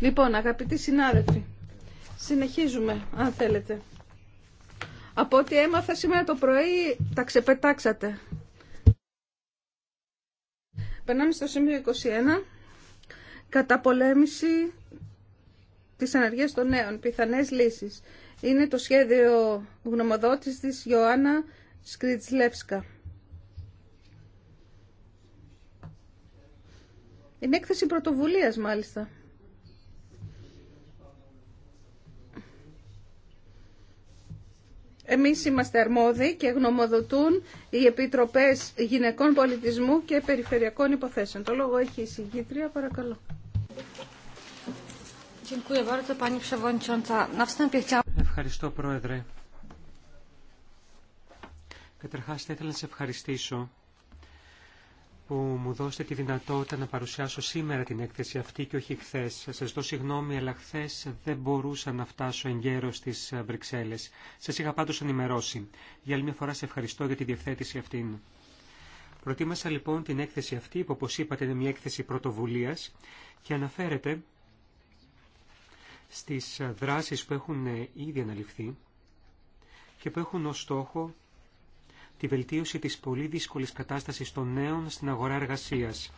Λοιπόν, αγαπητοί συνάδελφοι, συνεχίζουμε, αν θέλετε. Από ό,τι έμαθα σήμερα το πρωί, τα ξεπετάξατε. Περνάμε στο σημείο 21. Καταπολέμηση της ανεργίας των νέων. Πιθανές λύσεις. Είναι το σχέδιο γνωμοδότης της Ιωάννα Σκριτσλεύσκα. Είναι έκθεση πρωτοβουλίας μάλιστα. Εμείς είμαστε αρμόδιοι και γνωμοδοτούν οι Επιτροπές Γυναικών Πολιτισμού και Περιφερειακών Υποθέσεων. Το λόγο έχει η συγκήτρια, παρακαλώ. Ευχαριστώ, Πρόεδρε. Καταρχάς, θα ήθελα να σε ευχαριστήσω που μου δώσετε τη δυνατότητα να παρουσιάσω σήμερα την έκθεση αυτή και όχι χθε. Σα δω συγγνώμη, αλλά χθε δεν μπορούσα να φτάσω εν γέρο στι Βρυξέλλε. Σα είχα πάντω ενημερώσει. Για άλλη μια φορά σε ευχαριστώ για τη διευθέτηση αυτήν. Προτίμασα λοιπόν την έκθεση αυτή, που όπω είπατε είναι μια έκθεση πρωτοβουλία και αναφέρεται στις δράσεις που έχουν ήδη αναλυφθεί και που έχουν ως στόχο τη βελτίωση της πολύ δύσκολης κατάστασης των νέων στην αγορά εργασίας.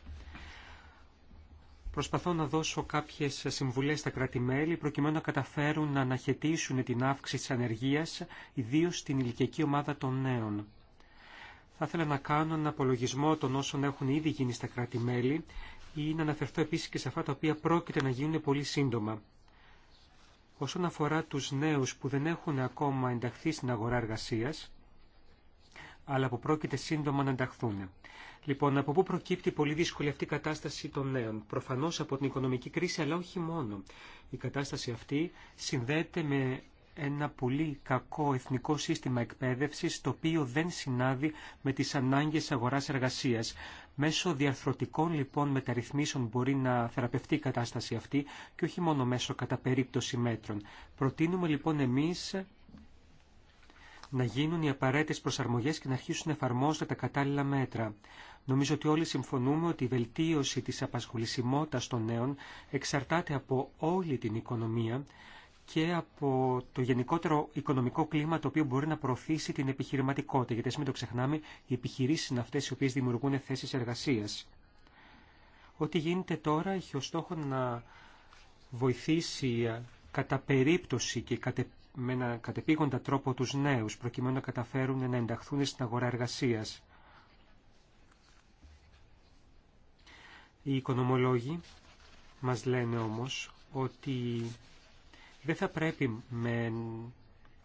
Προσπαθώ να δώσω κάποιες συμβουλές στα κράτη-μέλη προκειμένου να καταφέρουν να αναχαιτήσουν την αύξηση της ανεργίας, ιδίως στην ηλικιακή ομάδα των νέων. Θα ήθελα να κάνω ένα απολογισμό των όσων έχουν ήδη γίνει στα κράτη-μέλη ή να αναφερθώ επίσης και σε αυτά τα οποία πρόκειται να γίνουν πολύ σύντομα. Όσον αφορά τους νέους που δεν έχουν ακόμα ενταχθεί στην αγορά εργασίας, αλλά που πρόκειται σύντομα να ενταχθούν. Λοιπόν, από πού προκύπτει η πολύ δύσκολη αυτή η κατάσταση των νέων. Προφανώ από την οικονομική κρίση, αλλά όχι μόνο. Η κατάσταση αυτή συνδέεται με ένα πολύ κακό εθνικό σύστημα εκπαίδευση, το οποίο δεν συνάδει με τις ανάγκες αγοράς εργασία. Μέσω διαρθρωτικών λοιπόν μεταρρυθμίσεων μπορεί να θεραπευτεί η κατάσταση αυτή και όχι μόνο μέσω κατά περίπτωση μέτρων. Προτείνουμε λοιπόν εμείς να γίνουν οι απαραίτητε προσαρμογέ και να αρχίσουν να εφαρμόζονται τα κατάλληλα μέτρα. Νομίζω ότι όλοι συμφωνούμε ότι η βελτίωση τη απασχολησιμότητα των νέων εξαρτάται από όλη την οικονομία και από το γενικότερο οικονομικό κλίμα το οποίο μπορεί να προωθήσει την επιχειρηματικότητα. Γιατί α μην το ξεχνάμε, οι επιχειρήσει είναι αυτές οι οποίε δημιουργούν θέσεις εργασία. Ό,τι γίνεται τώρα έχει ως στόχο να βοηθήσει ε, κατά περίπτωση και κατ' με ένα κατεπήγοντα τρόπο τους νέους, προκειμένου να καταφέρουν να ενταχθούν στην αγορά εργασίας. Οι οικονομολόγοι μας λένε όμως ότι δεν θα πρέπει με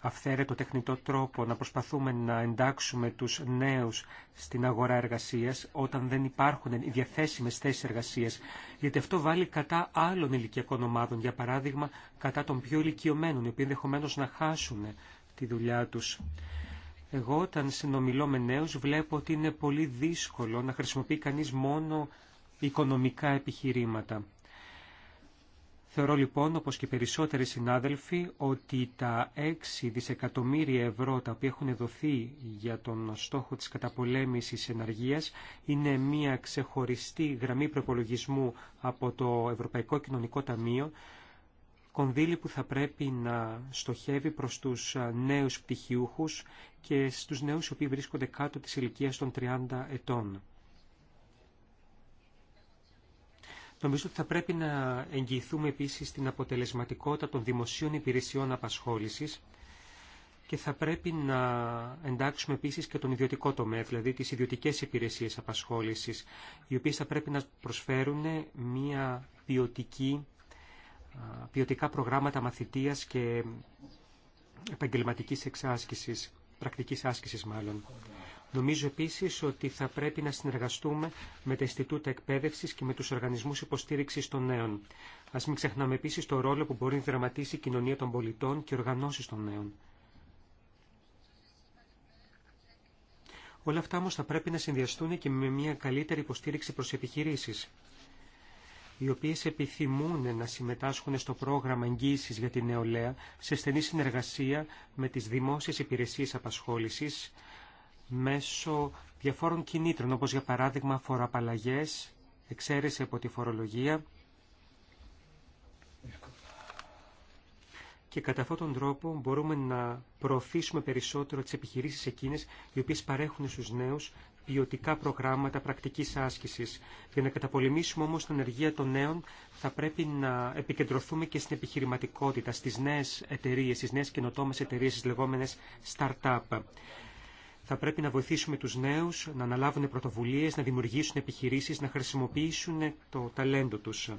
αυθαίρετο τεχνητό τρόπο να προσπαθούμε να εντάξουμε τους νέους στην αγορά εργασίας όταν δεν υπάρχουν οι διαθέσιμες θέσεις εργασίας, γιατί αυτό βάλει κατά άλλων ηλικιακών ομάδων, για παράδειγμα κατά των πιο ηλικιωμένων, οι οποίοι ενδεχομένω να χάσουν τη δουλειά τους. Εγώ όταν συνομιλώ με νέους βλέπω ότι είναι πολύ δύσκολο να χρησιμοποιεί κανείς μόνο οικονομικά επιχειρήματα. Θεωρώ λοιπόν, όπως και περισσότεροι συνάδελφοι, ότι τα 6 δισεκατομμύρια ευρώ τα οποία έχουν δοθεί για τον στόχο της καταπολέμησης ενεργείας είναι μια ξεχωριστή γραμμή προπολογισμού από το Ευρωπαϊκό Κοινωνικό Ταμείο, κονδύλι που θα πρέπει να στοχεύει προς τους νέους πτυχιούχους και στους νέους οι οποίοι βρίσκονται κάτω της ηλικίας των 30 ετών. Νομίζω ότι θα πρέπει να εγγυηθούμε επίσης την αποτελεσματικότητα των δημοσίων υπηρεσιών απασχόλησης και θα πρέπει να εντάξουμε επίσης και τον ιδιωτικό τομέα, δηλαδή τις ιδιωτικές υπηρεσίες απασχόλησης, οι οποίες θα πρέπει να προσφέρουν μια ποιοτική, ποιοτικά προγράμματα μαθητείας και επαγγελματικής εξάσκησης, πρακτικής άσκησης μάλλον. Νομίζω επίση ότι θα πρέπει να συνεργαστούμε με τα Ινστιτούτα Εκπαίδευση και με του οργανισμού υποστήριξη των νέων. Α μην ξεχνάμε επίση το ρόλο που μπορεί να δραματίσει η κοινωνία των πολιτών και οργανώσει των νέων. Όλα αυτά όμω θα πρέπει να συνδυαστούν και με μια καλύτερη υποστήριξη προ επιχειρήσει, οι οποίε επιθυμούν να συμμετάσχουν στο πρόγραμμα εγγύηση για την νεολαία σε στενή συνεργασία με τι δημόσιε υπηρεσίε απασχόληση μέσω διαφόρων κινήτρων, όπως για παράδειγμα φοροαπαλλαγές, εξαίρεση από τη φορολογία και κατά αυτόν τον τρόπο μπορούμε να προωθήσουμε περισσότερο τις επιχειρήσεις εκείνες οι οποίες παρέχουν στους νέους ποιοτικά προγράμματα πρακτικής άσκησης. Για να καταπολεμήσουμε όμως την ενεργεία των νέων θα πρέπει να επικεντρωθούμε και στην επιχειρηματικότητα, στις νέες εταιρείες, στις νέες καινοτόμες εταιρείες, στις λεγόμενες start-up. Θα πρέπει να βοηθήσουμε τους νέους να αναλάβουν πρωτοβουλίες, να δημιουργήσουν επιχειρήσεις, να χρησιμοποιήσουν το ταλέντο τους.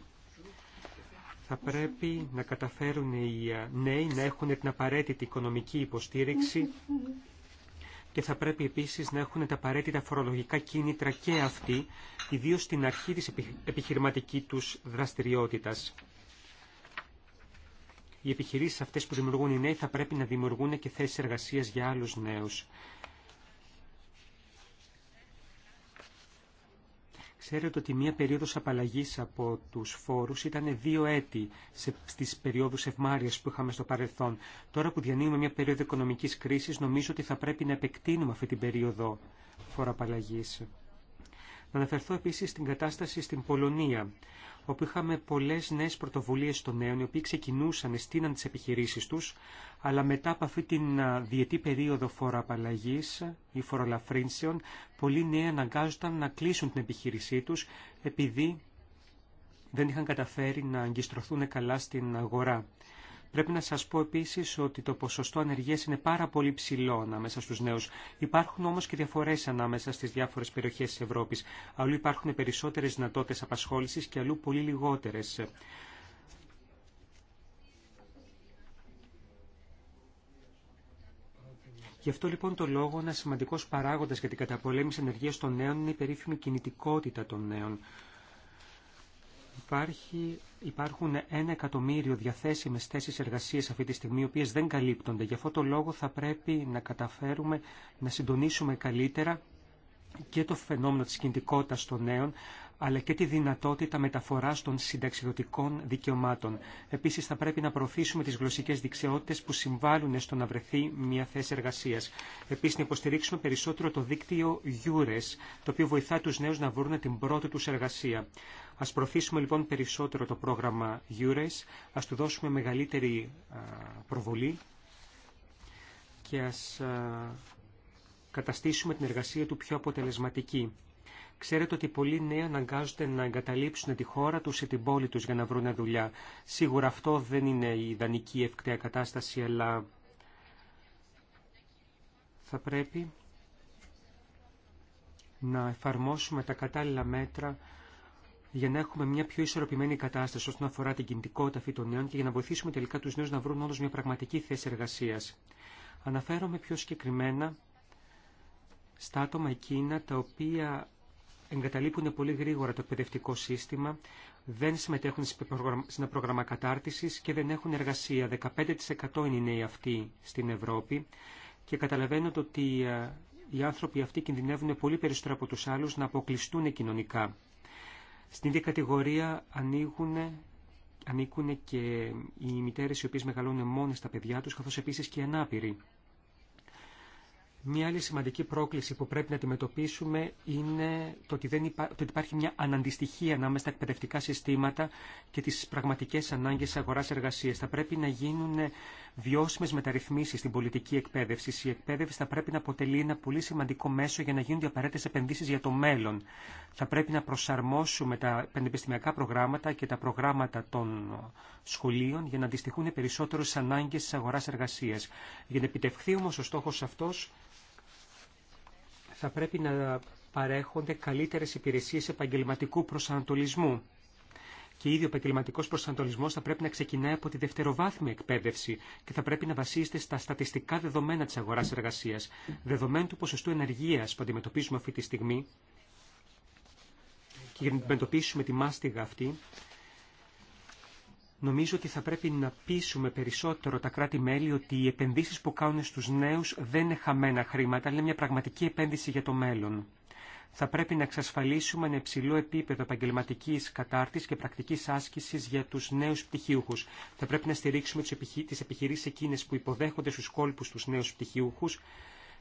Θα πρέπει να καταφέρουν οι νέοι να έχουν την απαραίτητη οικονομική υποστήριξη και θα πρέπει επίσης να έχουν τα απαραίτητα φορολογικά κίνητρα και αυτοί, ιδίω στην αρχή της επιχειρηματική τους δραστηριότητας. Οι επιχειρήσεις αυτές που δημιουργούν οι νέοι θα πρέπει να δημιουργούν και θέσεις εργασίας για άλλους νέους. Ξέρετε ότι μία περίοδος απαλλαγής από τους φόρους ήταν δύο έτη σε, στις περιόδους ευμάρειας που είχαμε στο παρελθόν. Τώρα που διανύουμε μία περίοδο οικονομικής κρίσης, νομίζω ότι θα πρέπει να επεκτείνουμε αυτή την περίοδο φοροαπαλλαγής. Να αναφερθώ επίσης στην κατάσταση στην Πολωνία όπου είχαμε πολλέ νέες πρωτοβουλίε των νέων, οι οποίοι ξεκινούσαν, στείναν τι επιχειρήσει τους, αλλά μετά από αυτή την διετή περίοδο φοροαπαλλαγή ή φορολαφρύνσεων, πολλοί νέοι αναγκάζονταν να κλείσουν την επιχείρησή τους, επειδή δεν είχαν καταφέρει να αγκιστρωθούν καλά στην αγορά. Πρέπει να σας πω επίσης ότι το ποσοστό ανεργίας είναι πάρα πολύ ψηλό ανάμεσα στους νέους. Υπάρχουν όμως και διαφορές ανάμεσα στις διάφορες περιοχές της Ευρώπης. Αλλού υπάρχουν περισσότερες δυνατότητες απασχόλησης και αλλού πολύ λιγότερες. Γι' αυτό λοιπόν το λόγο ένα σημαντικός παράγοντας για την καταπολέμηση ανεργίας των νέων είναι η περίφημη κινητικότητα των νέων. Υπάρχει, υπάρχουν ένα εκατομμύριο διαθέσιμες θέσεις εργασίας αυτή τη στιγμή, οι οποίες δεν καλύπτονται. Γι' αυτό το λόγο θα πρέπει να καταφέρουμε να συντονίσουμε καλύτερα και το φαινόμενο της κινητικότητας των νέων, αλλά και τη δυνατότητα μεταφοράς των συνταξιδοτικών δικαιωμάτων. Επίσης, θα πρέπει να προωθήσουμε τις γλωσσικές δεξιότητες που συμβάλλουν στο να βρεθεί μια θέση εργασίας. Επίσης, να υποστηρίξουμε περισσότερο το δίκτυο EURES, το οποίο βοηθά τους νέους να βρουν την πρώτη τους εργασία. Ας προωθήσουμε λοιπόν περισσότερο το πρόγραμμα EURES, ας του δώσουμε μεγαλύτερη προβολή και ας καταστήσουμε την εργασία του πιο αποτελεσματική. Ξέρετε ότι πολλοί νέοι αναγκάζονται να εγκαταλείψουν τη χώρα τους ή την πόλη τους για να βρουν δουλειά. Σίγουρα αυτό δεν είναι η ιδανική ευκταία κατάσταση, αλλά θα πρέπει να εφαρμόσουμε τα κατάλληλα μέτρα για να έχουμε μια πιο ισορροπημένη κατάσταση όσον αφορά την κινητικότητα αυτή των νέων και για να βοηθήσουμε τελικά του νέου να βρουν όντω μια πραγματική θέση εργασία. Αναφέρομαι πιο συγκεκριμένα στα άτομα εκείνα τα οποία εγκαταλείπουν πολύ γρήγορα το εκπαιδευτικό σύστημα, δεν συμμετέχουν σε ένα πρόγραμμα κατάρτισης και δεν έχουν εργασία. 15% είναι οι νέοι αυτοί στην Ευρώπη και καταλαβαίνω ότι ε, οι άνθρωποι αυτοί κινδυνεύουν πολύ περισσότερο από τους άλλους να αποκλειστούν κοινωνικά. Στην ίδια κατηγορία ανοίγουν, ανήκουν και οι μητέρες οι οποίες μεγαλώνουν μόνες τα παιδιά τους, καθώς επίσης και οι ανάπηροι. Μία άλλη σημαντική πρόκληση που πρέπει να αντιμετωπίσουμε είναι το ότι, δεν υπά... το ότι υπάρχει μια αναντιστοιχία οτι δεν υπαρχει μια αναντιστοιχια αναμεσα στα εκπαιδευτικά συστήματα και τις πραγματικές ανάγκες αγοράς εργασίας. Θα πρέπει να γίνουν βιώσιμε μεταρρυθμίσει στην πολιτική εκπαίδευση. Η εκπαίδευση θα πρέπει να αποτελεί ένα πολύ σημαντικό μέσο για να γίνουν απαραίτητε επενδύσει για το μέλλον. Θα πρέπει να προσαρμόσουμε τα πανεπιστημιακά προγράμματα και τα προγράμματα των σχολείων για να αντιστοιχούν περισσότερο στι ανάγκε τη αγορά-εργασία. Για να επιτευχθεί όμω ο στόχο αυτό, θα πρέπει να παρέχονται καλύτερες υπηρεσίες επαγγελματικού προσανατολισμού και ήδη ο επαγγελματικό προσανατολισμό θα πρέπει να ξεκινάει από τη δευτεροβάθμια εκπαίδευση και θα πρέπει να βασίζεται στα στατιστικά δεδομένα τη αγορά εργασία, δεδομένου του ποσοστού ενεργεία που αντιμετωπίζουμε αυτή τη στιγμή. Και για να αντιμετωπίσουμε τη μάστιγα αυτή, νομίζω ότι θα πρέπει να πείσουμε περισσότερο τα κράτη-μέλη ότι οι επενδύσεις που κάνουν στους νέους δεν είναι χαμένα χρήματα, αλλά είναι μια πραγματική επένδυση για το μέλλον θα πρέπει να εξασφαλίσουμε ένα υψηλό επίπεδο επαγγελματική κατάρτιση και πρακτική άσκηση για του νέου πτυχίουχου. Θα πρέπει να στηρίξουμε τι επιχειρήσει εκείνε που υποδέχονται στου κόλπου του νέου πτυχίουχου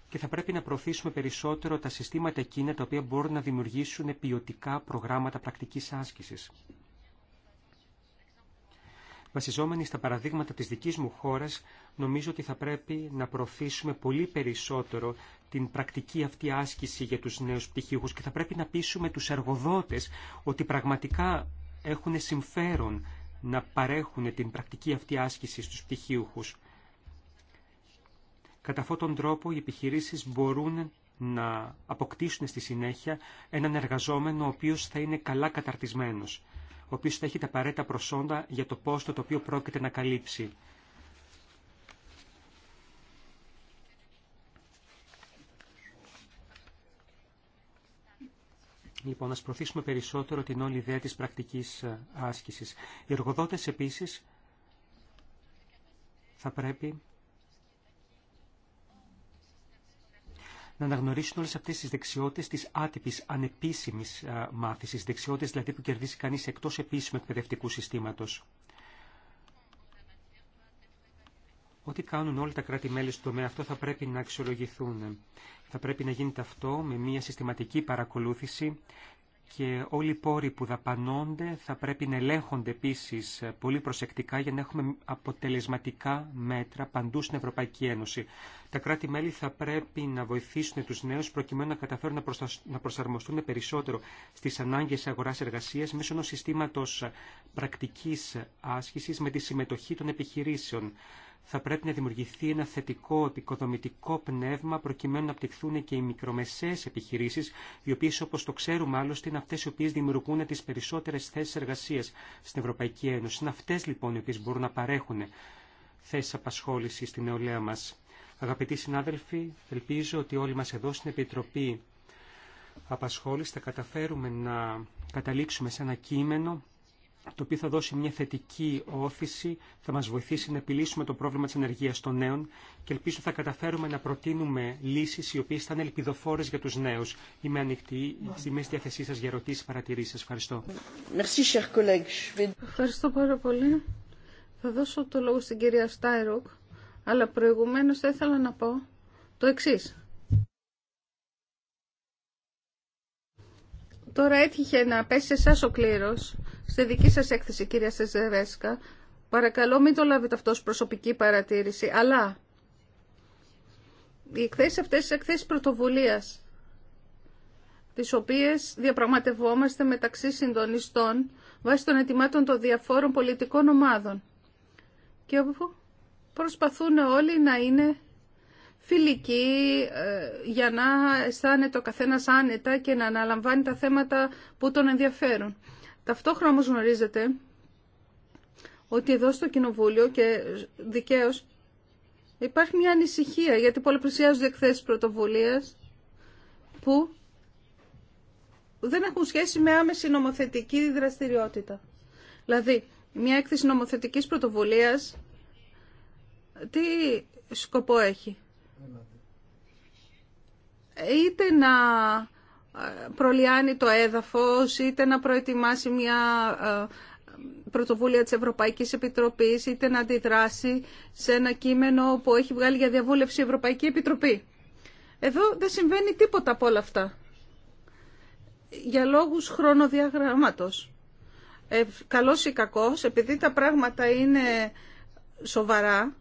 και θα πρέπει να προωθήσουμε περισσότερο τα συστήματα εκείνα τα οποία μπορούν να δημιουργήσουν ποιοτικά προγράμματα πρακτική άσκηση βασιζόμενοι στα παραδείγματα της δικής μου χώρας, νομίζω ότι θα πρέπει να προωθήσουμε πολύ περισσότερο την πρακτική αυτή άσκηση για τους νέους πτυχίουχους και θα πρέπει να πείσουμε τους εργοδότες ότι πραγματικά έχουν συμφέρον να παρέχουν την πρακτική αυτή άσκηση στους πτυχίουχους. Κατά αυτόν τον τρόπο οι επιχειρήσεις μπορούν να αποκτήσουν στη συνέχεια έναν εργαζόμενο ο οποίος θα είναι καλά καταρτισμένος ο οποίος θα έχει τα απαραίτητα προσόντα για το πόστο το οποίο πρόκειται να καλύψει. Λοιπόν, να προωθήσουμε περισσότερο την όλη ιδέα της πρακτικής ε, άσκησης. Οι εργοδότες επίσης θα πρέπει να αναγνωρίσουν όλες αυτές τις δεξιότητες της άτυπης ανεπίσημης ε, μάθησης, δεξιότητες δηλαδή που κερδίσει κανείς εκτός επίσημου εκπαιδευτικού συστήματος. Ό,τι κάνουν όλα τα κράτη-μέλη στον τομέα αυτό θα πρέπει να αξιολογηθούν. Θα πρέπει να γίνεται αυτό με μια συστηματική παρακολούθηση και όλοι οι πόροι που δαπανώνται θα πρέπει να ελέγχονται επίση πολύ προσεκτικά για να έχουμε αποτελεσματικά μέτρα παντού στην Ευρωπαϊκή Ένωση. Τα κράτη-μέλη θα πρέπει να βοηθήσουν τους νέους προκειμένου να καταφέρουν να προσαρμοστούν περισσότερο στις ανάγκες εργασία μέσω ενό συστήματος πρακτικής άσκησης με τη συμμετοχή των επιχειρήσεων θα πρέπει να δημιουργηθεί ένα θετικό επικοδομητικό πνεύμα προκειμένου να απτυχθούν και οι μικρομεσαίες επιχειρήσεις, οι οποίες όπως το ξέρουμε άλλωστε είναι αυτές οι οποίες δημιουργούν τις περισσότερες θέσεις εργασίας στην Ευρωπαϊκή Ένωση. Είναι αυτές λοιπόν οι οποίες μπορούν να παρέχουν θέσεις απασχόληση στην νεολαία μας. Αγαπητοί συνάδελφοι, ελπίζω ότι όλοι μας εδώ στην Επιτροπή Απασχόληση θα καταφέρουμε να καταλήξουμε σε ένα κείμενο το οποίο θα δώσει μια θετική όθηση, θα μας βοηθήσει να επιλύσουμε το πρόβλημα της ενεργείας των νέων και ελπίζω θα καταφέρουμε να προτείνουμε λύσεις οι οποίες θα είναι ελπιδοφόρες για τους νέους. Είμαι ανοιχτή στη μέση διαθεσή σας για ερωτήσεις παρατηρήσεις. Ευχαριστώ. Ευχαριστώ πάρα πολύ. Θα δώσω το λόγο στην κυρία Στάιρουκ, αλλά προηγουμένως θα ήθελα να πω το εξής. Τώρα έτυχε να πέσει εσάς ο κλήρος στη δική σας έκθεση, κυρία Σεζερέσκα. Παρακαλώ μην το λάβετε αυτό ως προσωπική παρατήρηση, αλλά οι εκθέσεις αυτές είναι εκθέσεις πρωτοβουλίας, τις οποίες διαπραγματευόμαστε μεταξύ συντονιστών βάσει των ετοιμάτων των διαφόρων πολιτικών ομάδων και όπου προσπαθούν όλοι να είναι φιλικοί ε, για να αισθάνεται ο καθένας άνετα και να αναλαμβάνει τα θέματα που τον ενδιαφέρουν. Ταυτόχρονα όμως γνωρίζετε ότι εδώ στο Κοινοβούλιο και δικαίως υπάρχει μια ανησυχία γιατί πολλαπλησιάζονται εκθέσεις πρωτοβουλίας που δεν έχουν σχέση με άμεση νομοθετική δραστηριότητα. Δηλαδή, μια έκθεση νομοθετικής πρωτοβουλίας τι σκοπό έχει. Είτε να προλιάνει το έδαφος είτε να προετοιμάσει μια ε, πρωτοβούλια της Ευρωπαϊκής Επιτροπής είτε να αντιδράσει σε ένα κείμενο που έχει βγάλει για διαβούλευση η Ευρωπαϊκή Επιτροπή. Εδώ δεν συμβαίνει τίποτα από όλα αυτά. Για λόγους χρονοδιαγραμμάτος. Ε, καλός ή κακός, επειδή τα πράγματα είναι σοβαρά,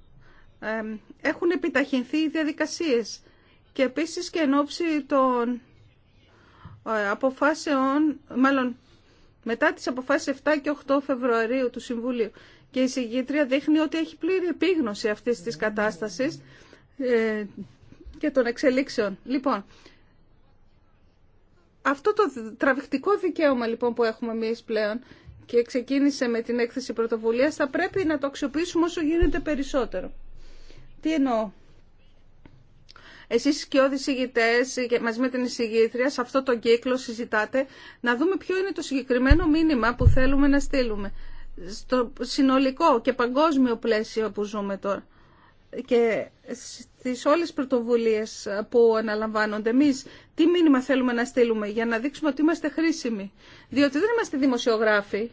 ε, έχουν επιταχυνθεί οι διαδικασίες. Και επίσης και εν ώψη των ε, αποφάσεων, μάλλον μετά τις αποφάσεις 7 και 8 Φεβρουαρίου του Συμβουλίου και η συγκήτρια δείχνει ότι έχει πλήρη επίγνωση αυτής της κατάστασης ε, και των εξελίξεων. Λοιπόν, αυτό το τραβηχτικό δικαίωμα λοιπόν που έχουμε εμείς πλέον και ξεκίνησε με την έκθεση πρωτοβουλίας θα πρέπει να το αξιοποιήσουμε όσο γίνεται περισσότερο. Τι εννοώ. Εσείς και οι και μαζί με την εισηγήτρια σε αυτό το κύκλο συζητάτε να δούμε ποιο είναι το συγκεκριμένο μήνυμα που θέλουμε να στείλουμε στο συνολικό και παγκόσμιο πλαίσιο που ζούμε τώρα και στις όλες τις πρωτοβουλίες που αναλαμβάνονται εμείς, τι μήνυμα θέλουμε να στείλουμε για να δείξουμε ότι είμαστε χρήσιμοι. Διότι δεν είμαστε δημοσιογράφοι,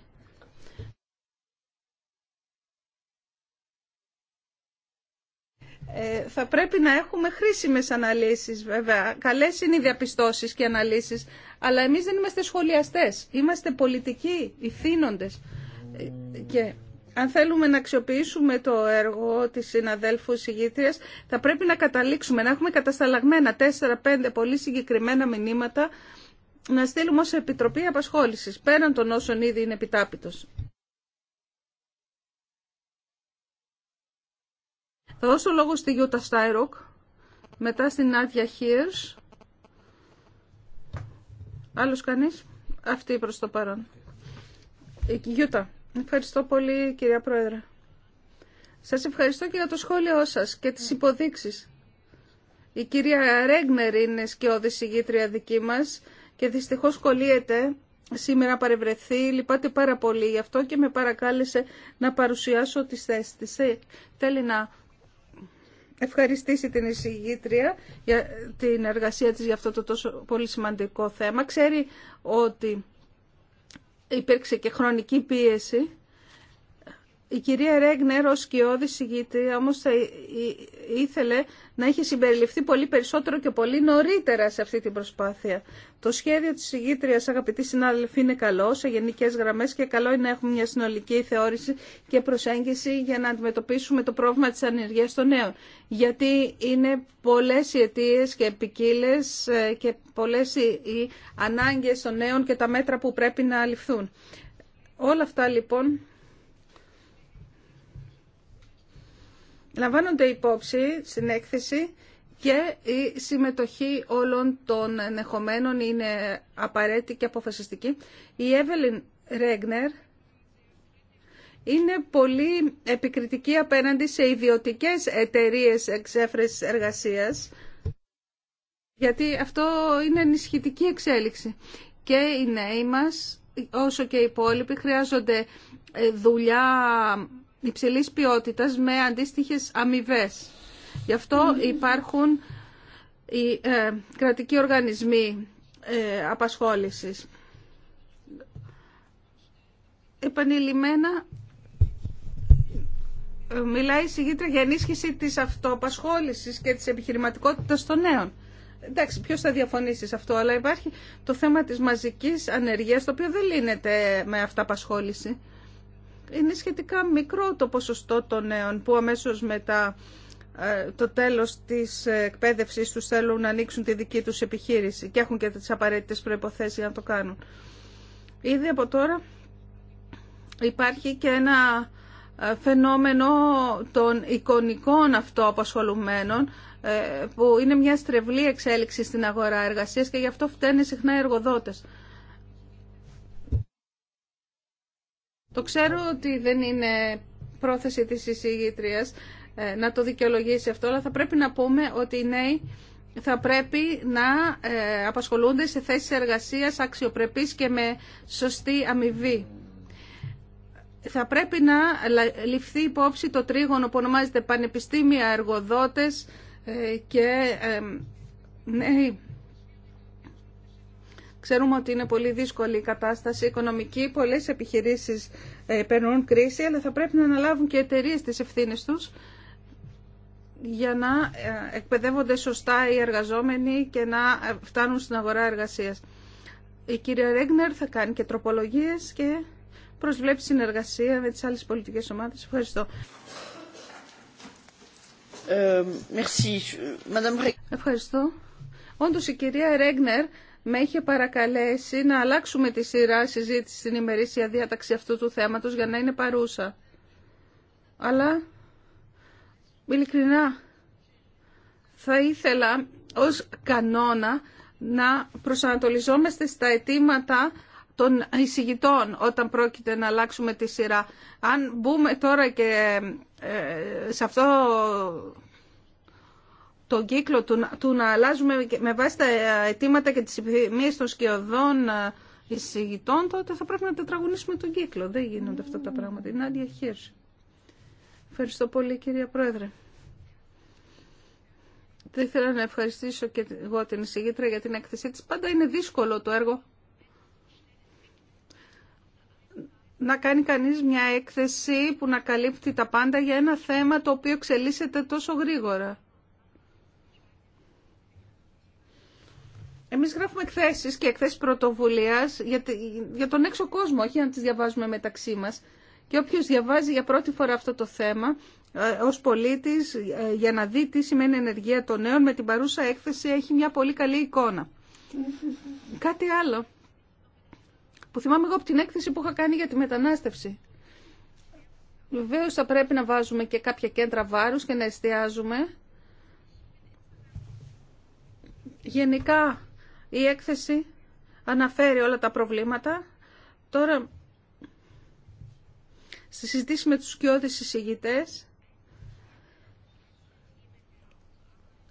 Ε, θα πρέπει να έχουμε χρήσιμες αναλύσεις βέβαια. Καλές είναι οι διαπιστώσεις και οι αναλύσεις, αλλά εμείς δεν είμαστε σχολιαστές. Είμαστε πολιτικοί, ηθήνοντες. Και αν θέλουμε να αξιοποιήσουμε το έργο της συναδέλφου συγγήτριας, θα πρέπει να καταλήξουμε, να έχουμε κατασταλαγμένα 4-5 πολύ συγκεκριμένα μηνύματα, να στείλουμε ως Επιτροπή Απασχόλησης, πέραν των όσων ήδη είναι επιτάπητος. Θα δώσω λόγο στη Γιούτα Στάιροκ, μετά στην Άδεια Χίρς. Άλλος κανείς. Αυτή προς το παρόν. Η ε, Γιούτα, ευχαριστώ πολύ κυρία Πρόεδρε. Σας ευχαριστώ και για το σχόλιο σας και τις υποδείξεις. Η κυρία Ρέγνερ είναι σκιώδη συγγήτρια δική μας και δυστυχώς κολλείεται σήμερα παρευρεθεί. Λυπάται πάρα πολύ γι' αυτό και με παρακάλεσε να παρουσιάσω τις θέσεις της. Ε, θέλει να ευχαριστήσει την εισηγήτρια για την εργασία της για αυτό το τόσο πολύ σημαντικό θέμα. Ξέρει ότι υπήρξε και χρονική πίεση η κυρία Ρέγνερ ως σκιώδη ηγήτρια όμως θα ήθελε να είχε συμπεριληφθεί πολύ περισσότερο και πολύ νωρίτερα σε αυτή την προσπάθεια. Το σχέδιο της ηγήτριας αγαπητοί συνάδελφοι είναι καλό σε γενικές γραμμές και καλό είναι να έχουμε μια συνολική θεώρηση και προσέγγιση για να αντιμετωπίσουμε το πρόβλημα της ανεργίας των νέων. Γιατί είναι πολλές οι αιτίε και ποικίλε ε, και πολλές οι ανάγκες των νέων και τα μέτρα που πρέπει να ληφθούν. Όλα αυτά λοιπόν Λαμβάνονται υπόψη στην έκθεση και η συμμετοχή όλων των ενεχομένων είναι απαραίτητη και αποφασιστική. Η Εύελιν Ρέγνερ είναι πολύ επικριτική απέναντι σε ιδιωτικές εταιρείες εξέφρασης εργασίας, γιατί αυτό είναι ενισχυτική εξέλιξη. Και οι νέοι μας, όσο και οι υπόλοιποι, χρειάζονται ε, δουλειά υψηλής ποιότητας με αντίστοιχες αμοιβέ. Γι' αυτό υπάρχουν οι ε, κρατικοί οργανισμοί ε, απασχόλησης. Επανειλημμένα ε, μιλάει η συγγήτρια για ενίσχυση της αυτοαπασχόλησης και της επιχειρηματικότητας των νέων. Εντάξει, ποιος θα διαφωνήσει σε αυτό, αλλά υπάρχει το θέμα της μαζικής ανεργίας, το οποίο δεν λύνεται με αυταπασχόληση είναι σχετικά μικρό το ποσοστό των νέων που αμέσως μετά ε, το τέλος της εκπαίδευσης τους θέλουν να ανοίξουν τη δική τους επιχείρηση και έχουν και τις απαραίτητες προϋποθέσεις για να το κάνουν. Ήδη από τώρα υπάρχει και ένα ε, φαινόμενο των εικονικών αυτοαπασχολουμένων ε, που είναι μια στρεβλή εξέλιξη στην αγορά εργασίας και γι' αυτό φταίνε συχνά οι εργοδότες. Το ξέρω ότι δεν είναι πρόθεση της εισηγήτριας ε, να το δικαιολογήσει αυτό, αλλά θα πρέπει να πούμε ότι οι νέοι θα πρέπει να ε, απασχολούνται σε θέσεις εργασίας αξιοπρεπής και με σωστή αμοιβή. Θα πρέπει να ληφθεί υπόψη το τρίγωνο που ονομάζεται Πανεπιστήμια Εργοδότες ε, και νέοι Ξέρουμε ότι είναι πολύ δύσκολη η κατάσταση οικονομική. Πολλές επιχειρήσεις ε, περνούν κρίση, αλλά θα πρέπει να αναλάβουν και εταιρείε τι ευθύνε τους για να ε, εκπαιδεύονται σωστά οι εργαζόμενοι και να ε, φτάνουν στην αγορά εργασίας. Η κυρία Ρέγνερ θα κάνει και τροπολογίε και προσβλέπει συνεργασία με τις άλλες πολιτικέ ομάδε. Ευχαριστώ. Ευχαριστώ. Όντω η κυρία Ρέγνερ με είχε παρακαλέσει να αλλάξουμε τη σειρά συζήτηση στην ημερήσια διάταξη αυτού του θέματος για να είναι παρούσα. Αλλά, ειλικρινά, θα ήθελα ως κανόνα να προσανατολιζόμαστε στα αιτήματα των εισηγητών όταν πρόκειται να αλλάξουμε τη σειρά. Αν μπούμε τώρα και ε, σε αυτό τον κύκλο του, του να αλλάζουμε με βάση τα αιτήματα και τις επιθυμίες των σκιωδών ε, εισηγητών, τότε θα πρέπει να τετραγωνίσουμε τον κύκλο. Δεν γίνονται αυτά τα πράγματα. Είναι άδεια Ευχαριστώ πολύ κυρία Πρόεδρε. Θα ήθελα να ευχαριστήσω και εγώ την εισηγήτρια για την έκθεσή της. Πάντα είναι δύσκολο το έργο να κάνει κανείς μια έκθεση που να καλύπτει τα πάντα για ένα θέμα το οποίο εξελίσσεται τόσο γρήγορα. Εμείς γράφουμε εκθέσεις και εκθέσεις πρωτοβουλίας για τον έξω κόσμο, όχι να τις διαβάζουμε μεταξύ μας. Και όποιος διαβάζει για πρώτη φορά αυτό το θέμα, ε, ως πολίτης, ε, για να δει τι σημαίνει ενεργεία των νέων, με την παρούσα έκθεση έχει μια πολύ καλή εικόνα. Κάτι άλλο που θυμάμαι εγώ από την έκθεση που είχα κάνει για τη μετανάστευση. Βεβαίω θα πρέπει να βάζουμε και κάποια κέντρα βάρους και να εστιάζουμε γενικά η έκθεση αναφέρει όλα τα προβλήματα. Τώρα, στη συζήτηση με τους σκιώδεις εισηγητές,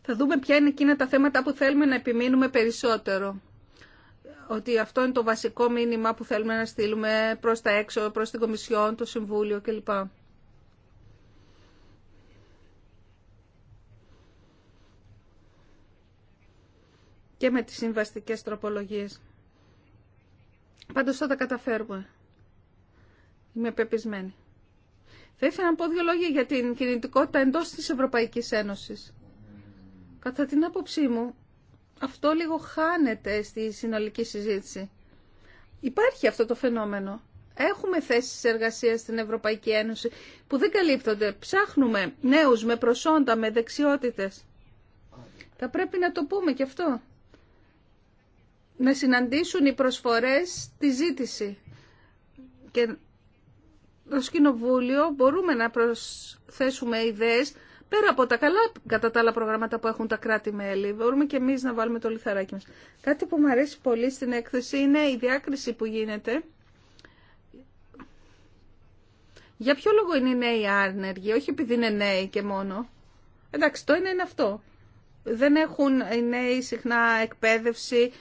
θα δούμε ποια είναι εκείνα τα θέματα που θέλουμε να επιμείνουμε περισσότερο. Ότι αυτό είναι το βασικό μήνυμα που θέλουμε να στείλουμε προς τα έξω, προς την Κομισιόν, το Συμβούλιο κλπ. και με τις συμβαστικές τροπολογίες. Πάντως θα τα καταφέρουμε. Είμαι πεπισμένη. Θα ήθελα να πω δύο λόγια για την κινητικότητα εντός της Ευρωπαϊκής Ένωσης. Κατά την άποψή μου, αυτό λίγο χάνεται στη συνολική συζήτηση. Υπάρχει αυτό το φαινόμενο. Έχουμε θέσεις εργασίας στην Ευρωπαϊκή Ένωση που δεν καλύπτονται. Ψάχνουμε νέους με προσόντα, με δεξιότητες. Θα πρέπει να το πούμε και αυτό να συναντήσουν οι προσφορές τη ζήτηση. Και το Κοινοβούλιο μπορούμε να προσθέσουμε ιδέες πέρα από τα καλά κατά τα άλλα προγράμματα που έχουν τα κράτη-μέλη. Μπορούμε και εμείς να βάλουμε το λιθαράκι μας. Κάτι που μου αρέσει πολύ στην έκθεση είναι η διάκριση που γίνεται. Για ποιο λόγο είναι οι νέοι άνεργοι, όχι επειδή είναι νέοι και μόνο. Εντάξει, το ένα είναι αυτό δεν έχουν οι νέοι συχνά εκπαίδευση,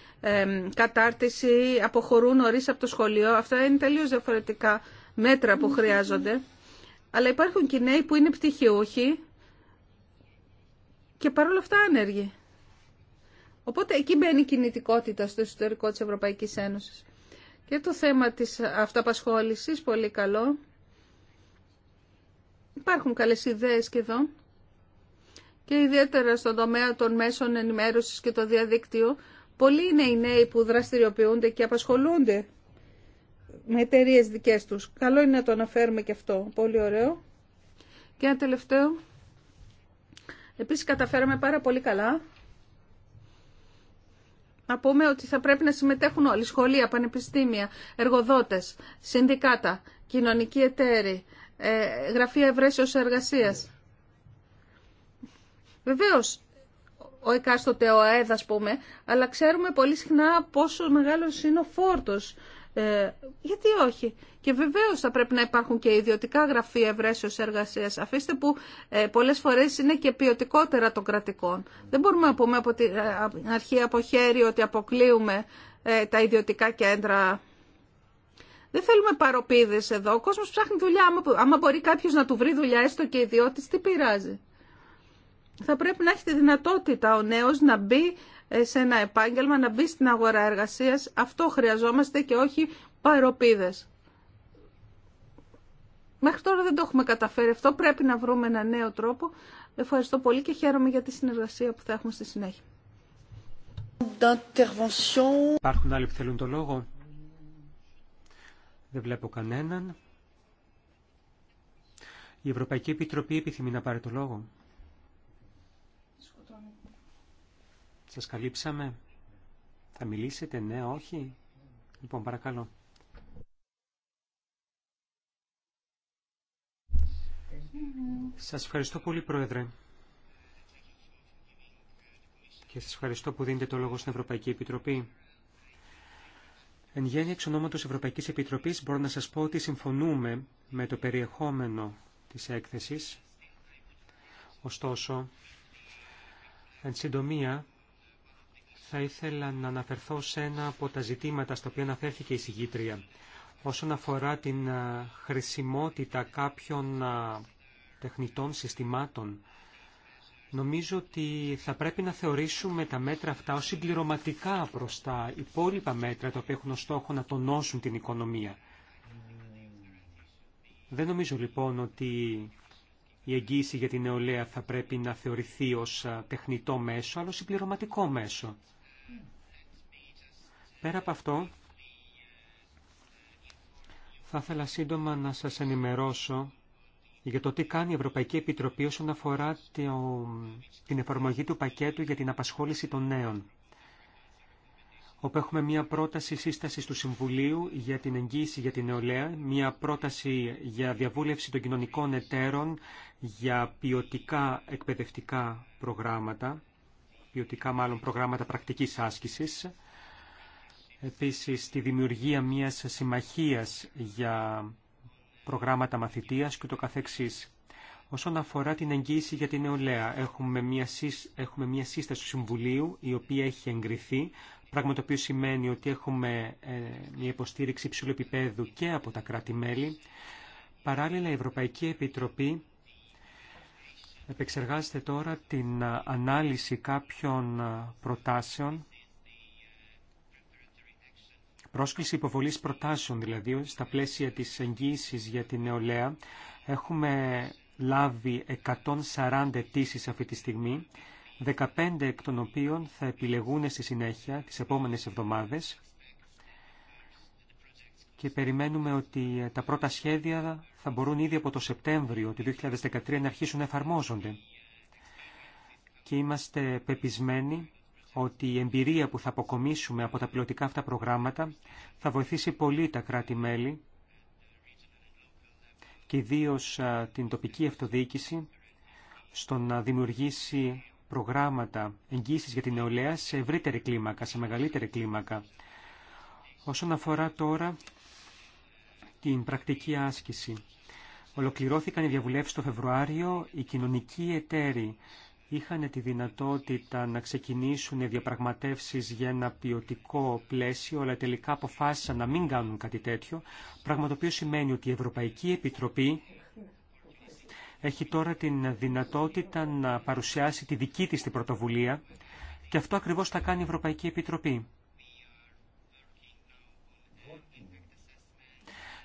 κατάρτιση, αποχωρούν νωρί από το σχολείο. Αυτά είναι τελείως διαφορετικά μέτρα που χρειάζονται. Αλλά υπάρχουν και νέοι που είναι πτυχιούχοι και παρόλα αυτά άνεργοι. Οπότε εκεί μπαίνει η κινητικότητα στο εσωτερικό της Ευρωπαϊκής Ένωσης. Και το θέμα της αυταπασχόλησης, πολύ καλό. Υπάρχουν καλές ιδέες και εδώ και ιδιαίτερα στον τομέα των μέσων ενημέρωσης και το διαδίκτυο, πολλοί είναι οι νέοι που δραστηριοποιούνται και απασχολούνται με εταιρείε δικές τους. Καλό είναι να το αναφέρουμε και αυτό. Πολύ ωραίο. Και ένα τελευταίο. Επίσης καταφέραμε πάρα πολύ καλά να πούμε ότι θα πρέπει να συμμετέχουν όλοι, σχολεία, πανεπιστήμια, εργοδότες, συνδικάτα, κοινωνικοί εταίροι, ε, γραφεία ευρέσεως εργασίας. Βεβαίω, ο εκάστοτε ο ΑΕΔ, α πούμε, αλλά ξέρουμε πολύ συχνά πόσο μεγάλο είναι ο φόρτο. Ε, γιατί όχι. Και βεβαίω θα πρέπει να υπάρχουν και ιδιωτικά γραφεία ευρέσεω εργασία, Αφήστε που ε, πολλές φορές είναι και ποιοτικότερα των κρατικών. Δεν μπορούμε να πούμε από την ε, αρχή από χέρι ότι αποκλείουμε ε, τα ιδιωτικά κέντρα. Δεν θέλουμε παροπίδες εδώ. Ο κόσμος ψάχνει δουλειά. Άμα μπορεί κάποιος να του βρει δουλειά, έστω και ιδιώτης, τι πειράζει θα πρέπει να έχει τη δυνατότητα ο νέος να μπει ε, σε ένα επάγγελμα, να μπει στην αγορά εργασίας. Αυτό χρειαζόμαστε και όχι παροπίδες. Μέχρι τώρα δεν το έχουμε καταφέρει αυτό. Πρέπει να βρούμε ένα νέο τρόπο. Ευχαριστώ πολύ και χαίρομαι για τη συνεργασία που θα έχουμε στη συνέχεια. Υπάρχουν άλλοι που θέλουν το λόγο. Δεν βλέπω κανέναν. Η Ευρωπαϊκή Επιτροπή επιθυμεί να πάρει το λόγο. Σας καλύψαμε. Θα μιλήσετε, ναι, όχι. Λοιπόν, παρακαλώ. Σας ευχαριστώ πολύ, Πρόεδρε. Και σας ευχαριστώ που δίνετε το λόγο στην Ευρωπαϊκή Επιτροπή. Εν γέννη εξ ονόματος Ευρωπαϊκής Επιτροπής μπορώ να σας πω ότι συμφωνούμε με το περιεχόμενο της έκθεσης. Ωστόσο, εν συντομία, θα ήθελα να αναφερθώ σε ένα από τα ζητήματα στα οποίο αναφέρθηκε η συγγήτρια όσον αφορά την χρησιμότητα κάποιων τεχνητών συστημάτων. Νομίζω ότι θα πρέπει να θεωρήσουμε τα μέτρα αυτά ως συμπληρωματικά προς τα υπόλοιπα μέτρα τα οποία έχουν ως στόχο να τονώσουν την οικονομία. Δεν νομίζω λοιπόν ότι η εγγύηση για την νεολαία θα πρέπει να θεωρηθεί ως τεχνητό μέσο, αλλά συμπληρωματικό μέσο. Πέρα από αυτό, θα ήθελα σύντομα να σας ενημερώσω για το τι κάνει η Ευρωπαϊκή Επιτροπή όσον αφορά την εφαρμογή του πακέτου για την απασχόληση των νέων όπου έχουμε μια πρόταση σύσταση του Συμβουλίου για την εγγύηση για την νεολαία, μια πρόταση για διαβούλευση των κοινωνικών εταίρων για ποιοτικά εκπαιδευτικά προγράμματα, ποιοτικά μάλλον προγράμματα πρακτικής άσκησης, Επίσης, τη δημιουργία μιας συμμαχίας για προγράμματα μαθητείας και το καθεξής. Όσον αφορά την εγγύηση για την νεολαία, έχουμε μια, έχουμε μια σύσταση του Συμβουλίου, η οποία έχει εγκριθεί, πράγμα το οποίο σημαίνει ότι έχουμε ε, μια υποστήριξη υψηλού επίπεδου και από τα κράτη-μέλη. Παράλληλα, η Ευρωπαϊκή Επιτροπή επεξεργάζεται τώρα την ανάλυση κάποιων προτάσεων πρόσκληση υποβολής προτάσεων, δηλαδή στα πλαίσια της εγγύησης για την νεολαία. Έχουμε λάβει 140 αιτήσει αυτή τη στιγμή, 15 εκ των οποίων θα επιλεγούν στη συνέχεια τις επόμενες εβδομάδες και περιμένουμε ότι ε, τα πρώτα σχέδια θα μπορούν ήδη από το Σεπτέμβριο του 2013 να αρχίσουν να εφαρμόζονται. Και είμαστε πεπισμένοι ότι η εμπειρία που θα αποκομίσουμε από τα πιλωτικά αυτά προγράμματα θα βοηθήσει πολύ τα κράτη-μέλη και ιδίω την τοπική αυτοδιοίκηση στο να δημιουργήσει προγράμματα εγγύησης για την νεολαία σε ευρύτερη κλίμακα, σε μεγαλύτερη κλίμακα. Όσον αφορά τώρα την πρακτική άσκηση. Ολοκληρώθηκαν οι διαβουλεύσεις το Φεβρουάριο, οι κοινωνικοί εταίροι είχαν τη δυνατότητα να ξεκινήσουν διαπραγματεύσεις για ένα ποιοτικό πλαίσιο, αλλά τελικά αποφάσισαν να μην κάνουν κάτι τέτοιο, πράγμα το οποίο σημαίνει ότι η Ευρωπαϊκή Επιτροπή έχει τώρα την δυνατότητα να παρουσιάσει τη δική της την πρωτοβουλία και αυτό ακριβώς θα κάνει η Ευρωπαϊκή Επιτροπή.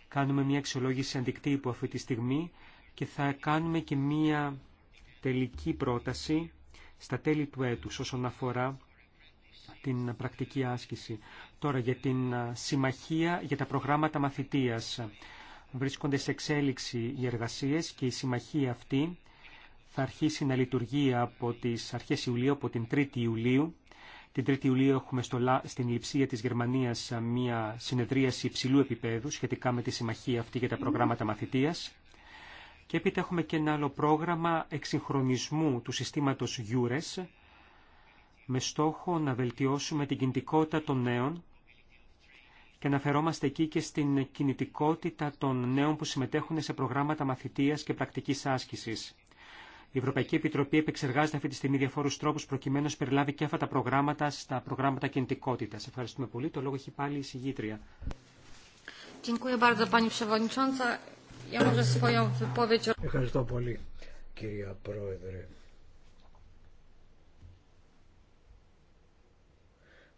Κάνουμε μια αξιολόγηση αντικτύπου αυτή τη στιγμή και θα κάνουμε και μια τελική πρόταση στα τέλη του έτους όσον αφορά την πρακτική άσκηση. Τώρα για την συμμαχία για τα προγράμματα μαθητείας. Βρίσκονται σε εξέλιξη οι εργασίες και η συμμαχία αυτή θα αρχίσει να λειτουργεί από τις αρχές Ιουλίου, από την 3η Ιουλίου. Την 3η Ιουλίου έχουμε στο, στην Λειψία της Γερμανίας μια συνεδρίαση υψηλού επίπεδου σχετικά με τη συμμαχία αυτή για τα προγράμματα μαθητείας. Και έπειτα έχουμε και ένα άλλο πρόγραμμα εξυγχρονισμού του συστήματος EURES με στόχο να βελτιώσουμε την κινητικότητα των νέων και αναφερόμαστε εκεί και στην κινητικότητα των νέων που συμμετέχουν σε προγράμματα μαθητείας και πρακτικής άσκησης. Η Ευρωπαϊκή Επιτροπή επεξεργάζεται αυτή τη στιγμή διαφόρους τρόπους προκειμένου να περιλάβει και αυτά τα προγράμματα στα προγράμματα κινητικότητα. Ευχαριστούμε πολύ. Το λόγο έχει πάλι η συγγήτρια. Ευχαριστώ πολύ κυρία Πρόεδρε.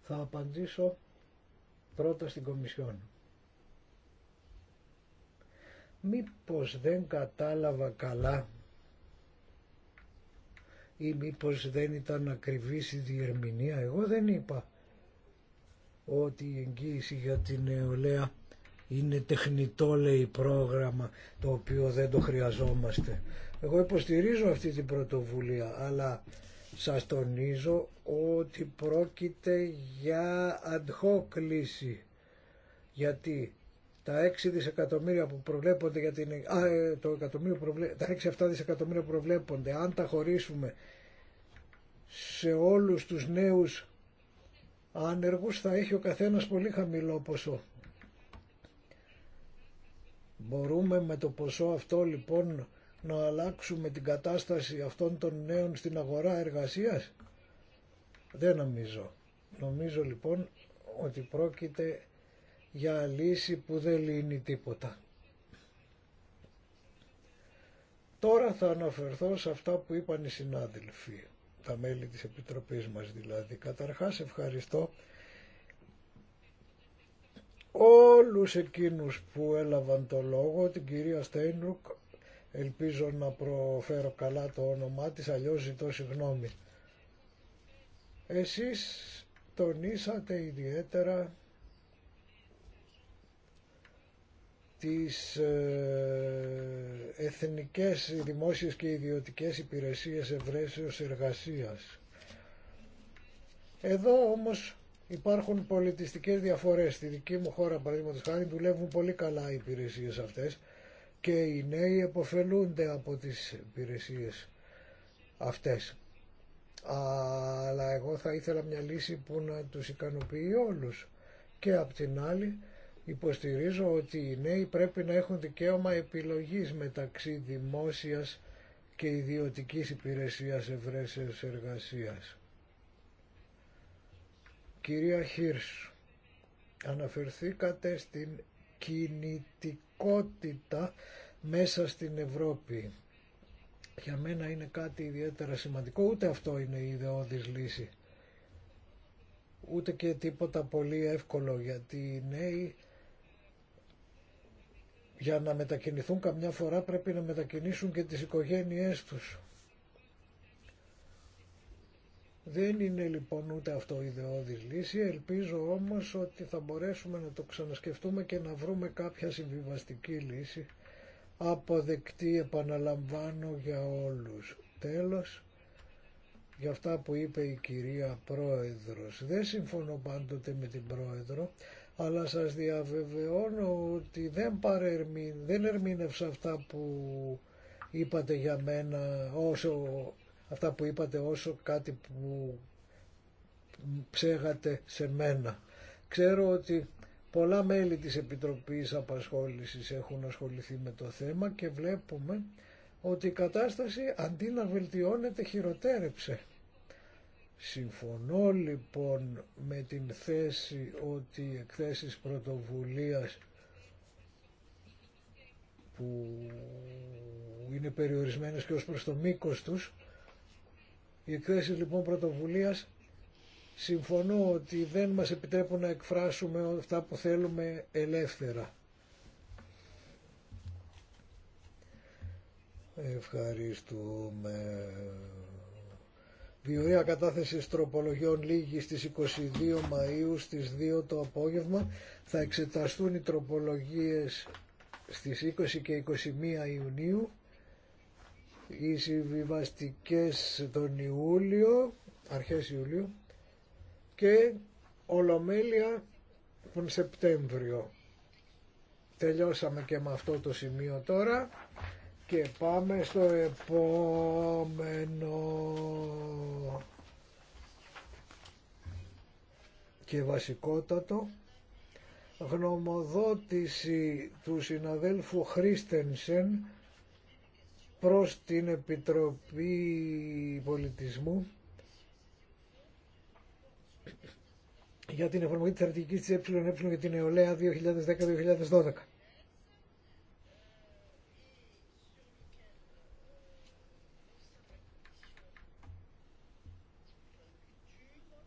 Θα απαντήσω πρώτα στην Κομισιόν. Μήπως δεν κατάλαβα καλά ή μήπως δεν ήταν ακριβής η διερμηνία. Εγώ δεν είπα ότι η εγγύηση για την νεολαία είναι τεχνητό λέει πρόγραμμα το οποίο δεν το χρειαζόμαστε. Εγώ υποστηρίζω αυτή την πρωτοβουλία αλλά σας τονίζω ότι πρόκειται για ad hoc λύση γιατί τα 6 δισεκατομμύρια που προβλέπονται για την, α, ε, το εκατομμύριο προβλέ, τα 6 δισεκατομμύρια προβλέπονται αν τα χωρίσουμε σε όλους τους νέους άνεργους θα έχει ο καθένας πολύ χαμηλό ποσό Μπορούμε με το ποσό αυτό λοιπόν να αλλάξουμε την κατάσταση αυτών των νέων στην αγορά εργασίας. Δεν νομίζω. Νομίζω λοιπόν ότι πρόκειται για λύση που δεν λύνει τίποτα. Τώρα θα αναφερθώ σε αυτά που είπαν οι συνάδελφοι, τα μέλη της Επιτροπής μας δηλαδή. Καταρχάς ευχαριστώ όλους εκείνους που έλαβαν το λόγο, την κυρία Στέινρουκ, ελπίζω να προφέρω καλά το όνομά της, αλλιώς ζητώ συγγνώμη. Εσείς τονίσατε ιδιαίτερα τις ε, εθνικές δημόσιες και ιδιωτικές υπηρεσίες ευρέσεως εργασίας. Εδώ όμως Υπάρχουν πολιτιστικές διαφορές. Στη δική μου χώρα, παραδείγματος χάρη, δουλεύουν πολύ καλά οι υπηρεσίες αυτές και οι νέοι εποφελούνται από τις υπηρεσίες αυτές. Αλλά εγώ θα ήθελα μια λύση που να τους ικανοποιεί όλους. Και απ' την άλλη υποστηρίζω ότι οι νέοι πρέπει να έχουν δικαίωμα επιλογής μεταξύ δημόσιας και ιδιωτικής υπηρεσίας ευρέσεως εργασίας. Κυρία Χίρς, αναφερθήκατε στην κινητικότητα μέσα στην Ευρώπη. Για μένα είναι κάτι ιδιαίτερα σημαντικό, ούτε αυτό είναι η ιδεώδης λύση. Ούτε και τίποτα πολύ εύκολο, γιατί οι νέοι για να μετακινηθούν καμιά φορά πρέπει να μετακινήσουν και τις οικογένειές τους. Δεν είναι λοιπόν ούτε αυτό η ιδεώδης λύση, ελπίζω όμως ότι θα μπορέσουμε να το ξανασκεφτούμε και να βρούμε κάποια συμβιβαστική λύση αποδεκτή επαναλαμβάνω για όλους. Τέλος, για αυτά που είπε η κυρία Πρόεδρος. Δεν συμφωνώ πάντοτε με την Πρόεδρο, αλλά σας διαβεβαιώνω ότι δεν, παρερμη, δεν ερμήνευσα αυτά που είπατε για μένα όσο αυτά που είπατε όσο κάτι που ψέγατε σε μένα. Ξέρω ότι πολλά μέλη της Επιτροπής Απασχόλησης έχουν ασχοληθεί με το θέμα και βλέπουμε ότι η κατάσταση αντί να βελτιώνεται χειροτέρεψε. Συμφωνώ λοιπόν με την θέση ότι οι εκθέσεις πρωτοβουλίας που είναι περιορισμένες και ως προς το μήκος τους οι εκθέσεις λοιπόν πρωτοβουλίας συμφωνώ ότι δεν μας επιτρέπουν να εκφράσουμε αυτά που θέλουμε ελεύθερα. Ευχαριστούμε. Βιωρία κατάθεση τροπολογιών λίγη στις 22 Μαΐου στις 2 το απόγευμα. Θα εξεταστούν οι τροπολογίες στις 20 και 21 Ιουνίου οι συμβιβαστικές τον Ιούλιο, αρχές Ιουλίου και ολομέλεια τον Σεπτέμβριο. Τελειώσαμε και με αυτό το σημείο τώρα και πάμε στο επόμενο και βασικότατο γνωμοδότηση του συναδέλφου Χρίστενσεν προς την Επιτροπή Πολιτισμού για την εφαρμογή της στρατηγικής της ΕΕ για την νεολαία 2010-2012.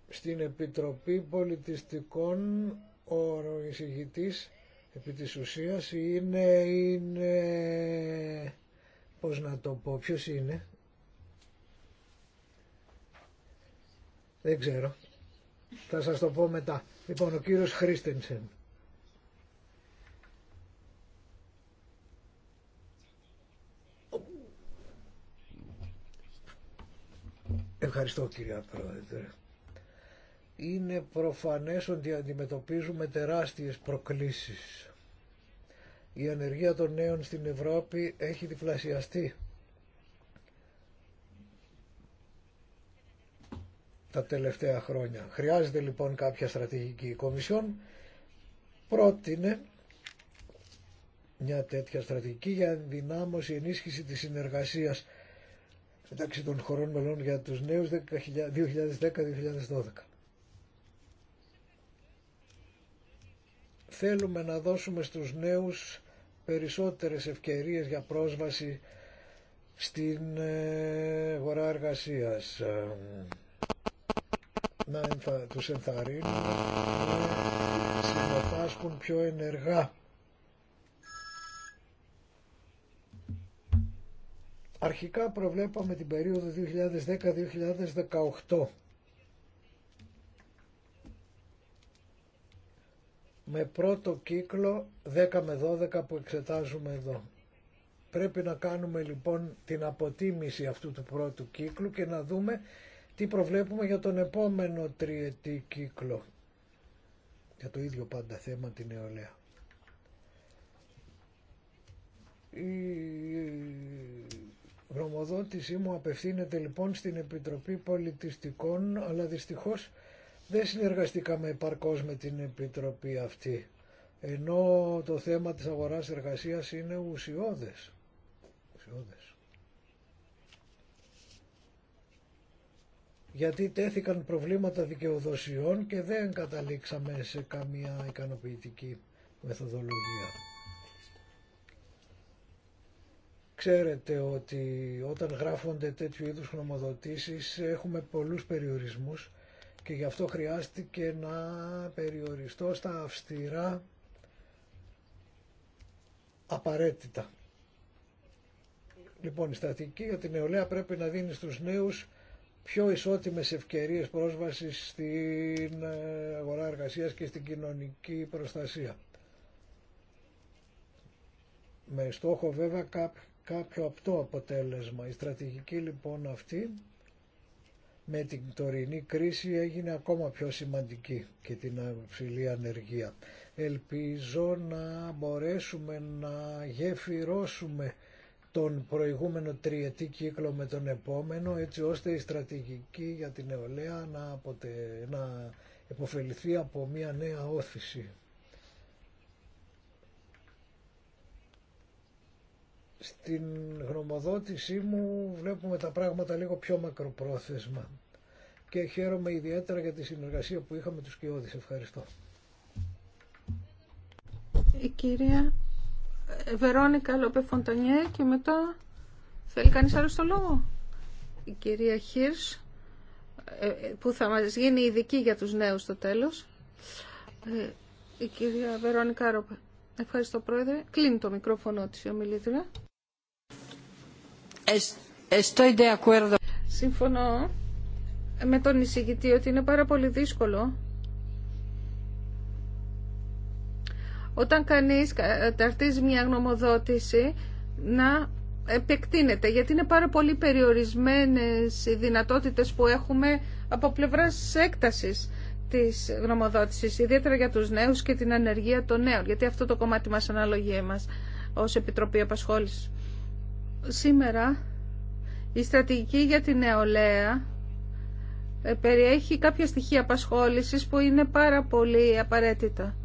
Στην Επιτροπή Πολιτιστικών ο εισηγητής επί της ουσίας είναι, είναι πώς να το πω, ποιος είναι. Δεν ξέρω. Θα σας το πω μετά. Λοιπόν, ο κύριος Χρίστενσεν. Ευχαριστώ κυρία Πρόεδρε. Είναι προφανές ότι αντιμετωπίζουμε τεράστιες προκλήσεις. Η ανεργία των νέων στην Ευρώπη έχει διπλασιαστεί. τα τελευταία χρόνια. Χρειάζεται λοιπόν κάποια στρατηγική. Η Κομισιόν πρότεινε μια τέτοια στρατηγική για ενδυνάμωση, ενίσχυση της συνεργασίας μεταξύ των χωρών μελών για τους νέους 2010-2012. Θέλουμε να δώσουμε στους νέους περισσότερες ευκαιρίες για πρόσβαση στην ε, αγορά εργασίας. Ε, να ενθα, τους ενθαρρύνουμε να συμμετάσχουν πιο ενεργά. Αρχικά προβλέπαμε την περίοδο 2010-2018 με πρώτο κύκλο 10 με 12 που εξετάζουμε εδώ. Πρέπει να κάνουμε λοιπόν την αποτίμηση αυτού του πρώτου κύκλου και να δούμε τι προβλέπουμε για τον επόμενο τριετή κύκλο. Για το ίδιο πάντα θέμα την νεολαία. Η γνωμοδότησή μου απευθύνεται λοιπόν στην Επιτροπή Πολιτιστικών, αλλά δυστυχώς δεν συνεργαστήκαμε επαρκώς με την Επιτροπή αυτή, ενώ το θέμα της αγοράς εργασίας είναι ουσιώδες. ουσιώδες. Γιατί τέθηκαν προβλήματα δικαιοδοσιών και δεν καταλήξαμε σε καμία ικανοποιητική μεθοδολογία. Ξέρετε ότι όταν γράφονται τέτοιου είδους χρωμοδοτήσεις έχουμε πολλούς περιορισμούς και γι' αυτό χρειάστηκε να περιοριστώ στα αυστηρά απαραίτητα. Λοιπόν, η στρατηγική για την νεολαία πρέπει να δίνει στους νέους πιο ισότιμες ευκαιρίες πρόσβασης στην ε, αγορά εργασίας και στην κοινωνική προστασία. Με στόχο βέβαια κάποιο απτό αποτέλεσμα. Η στρατηγική λοιπόν αυτή με την τωρινή κρίση έγινε ακόμα πιο σημαντική και την ψηλή ανεργία. Ελπίζω να μπορέσουμε να γεφυρώσουμε τον προηγούμενο τριετή κύκλο με τον επόμενο έτσι ώστε η στρατηγική για την νεολαία να, αποτε... να από μια νέα όθηση. στην γνωμοδότησή μου βλέπουμε τα πράγματα λίγο πιο μακροπρόθεσμα και χαίρομαι ιδιαίτερα για τη συνεργασία που είχαμε τους Κιώδης. Ευχαριστώ. Η κυρία ε, Βερόνικα Λόπε Φοντανιέ και μετά θέλει κανείς άλλο το λόγο. Η κυρία Χίρς ε, ε, που θα μας γίνει ειδική για τους νέους στο τέλος. Η κυρία Βερόνικα Ρόπε. Ευχαριστώ πρόεδρε. Κλείνει το μικρόφωνο της η ομιλήτρια. Συμφωνώ με τον εισηγητή ότι είναι πάρα πολύ δύσκολο όταν κανείς καταρτίζει μια γνωμοδότηση να επεκτείνεται γιατί είναι πάρα πολύ περιορισμένες οι δυνατότητες που έχουμε από πλευράς έκτασης της γνωμοδότησης ιδιαίτερα για τους νέους και την ανεργία των νέων γιατί αυτό το κομμάτι μας αναλογεί μας ως Επιτροπή Απασχόλησης. Σήμερα η στρατηγική για την νεολαία ε, περιέχει κάποια στοιχεία απασχόλησης που είναι πάρα πολύ απαραίτητα.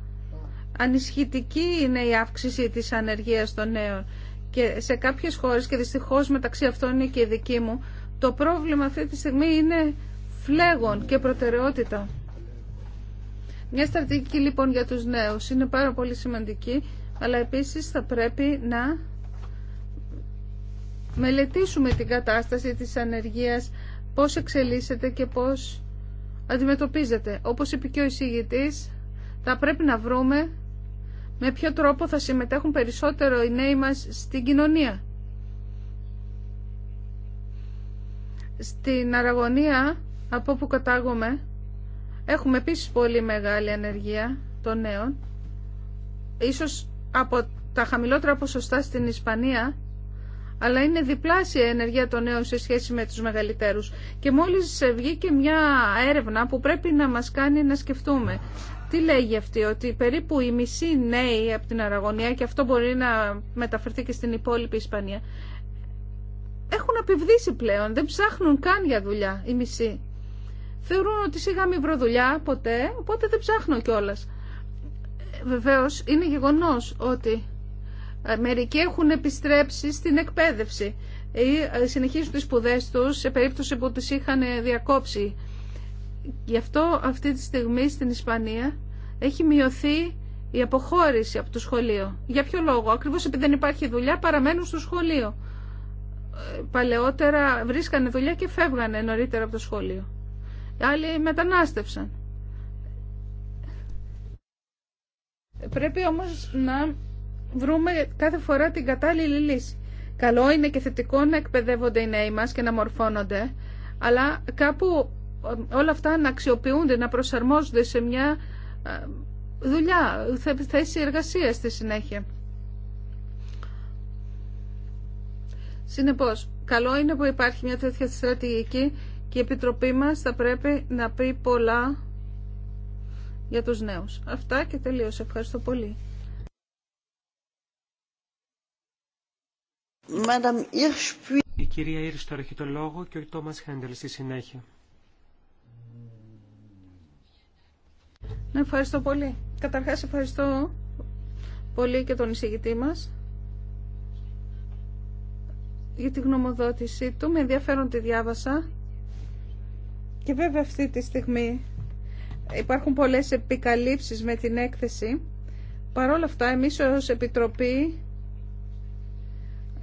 Ανισχυτική είναι η αύξηση της ανεργίας των νέων και σε κάποιες χώρες και δυστυχώς μεταξύ αυτών είναι και η δική μου το πρόβλημα αυτή τη στιγμή είναι φλέγον και προτεραιότητα. Μια στρατηγική λοιπόν για τους νέους είναι πάρα πολύ σημαντική αλλά επίσης θα πρέπει να μελετήσουμε την κατάσταση της ανεργίας, πώς εξελίσσεται και πώς αντιμετωπίζεται. Όπως είπε και ο εισηγητής, θα πρέπει να βρούμε με ποιο τρόπο θα συμμετέχουν περισσότερο οι νέοι μας στην κοινωνία. Στην Αραγωνία, από όπου κατάγομαι, έχουμε επίσης πολύ μεγάλη ανεργία των νέων. Ίσως από τα χαμηλότερα ποσοστά στην Ισπανία, αλλά είναι διπλάσια η ενέργεια των νέων σε σχέση με τους μεγαλύτερους. Και μόλις βγήκε μια έρευνα που πρέπει να μας κάνει να σκεφτούμε. Τι λέγει αυτή, ότι περίπου οι μισοί νέοι από την Αραγωνία, και αυτό μπορεί να μεταφερθεί και στην υπόλοιπη Ισπανία, έχουν απευδίσει πλέον, δεν ψάχνουν καν για δουλειά οι μισοί. Θεωρούν ότι σιγά μη βρω δουλειά ποτέ, οπότε δεν ψάχνω κιόλα. Ε, βεβαίως είναι γεγονός ότι Μερικοί έχουν επιστρέψει στην εκπαίδευση ή ε, συνεχίζουν τις σπουδές τους σε περίπτωση που τις είχαν ε, διακόψει. Γι' αυτό αυτή τη στιγμή στην Ισπανία έχει μειωθεί η αποχώρηση από το σχολείο. Για ποιο λόγο, ακριβώς επειδή δεν υπάρχει δουλειά παραμένουν στο σχολείο. Ε, παλαιότερα βρίσκανε δουλειά και φεύγανε νωρίτερα από το σχολείο. Άλλοι μετανάστευσαν. Πρέπει όμως να βρούμε κάθε φορά την κατάλληλη λύση. Καλό είναι και θετικό να εκπαιδεύονται οι νέοι μας και να μορφώνονται, αλλά κάπου ε, όλα αυτά να αξιοποιούνται, να προσαρμόζονται σε μια ε, δουλειά, θέση εργασία στη συνέχεια. Συνεπώς, καλό είναι που υπάρχει μια τέτοια στρατηγική και η Επιτροπή μας θα πρέπει να πει πολλά για τους νέους. Αυτά και τελείως. Ευχαριστώ πολύ. Η κυρία Ήρς έχει το λόγο και ο Τόμας Χέντελ στη συνέχεια. ευχαριστώ πολύ. Καταρχάς ευχαριστώ πολύ και τον εισηγητή μας για τη γνωμοδότησή του. Με ενδιαφέρον τη διάβασα. Και βέβαια αυτή τη στιγμή υπάρχουν πολλές επικαλύψεις με την έκθεση. Παρ' όλα αυτά εμείς ως Επιτροπή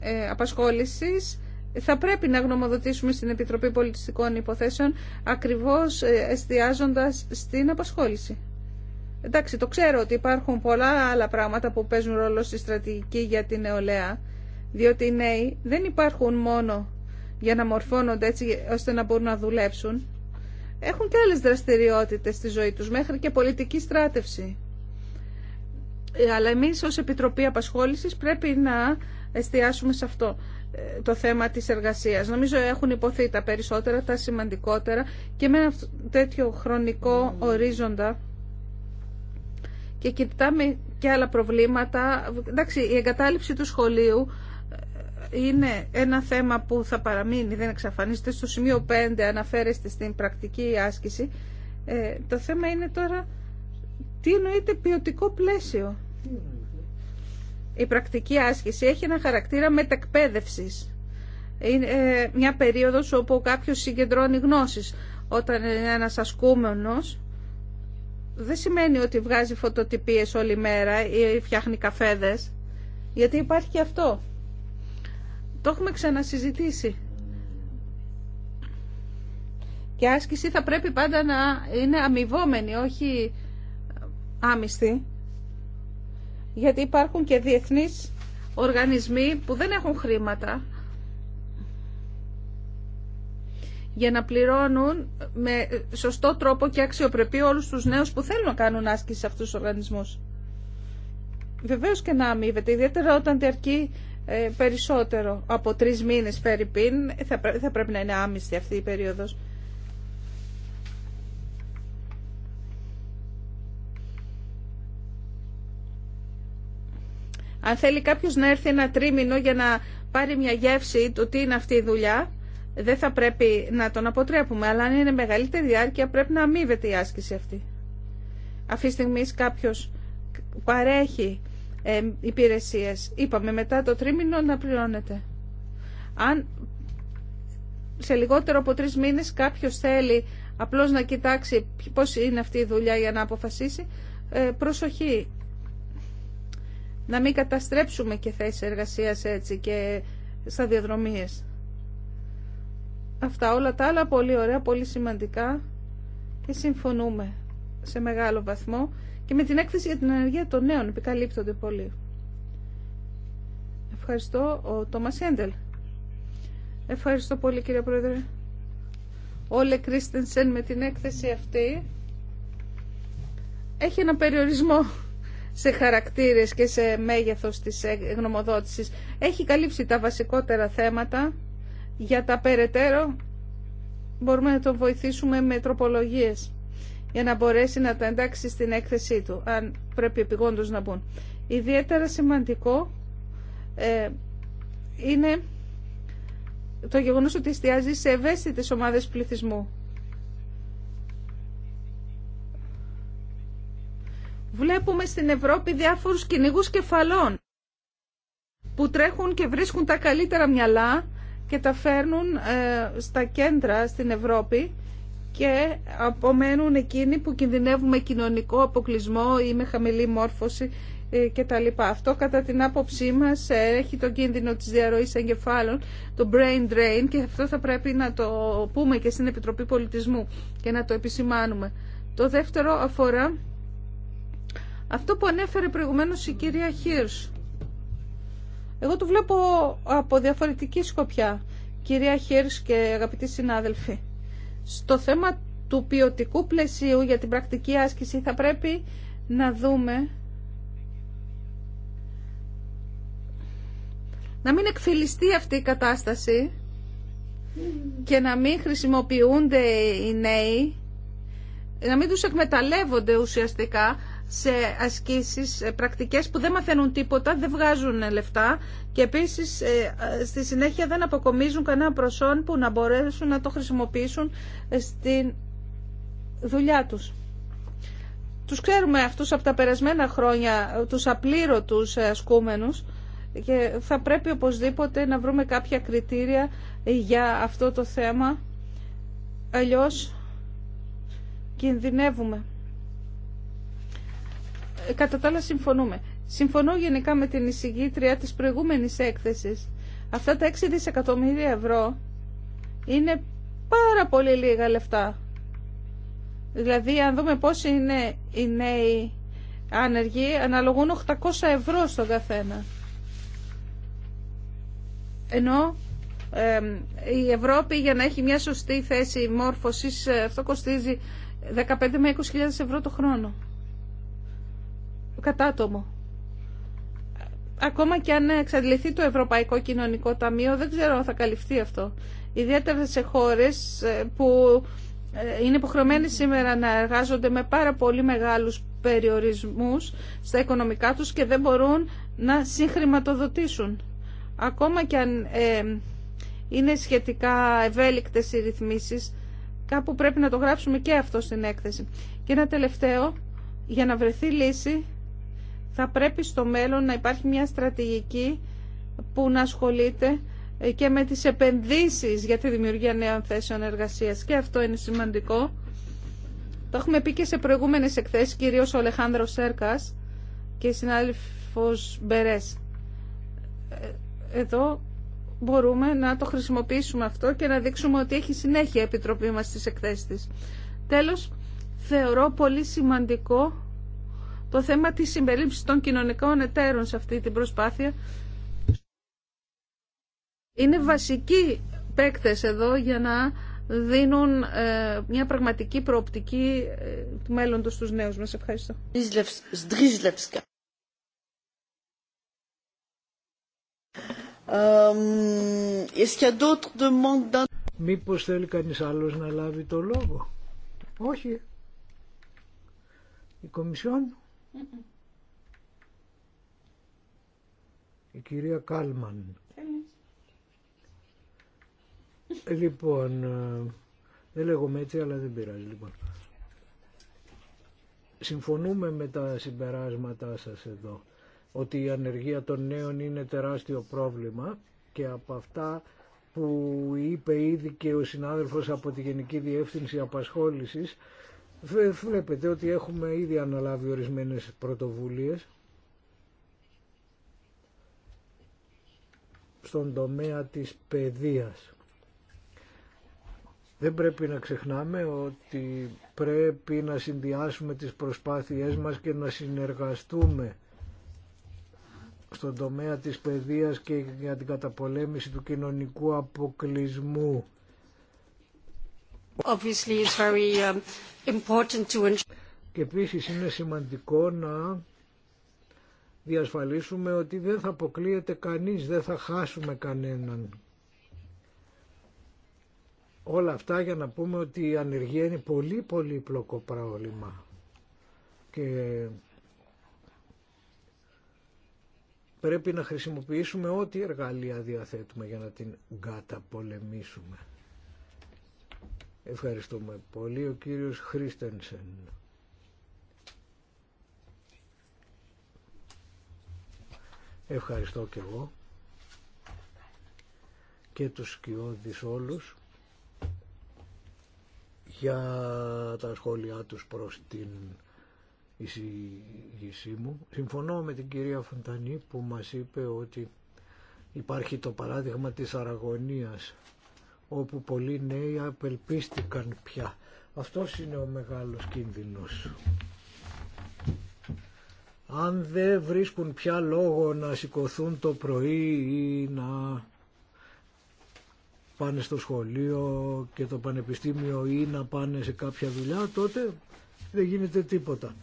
ε, απασχόλησης θα πρέπει να γνωμοδοτήσουμε στην Επιτροπή Πολιτιστικών Υποθέσεων ακριβώς ε, εστιάζοντας στην απασχόληση. Εντάξει, το ξέρω ότι υπάρχουν πολλά άλλα πράγματα που παίζουν ρόλο στη στρατηγική για την νεολαία, διότι οι νέοι δεν υπάρχουν μόνο για να μορφώνονται έτσι ώστε να μπορούν να δουλέψουν. Έχουν και άλλες δραστηριότητες στη ζωή τους, μέχρι και πολιτική στράτευση. Ε, αλλά εμείς ως Επιτροπή Απασχόλησης πρέπει να εστιάσουμε σε αυτό ε, το θέμα της εργασίας. Νομίζω έχουν υποθεί τα περισσότερα, τα σημαντικότερα και με ένα τέτοιο χρονικό ορίζοντα και κοιτάμε και άλλα προβλήματα. Εντάξει, η εγκατάλειψη του σχολείου ε, είναι ένα θέμα που θα παραμείνει, δεν εξαφανίζεται. Στο σημείο 5 αναφέρεστε στην πρακτική άσκηση. Ε, το θέμα είναι τώρα τι εννοείται ποιοτικό πλαίσιο η πρακτική άσκηση έχει ένα χαρακτήρα μετακπαίδευση. Είναι ε, μια περίοδος όπου κάποιος συγκεντρώνει γνώσεις. Όταν είναι ένας ασκούμενος, δεν σημαίνει ότι βγάζει φωτοτυπίες όλη μέρα ή φτιάχνει καφέδες, γιατί υπάρχει και αυτό. Το έχουμε ξανασυζητήσει. Και άσκηση θα πρέπει πάντα να είναι αμοιβόμενη, όχι άμυστη γιατί υπάρχουν και διεθνείς οργανισμοί που δεν έχουν χρήματα για να πληρώνουν με σωστό τρόπο και αξιοπρεπή όλους τους νέους που θέλουν να κάνουν άσκηση σε αυτούς τους οργανισμούς. Βεβαίως και να αμείβεται, ιδιαίτερα όταν διαρκεί ε, περισσότερο από τρεις μήνες περίπου, θα, πρέπει να είναι άμυστη αυτή η περίοδος. Αν θέλει κάποιο να έρθει ένα τρίμηνο για να πάρει μια γεύση του τι είναι αυτή η δουλειά, δεν θα πρέπει να τον αποτρέπουμε, αλλά αν είναι μεγαλύτερη διάρκεια πρέπει να αμείβεται η άσκηση αυτή. Αυτή τη στιγμή κάποιο παρέχει ε, υπηρεσίες. Είπαμε μετά το τρίμηνο να πληρώνεται. Αν σε λιγότερο από τρει μήνες κάποιο θέλει απλώς να κοιτάξει πώς είναι αυτή η δουλειά για να αποφασίσει, ε, προσοχή να μην καταστρέψουμε και θέσει εργασία έτσι και διαδρομίε. Αυτά όλα τα άλλα πολύ ωραία, πολύ σημαντικά και συμφωνούμε σε μεγάλο βαθμό και με την έκθεση για την ενεργεία των νέων επικαλύπτονται πολύ. Ευχαριστώ ο Τόμας Έντελ. Ευχαριστώ πολύ κύριε Πρόεδρε. Όλε Κρίστενσεν με την έκθεση αυτή έχει ένα περιορισμό σε χαρακτήρες και σε μέγεθος της ε, γνωμοδότησης. Έχει καλύψει τα βασικότερα θέματα. Για τα περαιτέρω μπορούμε να τον βοηθήσουμε με τροπολογίες για να μπορέσει να τα εντάξει στην έκθεσή του, αν πρέπει επιγόντως να μπουν. Ιδιαίτερα σημαντικό ε, είναι το γεγονός ότι εστιάζει σε ευαίσθητες ομάδες πληθυσμού Βλέπουμε στην Ευρώπη διάφορους κυνηγού κεφαλών που τρέχουν και βρίσκουν τα καλύτερα μυαλά και τα φέρνουν ε, στα κέντρα στην Ευρώπη και απομένουν εκείνοι που κινδυνεύουν με κοινωνικό αποκλεισμό ή με χαμηλή μόρφωση ε, κτλ. τα Αυτό κατά την άποψή μας έχει τον κίνδυνο της διαρροής εγκεφάλων, το brain drain και αυτό θα πρέπει να το πούμε και στην Επιτροπή Πολιτισμού και να το επισημάνουμε. Το δεύτερο αφορά αυτό που ανέφερε προηγουμένως η κυρία Χίρς. Εγώ το βλέπω από διαφορετική σκοπιά, κυρία Χίρς και αγαπητοί συνάδελφοι. Στο θέμα του ποιοτικού πλαισίου για την πρακτική άσκηση θα πρέπει να δούμε να μην εκφυλιστεί αυτή η κατάσταση και να μην χρησιμοποιούνται οι νέοι, να μην τους εκμεταλλεύονται ουσιαστικά σε ασκήσεις ε, πρακτικές που δεν μαθαίνουν τίποτα, δεν βγάζουν λεφτά και επίσης ε, ε, στη συνέχεια δεν αποκομίζουν κανένα προσόν που να μπορέσουν να το χρησιμοποιήσουν στη δουλειά τους. Τους ξέρουμε αυτούς από τα περασμένα χρόνια, τους απλήρωτους ασκούμενους και θα πρέπει οπωσδήποτε να βρούμε κάποια κριτήρια για αυτό το θέμα, αλλιώς κινδυνεύουμε. Κατά τα άλλα συμφωνούμε. Συμφωνώ γενικά με την εισηγήτρια της προηγούμενης έκθεσης. Αυτά τα 6 δισεκατομμύρια ευρώ είναι πάρα πολύ λίγα λεφτά. Δηλαδή, αν δούμε πόσοι είναι οι νέοι άνεργοι, αναλογούν 800 ευρώ στον καθένα. Ενώ η Ευρώπη για να έχει μια σωστή θέση μόρφωσης, ε, αυτό κοστίζει 15 με 20.000 ευρώ το χρόνο κατάτομο. Ακόμα και αν εξαντληθεί το Ευρωπαϊκό Κοινωνικό Ταμείο, δεν ξέρω αν θα καλυφθεί αυτό. Ιδιαίτερα σε χώρες ε, που ε, είναι υποχρεωμένοι σήμερα να εργάζονται με πάρα πολύ μεγάλους περιορισμούς στα οικονομικά τους και δεν μπορούν να συγχρηματοδοτήσουν. Ακόμα και αν ε, είναι σχετικά ευέλικτες οι ρυθμίσεις, κάπου πρέπει να το γράψουμε και αυτό στην έκθεση. Και ένα τελευταίο, για να βρεθεί λύση, θα πρέπει στο μέλλον να υπάρχει μια στρατηγική που να ασχολείται ε, και με τις επενδύσεις για τη δημιουργία νέων θέσεων εργασίας. Και αυτό είναι σημαντικό. Το έχουμε πει και σε προηγούμενες εκθέσεις, κυρίως ο Αλεχάνδρος Σέρκας και η συνάδελφος Μπερές. Ε, εδώ μπορούμε να το χρησιμοποιήσουμε αυτό και να δείξουμε ότι έχει συνέχεια η Επιτροπή μας στις εκθέσεις της. Τέλος, θεωρώ πολύ σημαντικό το θέμα της συμπερίληψης των κοινωνικών εταίρων σε αυτή την προσπάθεια είναι βασικοί παίκτες εδώ για να δίνουν ε, μια πραγματική προοπτική ε, του μέλλοντος στους νέους μας. Ευχαριστώ. Μήπως θέλει κανείς άλλος να λάβει το λόγο. Όχι. Η Κομισιόν. Η κυρία Κάλμαν. Λοιπόν, ε, δεν λέγομαι έτσι αλλά δεν πειράζει. Λοιπόν. Συμφωνούμε με τα συμπεράσματά σας εδώ ότι η ανεργία των νέων είναι τεράστιο πρόβλημα και από αυτά που είπε ήδη και ο συνάδελφος από τη Γενική Διεύθυνση Απασχόλησης Βλέπετε ότι έχουμε ήδη αναλάβει ορισμένες πρωτοβουλίες στον τομέα της παιδείας. Δεν πρέπει να ξεχνάμε ότι πρέπει να συνδυάσουμε τις προσπάθειές μας και να συνεργαστούμε στον τομέα της παιδείας και για την καταπολέμηση του κοινωνικού αποκλεισμού. Um, Και επίση είναι σημαντικό να διασφαλίσουμε ότι δεν θα αποκλείεται κανείς, δεν θα χάσουμε κανέναν. Όλα αυτά για να πούμε ότι η ανεργία είναι πολύ πολύ πλοκό πρόβλημα. Και πρέπει να χρησιμοποιήσουμε ό,τι εργαλεία διαθέτουμε για να την καταπολεμήσουμε. Ευχαριστούμε πολύ. Ο κύριος Χρίστενσεν. Ευχαριστώ και εγώ και τους σκιώδεις όλους για τα σχόλιά τους προς την εισηγησή μου. Συμφωνώ με την κυρία Φωντανή που μας είπε ότι υπάρχει το παράδειγμα της Αραγωνίας όπου πολλοί νέοι απελπίστηκαν πια. Αυτό είναι ο μεγάλος κίνδυνος. Αν δεν βρίσκουν πια λόγο να σηκωθούν το πρωί ή να πάνε στο σχολείο και το πανεπιστήμιο ή να πάνε σε κάποια δουλειά, τότε δεν γίνεται τίποτα.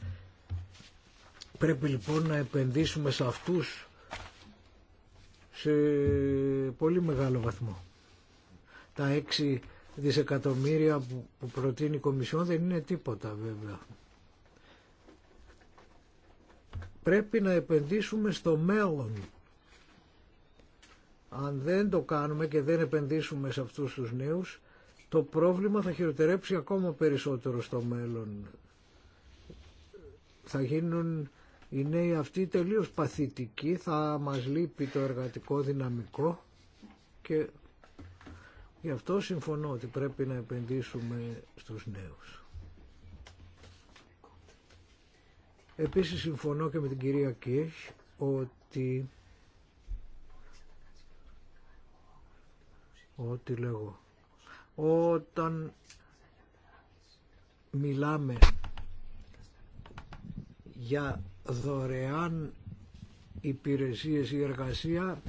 Πρέπει λοιπόν να επενδύσουμε σε αυτούς σε πολύ μεγάλο βαθμό τα 6 δισεκατομμύρια που προτείνει η Κομισιόν δεν είναι τίποτα βέβαια. Πρέπει να επενδύσουμε στο μέλλον. Αν δεν το κάνουμε και δεν επενδύσουμε σε αυτούς τους νέους, το πρόβλημα θα χειροτερέψει ακόμα περισσότερο στο μέλλον. Θα γίνουν οι νέοι αυτοί τελείως παθητικοί, θα μας λείπει το εργατικό δυναμικό και Γι' αυτό συμφωνώ ότι πρέπει να επενδύσουμε στους νέους. Επίσης συμφωνώ και με την κυρία Κίχ ότι ότι λέγω όταν μιλάμε για δωρεάν υπηρεσίες ή εργασία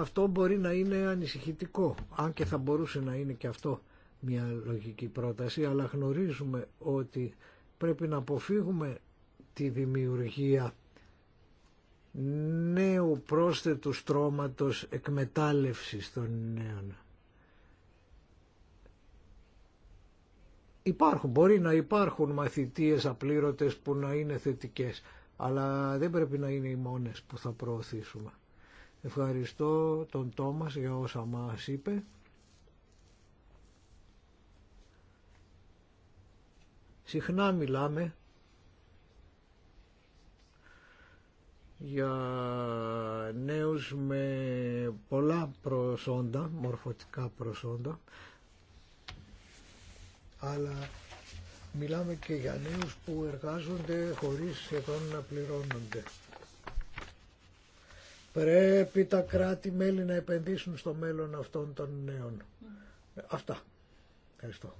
αυτό μπορεί να είναι ανησυχητικό, αν και θα μπορούσε να είναι και αυτό μια λογική πρόταση, αλλά γνωρίζουμε ότι πρέπει να αποφύγουμε τη δημιουργία νέου πρόσθετου στρώματος εκμετάλλευσης των νέων. Υπάρχουν, μπορεί να υπάρχουν μαθητείες απλήρωτες που να είναι θετικές, αλλά δεν πρέπει να είναι οι μόνες που θα προωθήσουμε. Ευχαριστώ τον Τόμας για όσα μας είπε. Συχνά μιλάμε για νέους με πολλά προσόντα, μορφωτικά προσόντα, αλλά μιλάμε και για νέους που εργάζονται χωρίς σχεδόν να πληρώνονται. Πρέπει τα κράτη-μέλη να επενδύσουν στο μέλλον αυτών των νέων. Αυτά. Ευχαριστώ.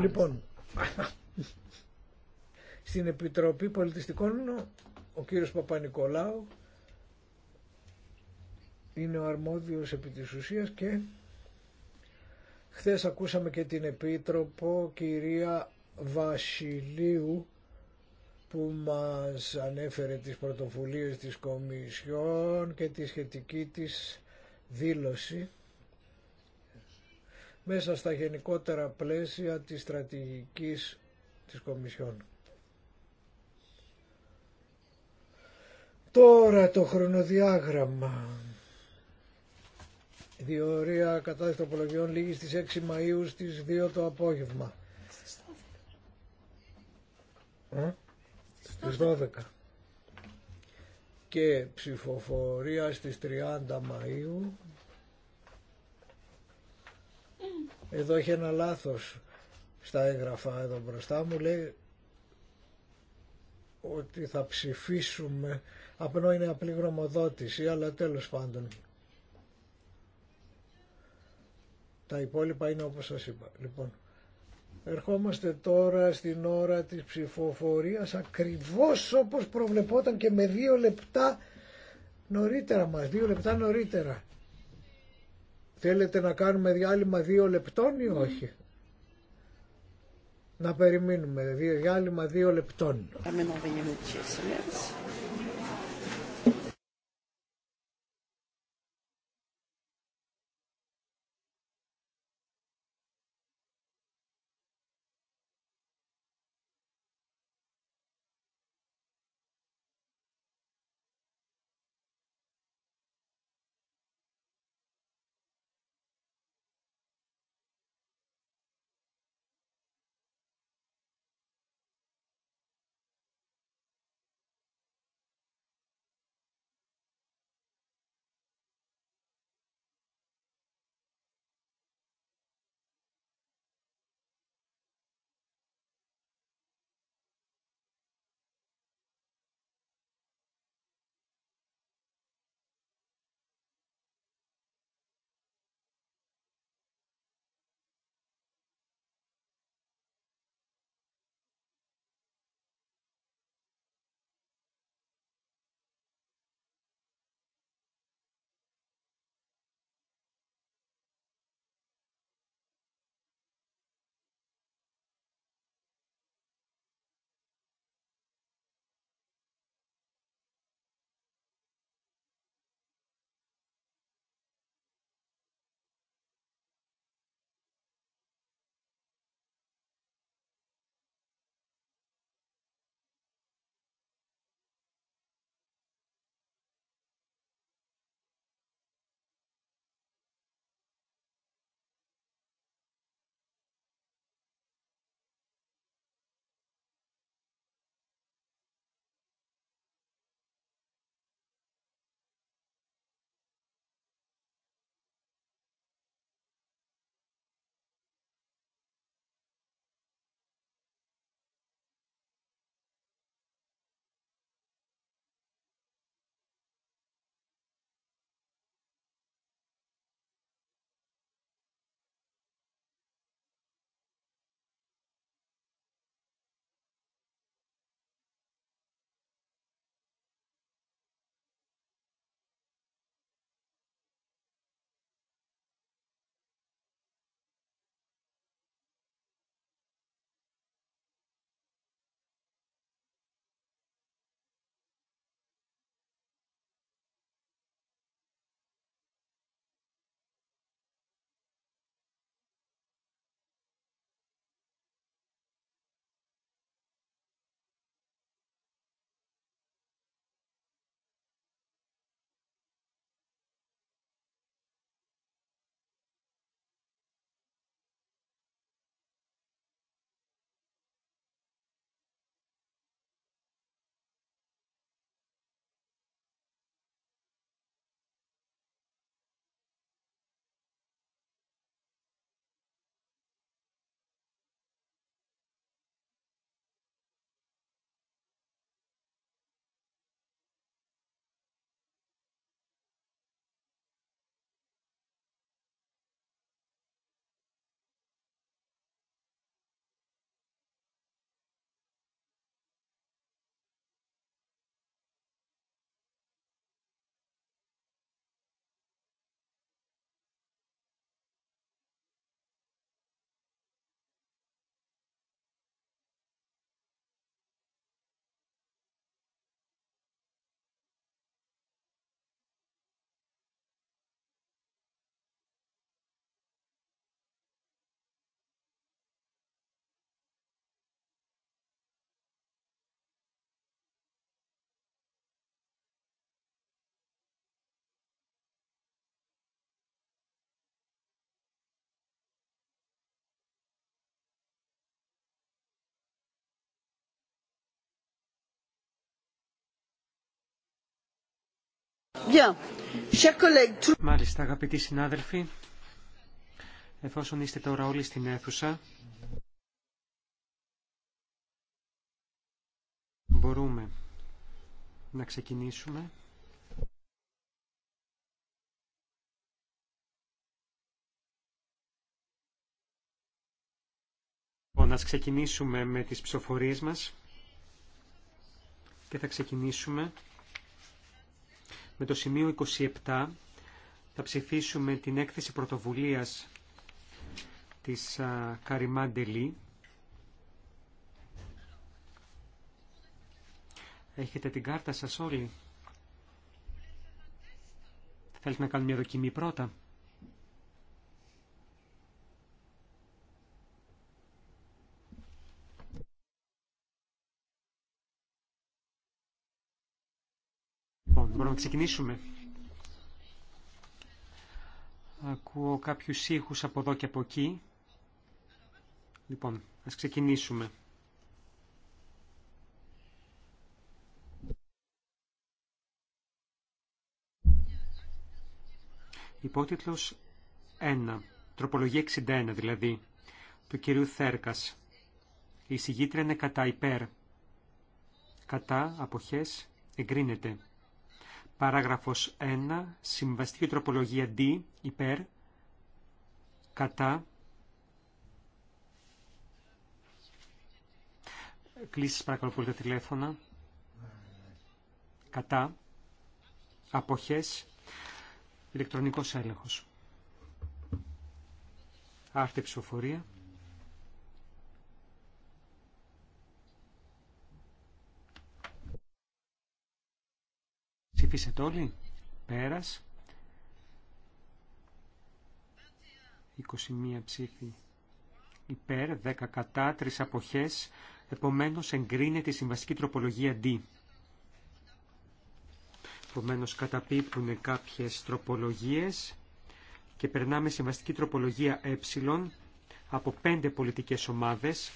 Λοιπόν, στην Επιτροπή Πολιτιστικών ο κύριος Παπα-Νικολάου είναι ο αρμόδιος επί της ουσίας και χθες ακούσαμε και την Επίτροπο κυρία Βασιλείου που μας ανέφερε τις πρωτοβουλίες της Κομισιόν και τη σχετική της δήλωση μέσα στα γενικότερα πλαίσια της στρατηγικής της Κομισιόν. Τώρα το χρονοδιάγραμμα. Διορία κατάσταση τροπολογιών λίγη στις 6 Μαΐου στις 2 το απόγευμα. Στις 12. Ε? Και ψηφοφορία στις 30 Μαΐου. Εδώ έχει ένα λάθος στα έγγραφα εδώ μπροστά μου. Λέει ότι θα ψηφίσουμε Απνό είναι απλή γνωμοδότηση, αλλά τέλος πάντων. Τα υπόλοιπα είναι όπως σας είπα. Λοιπόν, ερχόμαστε τώρα στην ώρα της ψηφοφορίας ακριβώς όπως προβλεπόταν και με δύο λεπτά νωρίτερα μας, δύο λεπτά νωρίτερα. Θέλετε να κάνουμε διάλειμμα δύο λεπτών ή όχι. Να περιμένουμε. Διάλειμμα δύο λεπτών. Μάλιστα, αγαπητοί συνάδελφοι, εφόσον είστε τώρα όλοι στην αίθουσα, μπορούμε να ξεκινήσουμε. Να λοιπόν, ξεκινήσουμε με τις ψηφοφορίες μας και θα ξεκινήσουμε με το σημείο 27 θα ψηφίσουμε την έκθεση πρωτοβουλίας της Καριμά Ντελή. Έχετε την κάρτα σας όλοι. Θέλετε να κάνουμε μια δοκιμή πρώτα. μπορούμε να ξεκινήσουμε. Ακούω κάποιους ήχους από εδώ και από εκεί. Λοιπόν, ας ξεκινήσουμε. Υπότιτλος 1. Τροπολογία 61 δηλαδή. Του κυρίου Θέρκας. Η συγγήτρια είναι κατά υπέρ. Κατά αποχές εγκρίνεται. Παράγραφος 1. Συμβαστική τροπολογία D. Υπέρ. Κατά. Κλείσεις παρακαλώ πολύ τα τηλέφωνα. Κατά. Αποχές. Ηλεκτρονικός έλεγχος. Άρτη ψηφοφορία. Ψηφίσατε όλοι. Πέρας. 21 ψήφοι υπέρ, 10 κατά, 3 αποχές. Επομένως εγκρίνεται η συμβαστική τροπολογία D. Επομένως καταπίπτουν κάποιες τροπολογίες και περνάμε συμβαστική τροπολογία ε από 5 πολιτικές ομάδες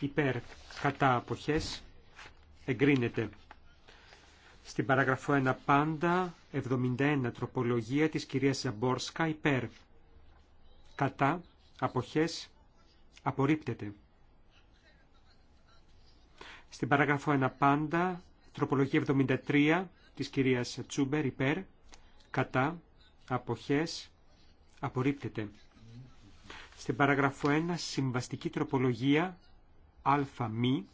υπέρ κατά αποχές εγκρίνεται. Στην παράγραφο 1 πάντα, 71 τροπολογία της κυρίας Ζαμπόρσκα υπέρ. Κατά, αποχές, απορρίπτεται. Στην παράγραφο 1 πάντα, τροπολογία 73 της κυρίας Τσούμπερ υπέρ. Κατά, αποχές, απορρίπτεται. Στην παράγραφο 1 συμβαστική τροπολογία α μη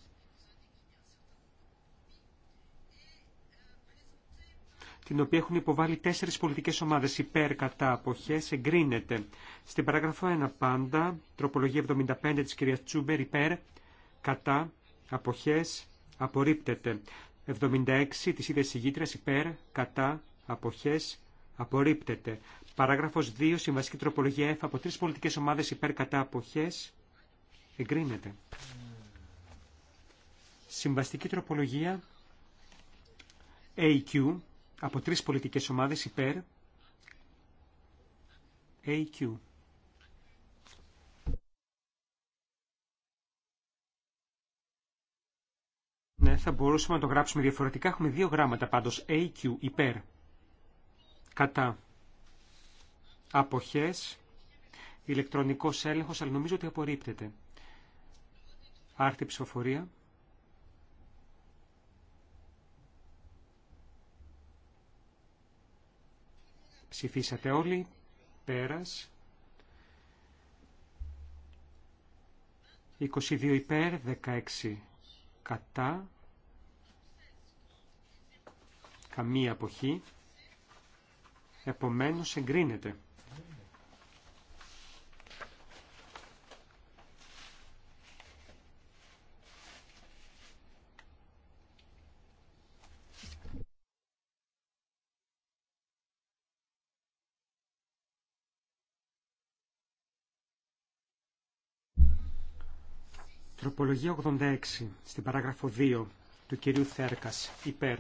την οποία έχουν υποβάλει τέσσερι πολιτικέ ομάδε υπέρ κατά αποχέ, εγκρίνεται. Στην παράγραφο 1 πάντα, τροπολογία 75 τη κυρία Τσούμπερ υπέρ κατά απόχέ, απορρίπτεται. 76 τη ίδια ηγήτρια, υπέρ κατά απόχέ, απορρίπτεται. παράγραφο 2, συμβασική τροπολογία F από τρει πολιτικέ ομάδε υπέρ κατά αποχέ. εγκρίνεται. Συμβαστική τροπολογία AQ από τρεις πολιτικές ομάδες υπέρ AQ. Ναι, θα μπορούσαμε να το γράψουμε διαφορετικά. Έχουμε δύο γράμματα πάντως. AQ, υπέρ. Κατά. Αποχές. Ηλεκτρονικός έλεγχος, αλλά νομίζω ότι απορρίπτεται. Άρτη ψηφοφορία. Ψηφίσατε όλοι. Πέρας. 22 υπέρ, 16 κατά. Καμία αποχή. Επομένως εγκρίνεται. Τροπολογία 86 στην παράγραφο 2 του κυρίου Θέρκας υπέρ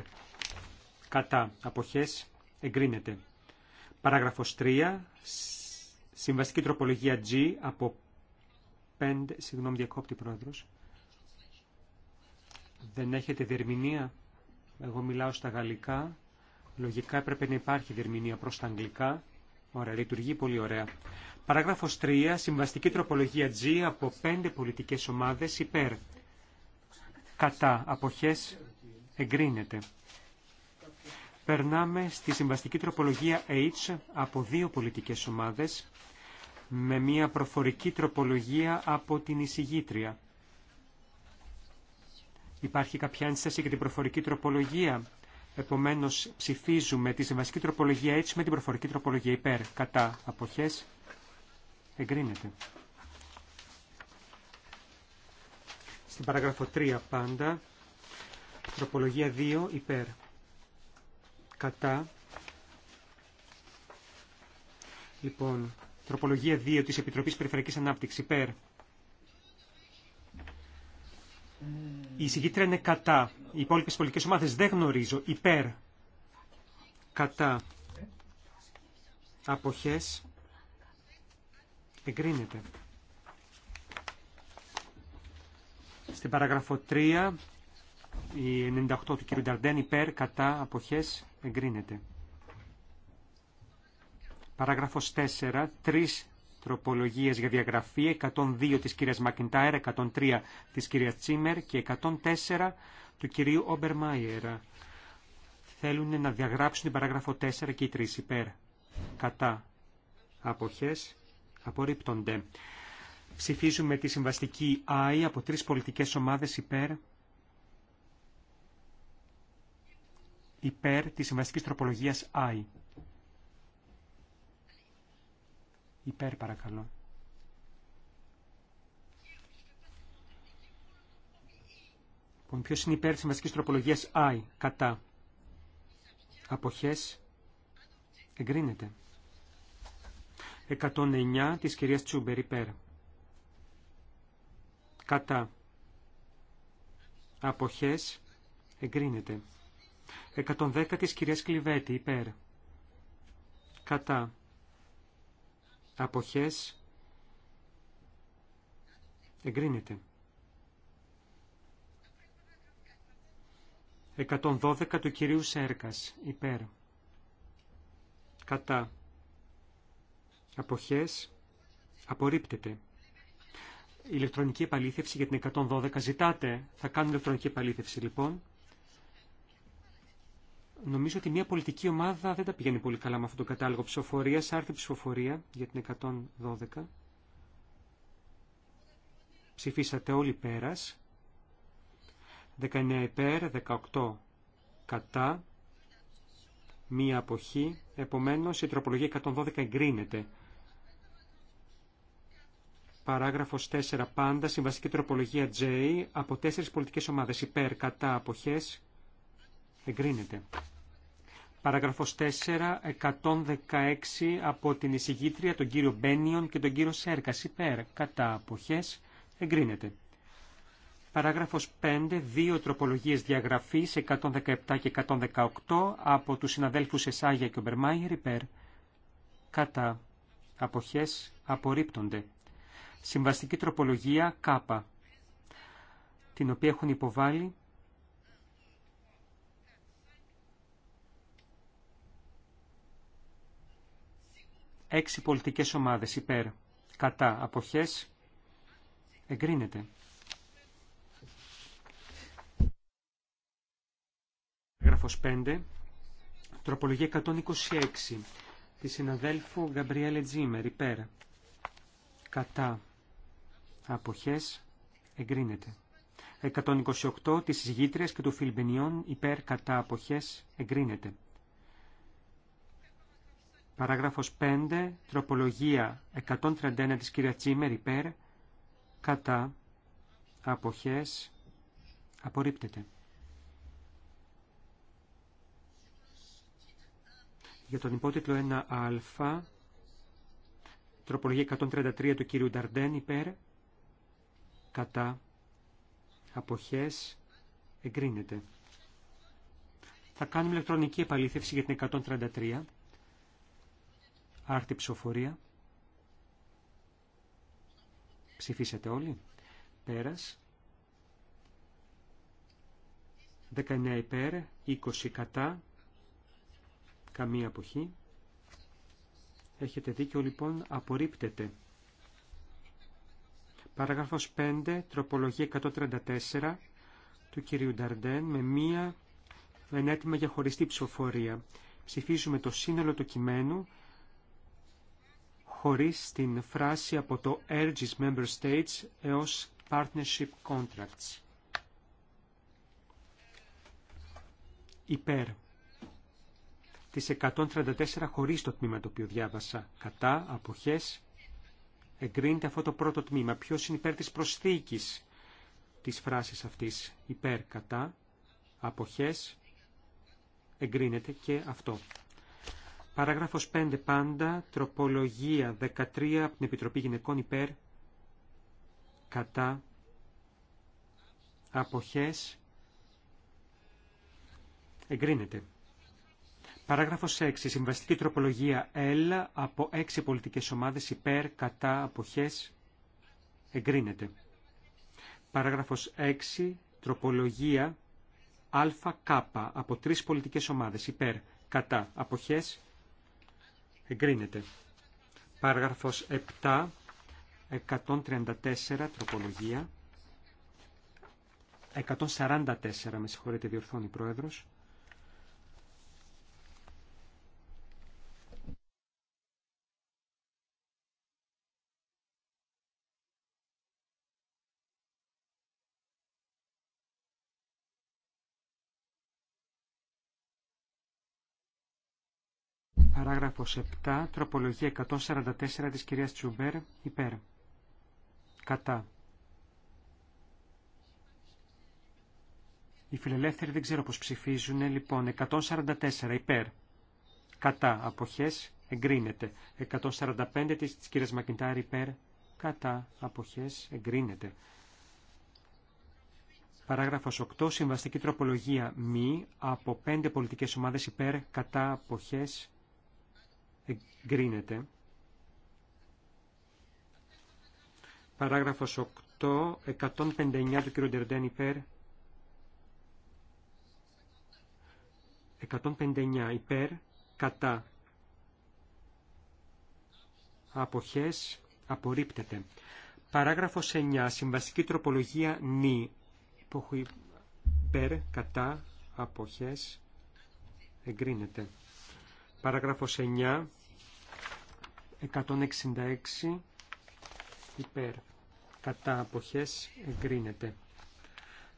κατά αποχές εγκρίνεται. Παράγραφος 3 συμβαστική τροπολογία G από 5 συγγνώμη διακόπτη πρόεδρος δεν έχετε διερμηνία εγώ μιλάω στα γαλλικά λογικά έπρεπε να υπάρχει διερμηνία προς τα αγγλικά Ωραία, λειτουργεί πολύ ωραία. Παράγραφος 3. Συμβαστική τροπολογία G από 5 πολιτικές ομάδες υπέρ. Κατά. Αποχές. Εγκρίνεται. Περνάμε στη συμβαστική τροπολογία H από δύο πολιτικές ομάδες με μια προφορική τροπολογία από την εισηγήτρια. Υπάρχει κάποια ένσταση για την προφορική τροπολογία. Επομένως ψηφίζουμε τη συμβασική τροπολογία έτσι με την προφορική τροπολογία υπέρ. Κατά αποχές εγκρίνεται. Στην παράγραφο 3 πάντα, τροπολογία 2 υπέρ. Κατά. Λοιπόν, τροπολογία 2 της Επιτροπής Περιφερειακής Ανάπτυξης υπέρ. Η συγκίτρια είναι κατά. Οι υπόλοιπε πολιτικέ ομάδε δεν γνωρίζω. Υπέρ. Κατά. Αποχέ. Εγκρίνεται. Στην παράγραφο 3, η 98 του κ. Νταρντέν υπέρ, κατά, αποχές, εγκρίνεται. Παράγραφος 4, 3... Τροπολογίε για διαγραφή 102 τη κύρια Μακιντάιρ, 103 τη κυρία Τσίμερ και 104 του κυρίου Ομπερμάιερ. Θέλουν να διαγράψουν την παράγραφο 4 και οι 3 υπέρ. Κατά. Αποχές. Απορρίπτονται. Ψηφίζουμε τη συμβαστική ΑΗ από τρεις πολιτικές ομάδες υπέρ. Υπέρ της συμβαστικής τροπολογίας ΑΗ. Υπέρ παρακαλώ. Λοιπόν, ποιος είναι υπέρ της Συμβασικής τροπολογίας I, κατά. Αποχές. Εγκρίνεται. 109 της κυρίας Τσούμπερ, υπέρ. Κατά. Αποχές. Εγκρίνεται. 110 της κυρίας Κλιβέτη, υπέρ. Κατά αποχές εγκρίνεται. 112 του κυρίου Σέρκας, υπέρ. Κατά. Αποχές απορρίπτεται. Ηλεκτρονική επαλήθευση για την 112 ζητάτε. Θα κάνουμε ηλεκτρονική επαλήθευση λοιπόν. Νομίζω ότι μια πολιτική ομάδα δεν τα πηγαίνει πολύ καλά με αυτόν τον κατάλογο ψηφοφορία. Άρθρη ψηφοφορία για την 112. Ψηφίσατε όλοι πέρα. 19 υπέρ, 18 κατά, μία αποχή. Επομένω, η τροπολογία 112 εγκρίνεται. Παράγραφος 4 πάντα, συμβαστική τροπολογία J, από τέσσερις πολιτικές ομάδες υπέρ, κατά, αποχές, Εγκρίνεται. Παραγραφός 4, 116 από την εισηγήτρια, τον κύριο Μπένιον και τον κύριο Σέρκας υπέρ. Κατά αποχές εγκρίνεται. Παράγραφος 5, δύο τροπολογίες διαγραφής 117 και 118 από τους συναδέλφους Εσάγια και Ομπερμάιερ υπέρ. Κατά αποχές απορρίπτονται. Συμβαστική τροπολογία κάπα, την οποία έχουν υποβάλει Έξι πολιτικές ομάδες υπέρ. Κατά. Αποχές. Εγκρίνεται. Γράφος 5. Τροπολογία 126. Τη συναδέλφου Γκαμπριέλε Τζίμερ. Υπέρ. Κατά. Αποχές. Εγκρίνεται. 128 της γήτρες και του φιλμπενιών υπέρ κατά αποχές εγκρίνεται. Παράγραφος 5, τροπολογία 131 της κυρία Τσίμερ υπέρ, κατά, αποχές, απορρίπτεται. Για τον υπότιτλο 1α, τροπολογία 133 του κύριου Νταρντέν υπέρ, κατά, αποχές, εγκρίνεται. Θα κάνουμε ηλεκτρονική επαλήθευση για την 133. Άρτη ψηφοφορία. Ψηφίσατε όλοι. Πέρας. 19 υπέρ, 20 κατά, καμία αποχή. Έχετε δίκιο λοιπόν, απορρίπτεται. Παραγράφος 5, τροπολογία 134 του κυρίου Νταρντέν με μία ενέτοιμα για χωριστή ψηφοφορία. Ψηφίζουμε το σύνολο του κειμένου χωρίς την φράση από το «Ergis Member States» έως «Partnership Contracts». Υπέρ τις 134 χωρίς το τμήμα το οποίο διάβασα. Κατά, αποχές, εγκρίνεται αυτό το πρώτο τμήμα. Ποιος είναι υπέρ της προσθήκης της φράσης αυτής. Υπέρ, κατά, αποχές, εγκρίνεται και αυτό. Παράγραφος 5 πάντα, τροπολογία 13 από την Επιτροπή Γυναικών υπέρ, κατά, αποχές, εγκρίνεται. Παράγραφος 6. Συμβαστική τροπολογία L από 6 πολιτικές ομάδες υπέρ, κατά, αποχές, εγκρίνεται. Παράγραφος 6. Τροπολογία ΑΚ από 3 πολιτικές ομάδες υπέρ, κατά, αποχές, Εγκρίνεται. Παράγραφος 7, 134, τροπολογία. 144, με συγχωρείτε, διορθώνει η Πρόεδρος. παράγραφος 7, τροπολογία 144 της κυρίας Τσουμπέρ, υπέρ. Κατά. Οι φιλελεύθεροι δεν ξέρω πώς ψηφίζουν, λοιπόν, 144 υπέρ. Κατά. Αποχές εγκρίνεται. 145 της, της κυρίας Μακιντάρη υπέρ. Κατά. Αποχές εγκρίνεται. Παράγραφος 8. Συμβαστική τροπολογία μη από 5 πολιτικές ομάδες υπέρ κατά αποχές εγκρίνεται. Παράγραφος 8, 159 του κ. Ντερντέν υπέρ. 159 υπέρ, κατά. Αποχές, απορρίπτεται. Παράγραφος 9, συμβαστική τροπολογία νη. Υπέρ, κατά, αποχές, εγκρίνεται. Παράγραφος 9, 166 υπέρ κατά αποχές εγκρίνεται.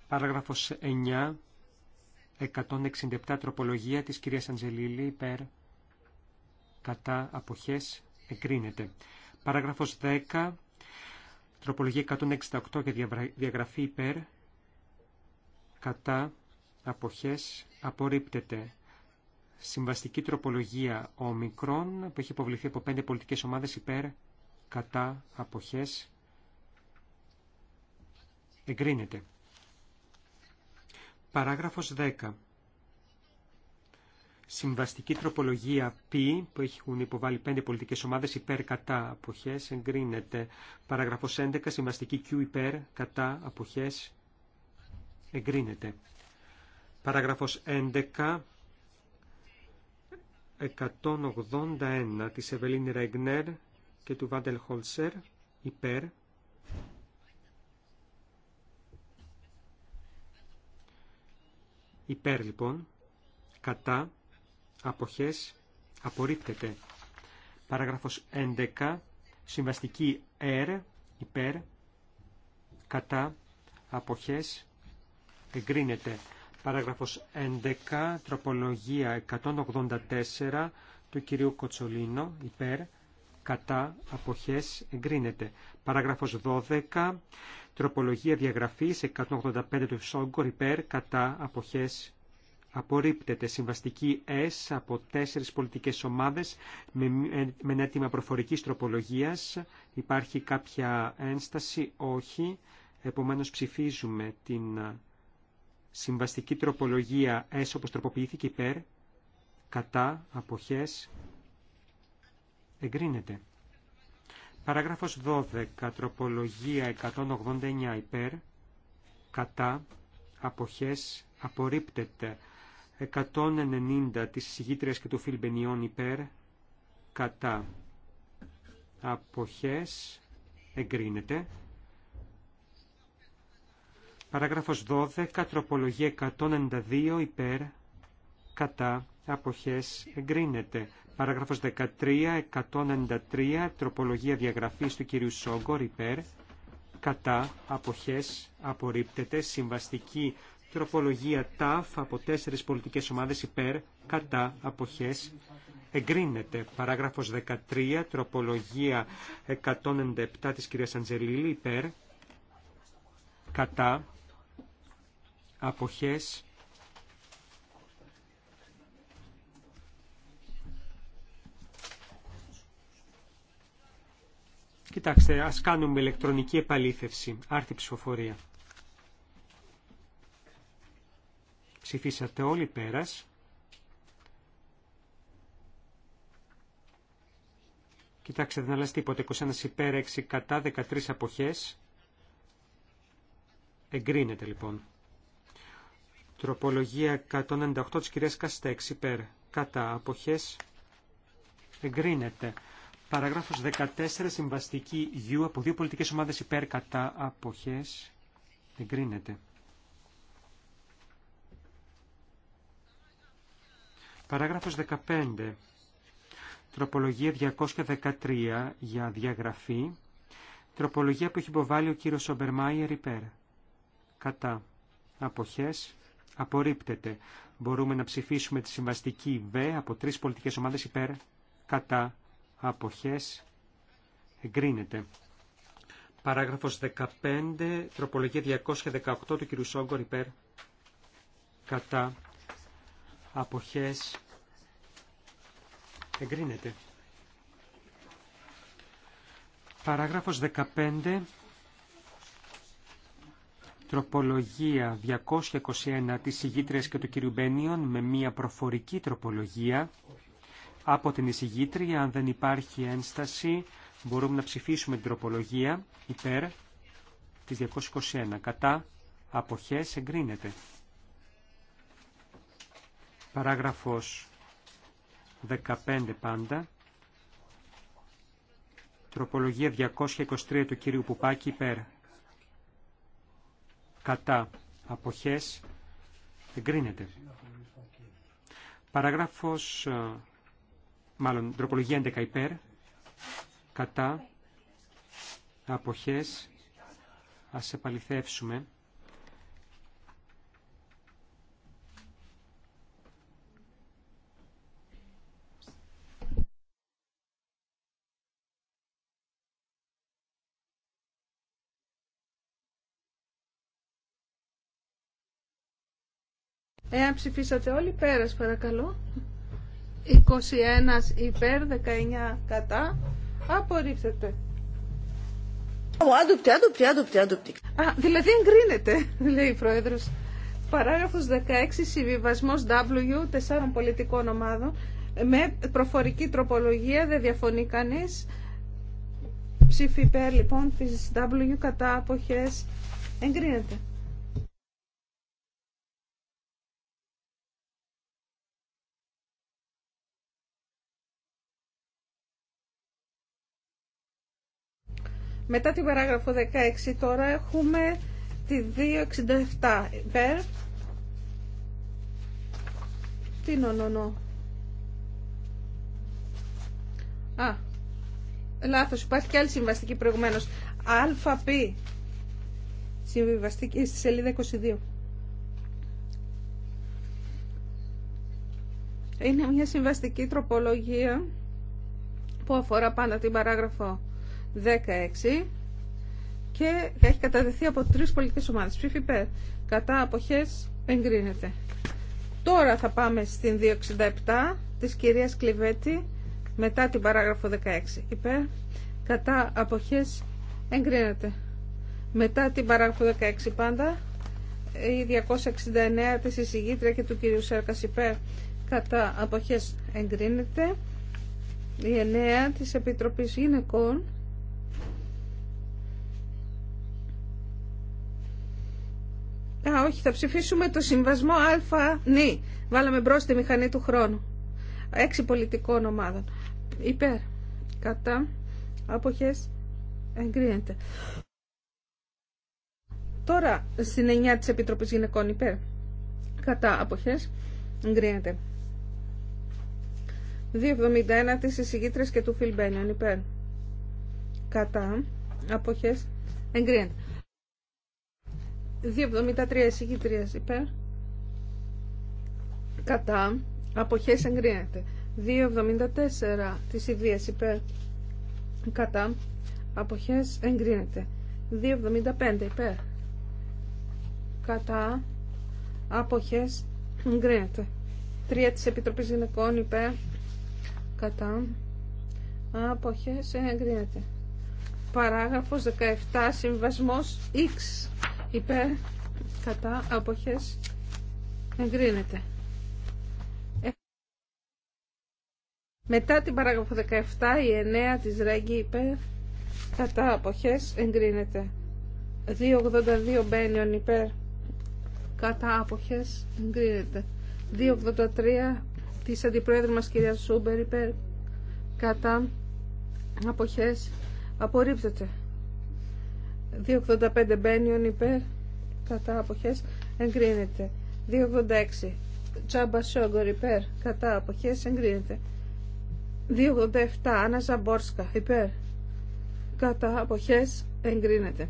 Παράγραφος 9 167 τροπολογία της κυρίας Αντζελίλη υπέρ κατά αποχές εγκρίνεται. Παράγραφος 10 τροπολογία 168 για διαγραφή υπέρ κατά αποχές απορρίπτεται. Συμβαστική τροπολογία ομικρών που έχει υποβληθεί από πέντε πολιτικές ομάδες υπέρ, κατά, αποχές. Εγκρίνεται. Παράγραφος 10. Συμβαστική τροπολογία π που έχουν υποβάλει πέντε πολιτικές ομάδες υπέρ κατά αποχές εγκρίνεται. Παράγραφος 11. Συμβαστική Q υπέρ κατά αποχές εγκρίνεται. Παράγραφος 11. 181 της Εβελιν Ρέγνερ και του Βάντελ Χόλσερ υπέρ υπέρ λοιπόν κατά αποχές απορρίπτεται παράγραφος 11 συμβαστική R υπέρ κατά αποχές εγκρίνεται Παράγραφος 11, τροπολογία 184 του κυρίου Κοτσολίνο, υπέρ, κατά, αποχές, εγκρίνεται. Παράγραφος 12, τροπολογία διαγραφής 185 του Σόγκορ, υπέρ, κατά, αποχές, απορρίπτεται. Συμβαστική S από τέσσερις πολιτικές ομάδες με, με ένα αίτημα προφορικής τροπολογίας. Υπάρχει κάποια ένσταση, όχι. Επομένως ψηφίζουμε την Συμβαστική τροπολογία S όπως τροποποιήθηκε υπέρ, κατά, αποχές, εγκρίνεται. Παράγραφος 12, τροπολογία 189 υπέρ, κατά, αποχές, απορρίπτεται. 190 της συγγήτριας και του φιλμπενιών υπέρ, κατά, αποχές, εγκρίνεται. Παράγραφος 12, τροπολογία 192 υπέρ, κατά, αποχές, εγκρίνεται. Παράγραφος 13, 193, τροπολογία διαγραφής του κυρίου Σόγκορ υπέρ, κατά, αποχές, απορρίπτεται. Συμβαστική τροπολογία ΤΑΦ από τέσσερις πολιτικές ομάδες υπέρ, κατά, αποχές, εγκρίνεται. Παράγραφος 13, τροπολογία 197 της κυρίας Αντζελίλη υπέρ, κατά, αποχές Κοιτάξτε, ας κάνουμε ηλεκτρονική επαλήθευση, άρτη ψηφοφορία. Ψηφίσατε όλοι πέρας. Κοιτάξτε, δεν αλλάζει τίποτα. 21 υπέρ, 6 κατά, 13 αποχές. Εγκρίνεται λοιπόν. Τροπολογία 198 της κυρίας Καστέξ υπέρ. Κατά αποχές εγκρίνεται. Παραγράφος 14 συμβαστική γιού από δύο πολιτικές ομάδες υπέρ κατά αποχές εγκρίνεται. Παράγραφος 15. Τροπολογία 213 για διαγραφή. Τροπολογία που έχει υποβάλει ο κύριος Σομπερμάιερ υπέρ. Κατά. Αποχές απορρίπτεται. Μπορούμε να ψηφίσουμε τη συμβαστική Β από τρεις πολιτικές ομάδες υπέρ, κατά, αποχές, εγκρίνεται. Παράγραφος 15, τροπολογία 218 του κ. Σόγκορ υπέρ, κατά, αποχές, εγκρίνεται. Παράγραφος 15, Τροπολογία 221 της ηγήτριας και του κυρίου Μπένιον με μία προφορική τροπολογία από την εισηγήτρια. Αν δεν υπάρχει ένσταση μπορούμε να ψηφίσουμε την τροπολογία υπέρ της 221. Κατά αποχές εγκρίνεται. Παράγραφος 15 πάντα. Τροπολογία 223 του κύριου Πουπάκη υπέρ κατά αποχές εγκρίνεται. Παραγράφος, ε, μάλλον τροπολογία 11 υπέρ, κατά αποχές, ας επαληθεύσουμε. Εάν ψηφίσατε όλοι, πέρας παρακαλώ. 21 υπέρ, 19 κατά. Απορρίφθεται. Α, δηλαδή εγκρίνεται, λέει η Πρόεδρος. Παράγραφος 16, συμβιβασμός W, τεσσάρων πολιτικών ομάδων, με προφορική τροπολογία, δεν διαφωνεί κανείς. Ψήφι υπέρ, λοιπόν, της W κατά αποχές εγκρίνεται. Μετά την παράγραφο 16 τώρα έχουμε τη 267 υπέρ. Τι νονονο. Α, λάθος. Υπάρχει και άλλη συμβαστική προηγουμένως. ΑΠ. Συμβιβαστική στη σελίδα 22. Είναι μια συμβαστική τροπολογία που αφορά πάντα την παράγραφο 16 και έχει καταδεθεί από τρεις πολιτικές ομάδες. Ψήφι Κατά αποχές εγκρίνεται. Τώρα θα πάμε στην 267 της κυρίας Κλειβέτη μετά την παράγραφο 16. Υπέρ. Κατά αποχές εγκρίνεται. Μετά την παράγραφο 16 πάντα η 269 της εισηγήτρια και του κυρίου Σέρκας υπέρ κατά αποχές εγκρίνεται. Η 9 της Επιτροπής Γυναικών Α, όχι, θα ψηφίσουμε το συμβασμό Α, Ναι. Βάλαμε μπρος τη μηχανή του χρόνου. Έξι πολιτικών ομάδων. Υπέρ. Κατά. Αποχές. Εγκρίνεται. Τώρα, στην 9 τη επίτροπή Γυναικών υπέρ. Κατά. Αποχές. Εγκρίνεται. 2.71 της εισηγήτρια και του Φιλμπένιον υπέρ. Κατά. Αποχές. Εγκρίνεται. 2,73 εισηγήτριας υπέρ. Κατά. Αποχές εγκρίνεται. 2,74 της ιδίας υπέρ. Κατά. Αποχές εγκρίνεται. 2,75 υπέρ. Κατά. Αποχές εγκρίνεται. 3 τη Επιτροπής Γυναικών υπέρ. Κατά. Αποχές εγκρίνεται. Παράγραφος 17. Συμβασμός X υπέρ κατά αποχές εγκρίνεται. Ε, μετά την παράγραφο 17 η 9 της Ρέγγι υπέρ κατά αποχές εγκρίνεται. 282 μπένιον υπέρ κατά αποχές εγκρίνεται. 283 της αντιπρόεδρου μας κυρία Σούμπερ υπέρ κατά αποχές απορρίπτεται. 2.85 Μπένιον υπέρ κατά αποχές εγκρίνεται 2.86 Τσάμπα Σόγκορ υπέρ κατά αποχές εγκρίνεται 2.87 Άννα Ζαμπόρσκα υπέρ κατά αποχές εγκρίνεται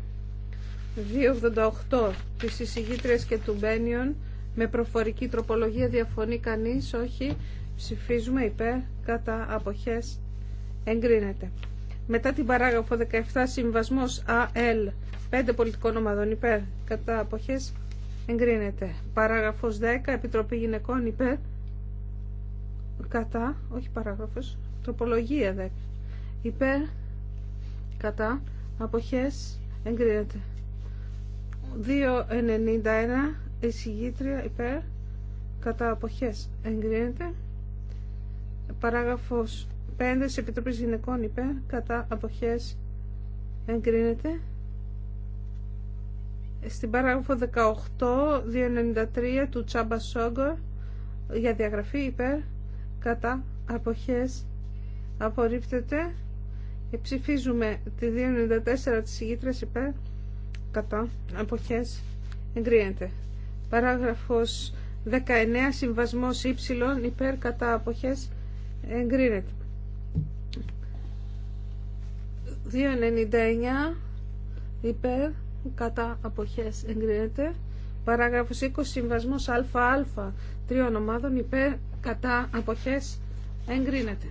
2.88 της εισηγήτρες και του Μπένιον με προφορική τροπολογία διαφωνεί κανείς όχι ψηφίζουμε υπέρ κατά αποχές εγκρίνεται μετά την παράγραφο 17 συμβασμός Α.Ε.Λ. 5 πολιτικών ομάδων υπέρ κατά αποχές εγκρίνεται. Παράγραφος 10 Επιτροπή Γυναικών υπέρ κατά, όχι παράγραφος, τροπολογία 10 υπέρ κατά αποχές εγκρίνεται. 2.91 εισηγήτρια υπέρ κατά αποχές εγκρίνεται. Παράγραφος 5 Επιτροπής Γυναικών υπέρ κατά αποχές εγκρίνεται. Στην παράγραφο 18-293 του Τσάμπα Σόγκορ για διαγραφή υπέρ κατά αποχές απορρίπτεται ψηφίζουμε τη 294 της ηγήτρας υπέρ κατά αποχές εγκρίνεται. Παράγραφος 19 συμβασμός Υ υπέρ κατά αποχές εγκρίνεται. 2.99 υπέρ κατά αποχές εγκρίνεται. Παράγραφος 20 συμβασμός ΑΑ τριών ομάδων υπέρ κατά αποχές εγκρίνεται.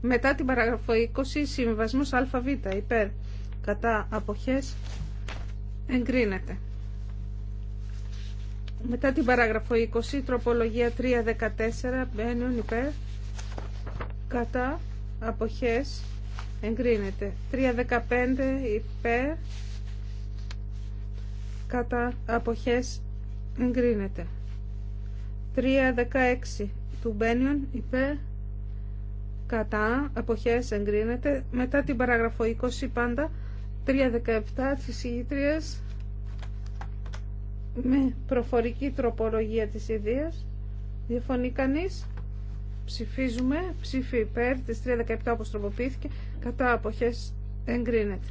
Μετά την παράγραφο 20 συμβασμός ΑΒ υπέρ κατά αποχές εγκρίνεται. Μετά την παράγραφο 20 τροπολογία 3.14 μπαίνουν υπέρ κατά αποχές εγκρίνεται 3.15 υπέρ κατά αποχές εγκρίνεται 3.16 του Μπένιον υπέρ κατά αποχές εγκρίνεται μετά την παράγραφο 20 πάντα 3.17 της ηγητρίας με προφορική τροπολογία της Ιδίας διαφωνεί κανείς Ψηφίζουμε. Ψήφι υπέρ της 317 όπως τροποποιήθηκε. Κατά αποχές εγκρίνεται.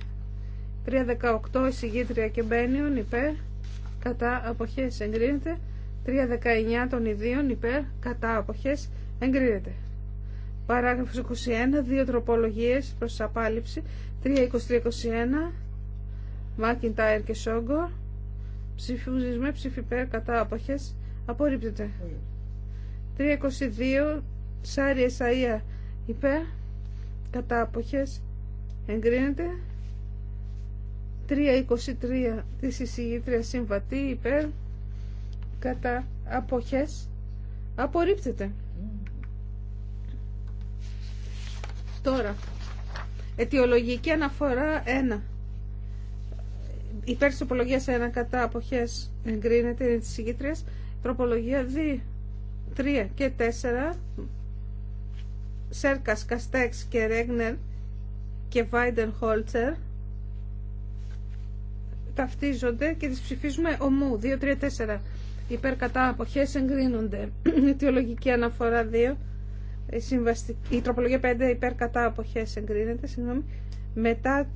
318 εισηγήτρια και μπένιον υπέρ. Κατά αποχές εγκρίνεται. 319 των ιδίων υπέρ. Κατά αποχές εγκρίνεται. Παράγραφος 21. Δύο τροπολογίες προς απαλληψη 3.23.21, 323-21. Μάκιντάιρ και Σόγκορ. Ψηφίζουμε. Ψήφι υπέρ. Κατά αποχές απορρίπτεται. 322 Ψάρι Εσαΐα υπέρ κατά αποχές εγκρίνεται 3.23 της εισηγήτριας συμβατή υπέρ κατά αποχές απορρίπτεται τώρα αιτιολογική αναφορά 1 υπέρ της τροπολογίας 1 κατά απόχέ. εγκρίνεται της εισηγήτριας τροπολογία 2 3 και 4 Σέρκας, Καστέξ και Ρέγνερ και Βάιντεν Χόλτσερ ταυτίζονται και τις ψηφίζουμε ομού 2-3-4 υπέρ κατά αποχές εγκρίνονται αιτιολογική αναφορά 2 η, τροπολογία 5 υπέρ κατά αποχές εγκρίνεται συγγνώμη. μετά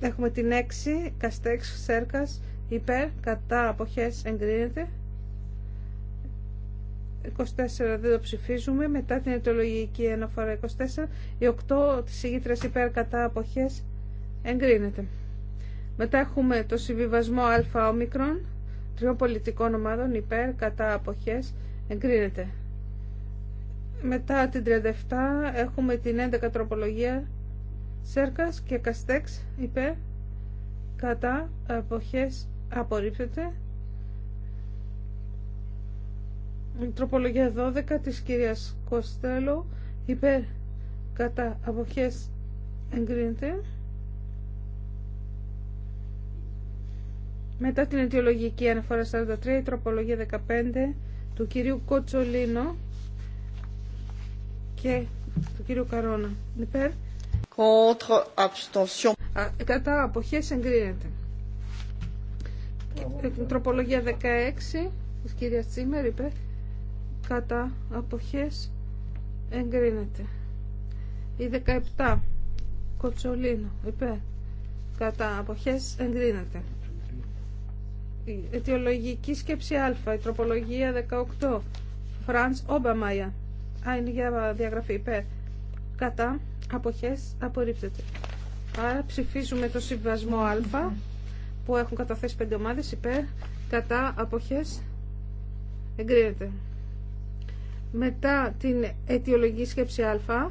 έχουμε την 6 Καστέξ Σέρκας υπέρ κατά αποχές εγκρίνεται 24 δεν το ψηφίζουμε. Μετά την αιτιολογική αναφορά 24, η 8 της ηγήτρε υπέρ κατά αποχέ εγκρίνεται. Μετά έχουμε το συμβιβασμό α τριών πολιτικών ομάδων υπέρ κατά απόχέ. εγκρίνεται. Μετά την 37 έχουμε την 11 τροπολογία Σέρκας και Καστέξ υπέρ κατά αποχές απορρίπτεται. Τροπολογία 12 της κυρίας Κοστέλο υπέρ κατά αποχές εγκρίνεται. Μετά την αιτιολογική αναφορά 43, η τροπολογία 15 του κυρίου Κοτσολίνο και του κυρίου Καρόνα. Υπέρ. Contre abstention. Κατά αποχές εγκρίνεται. Ε, τροπολογία 16 της κυρίας Τσίμερ υπέρ κατά αποχές εγκρίνεται η 17 κοτσολίνο είπε. κατά αποχές εγκρίνεται η αιτιολογική σκέψη α η τροπολογία 18 Φρανς Ομπαμάια α είναι για διαγραφή είπε. κατά αποχές απορρίπτεται άρα ψηφίζουμε το συμβασμό α που έχουν καταθέσει πέντε ομάδες υπέρ κατά αποχές εγκρίνεται μετά την αιτιολογική σκέψη α,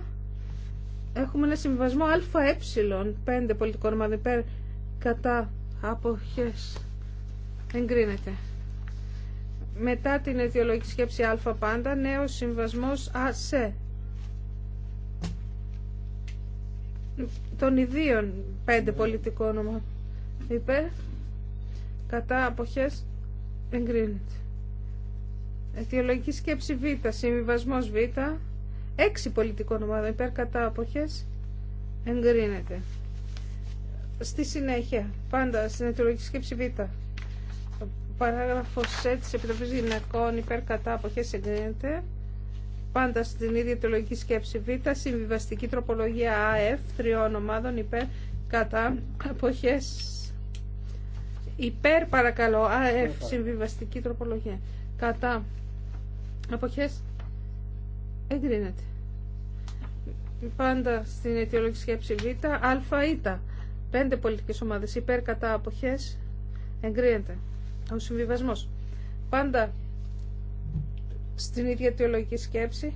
έχουμε ένα συμβασμό αε, πέντε πολιτικών ομάδων υπέρ, κατά, αποχές, εγκρίνεται. Μετά την αιτιολογική σκέψη α πάντα, νέος συμβασμός ΑΣΕ Των ιδίων πέντε πολιτικών ομάδων υπέρ, κατά, αποχές, εγκρίνεται. Αιτιολογική σκέψη Β, συμβιβασμό Β, έξι πολιτικών ομάδων υπέρ κατά αποχές εγκρίνεται. Στη συνέχεια, πάντα στην αιτιολογική σκέψη Β, παράγραφο Σ τη Επιτροπή Γυναικών υπέρ κατά αποχές εγκρίνεται. Πάντα στην ίδια αιτιολογική σκέψη Β, συμβιβαστική τροπολογία ΑΕΦ τριών ομάδων υπέρ κατά αποχές υπέρ παρακαλώ ΑΕΦ συμβιβαστική τροπολογία κατά Αποχές εγκρίνεται. Πάντα στην αιτιολογική σκέψη Β, Α, Ή. Πέντε πολιτικές ομάδες υπέρ κατά αποχές εγκρίνεται. Ο συμβιβασμός. Πάντα στην ίδια αιτιολογική σκέψη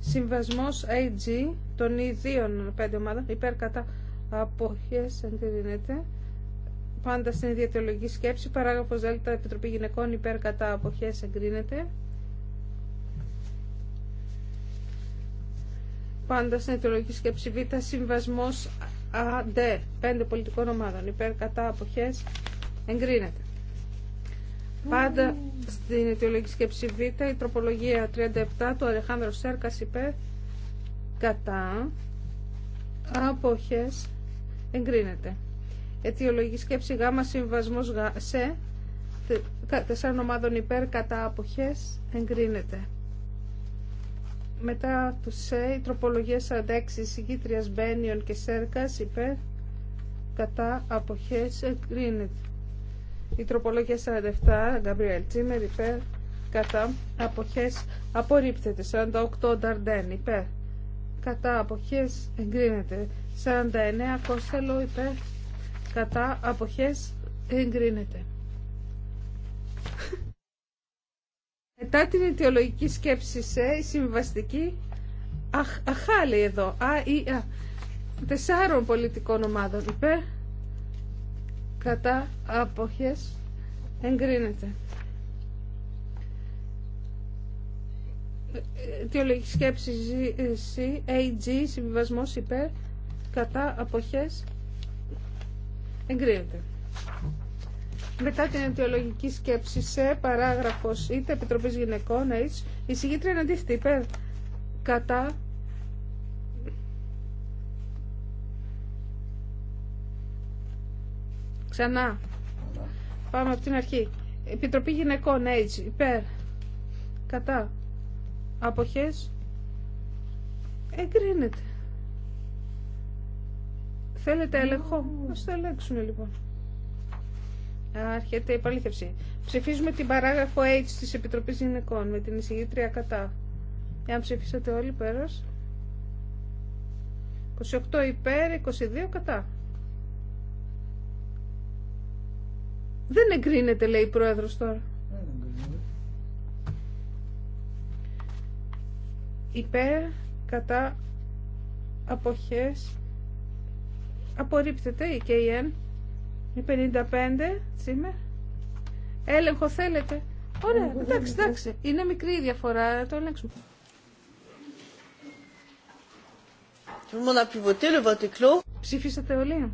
συμβασμός AG των ιδίων πέντε ομάδων υπέρ κατά αποχές εγκρίνεται. Πάντα στην ίδια σκέψη, παράγραφος ΔΕΛΤΑ Επιτροπή Γυναικών υπέρ κατά αποχές εγκρίνεται. Πάντα στην αιτιολογική σκέψη Β, συμβασμό ΑΔ, πέντε πολιτικών ομάδων. Υπέρ, κατά, αποχέ, εγκρίνεται. Πάντα στην αιτιολογική σκέψη Β, η τροπολογία 37 του Αλεχάνδρου Σέρκα υπέρ, κατά, αποχέ, εγκρίνεται. Αιτιολογική σκέψη Γ, συμβασμό σε, τεσσάρων ομάδων υπέρ, κατά, αποχέ, εγκρίνεται. Μετά του ΣΕ, η τροπολογία 46 συγκήτριας Μπένιον και Σέρκας υπέρ κατά αποχές εγκρίνεται. Η τροπολογία 47, Γκαμπριέλ Τσίμερ υπέρ κατά αποχές απορρίπτεται. 48, Νταρντέν υπέρ κατά αποχές εγκρίνεται. 49, Κόστελο υπέρ κατά αποχές εγκρίνεται. Μετά την αιτιολογική σκέψη σε, η συμβαστική, αχ, εδώ, α, ή, τεσσάρων πολιτικών ομάδων υπέρ, κατά, αποχές, εγκρίνεται. Αιτιολογική σκέψη C, AG, ε, συμβιβασμός υπέρ, κατά, αποχές, εγκρίνεται. Μετά την αιτιολογική σκέψη σε παράγραφος είτε επιτροπή Γυναικών, η συγκίτρια είναι αντίθετη υπέρ κατά Ξανά. Πάμε από την αρχή. Επιτροπή Γυναικών, έτσι. υπέρ κατά αποχές εγκρίνεται. Θέλετε έλεγχο. Ας το ελέγξουμε λοιπόν. Άρχεται η παλήθευση. Ψηφίζουμε την παράγραφο H της Επιτροπής Γυναικών με την εισηγήτρια κατά. Εάν ψηφίσατε όλοι πέρας. 28 υπέρ, 22 κατά. Δεν εγκρίνεται λέει η Πρόεδρος τώρα. Υπέρ, κατά, αποχές, απορρίπτεται η ΚΕΙΕΝ. Η 55 σήμερα. Έλεγχο θέλετε. Ωραία, εντάξει, εντάξει. Είναι μικρή η διαφορά, το ελέγξουμε. Tout le monde a pu voter, Ψήφισατε όλοι.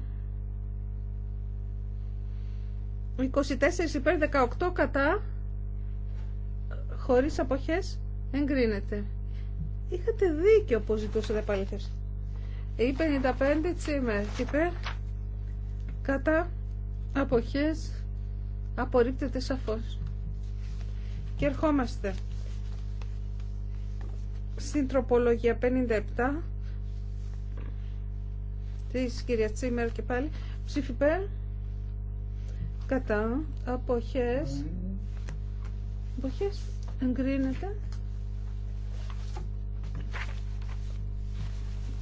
24 υπέρ 18 κατά, χωρίς αποχές, εγκρίνεται. Είχατε δίκιο που ζητούσατε θέση. Ή 55 τσίμερ υπέρ κατά αποχές απορρίπτεται σαφώς. Και ερχόμαστε στην τροπολογία 57 της κυρία Τσίμερ και πάλι ψήφι κατά αποχές αποχές εγκρίνεται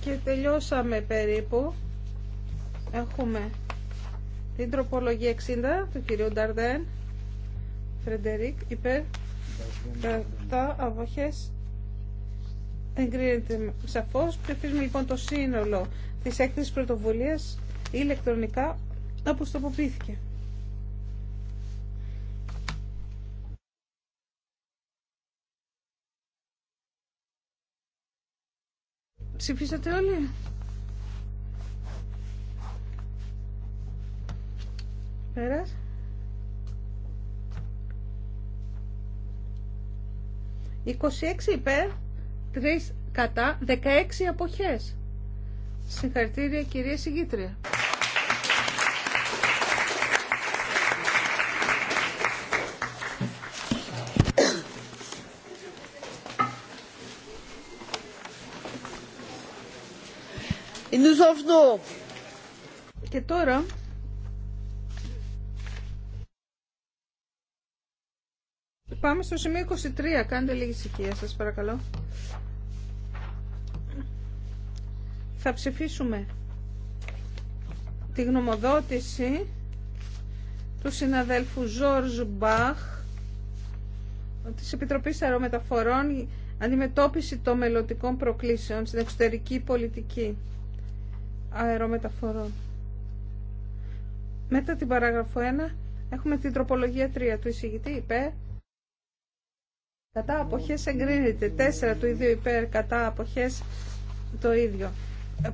και τελειώσαμε περίπου έχουμε την τροπολογία 60 του κυρίου Νταρδέν. Φρεντερίκ υπέρ. τα αποχές εγκρίνεται σαφώς. Ψηφίζουμε λοιπόν το σύνολο της έκθεσης πρωτοβουλίας ηλεκτρονικά όπω τοποποιήθηκε. Ψηφίσατε όλοι. Πέρας. «26 υπέρ, 3 κατά, 16 αποχές». Συγχαρητήρια κυρία Συγκήτρια. Και τώρα Πάμε στο σημείο 23. Κάντε λίγη ησυχία σας παρακαλώ. Θα ψηφίσουμε τη γνωμοδότηση του συναδέλφου Ζόρζ Μπαχ της Επιτροπής Αερομεταφορών αντιμετώπιση των μελλοντικών προκλήσεων στην εξωτερική πολιτική αερομεταφορών. Μετά την παράγραφο 1 έχουμε την τροπολογία 3 του εισηγητή υπέρ Κατά αποχές εγκρίνεται. 4 του ιδίου υπέρ. Κατά αποχές το ίδιο.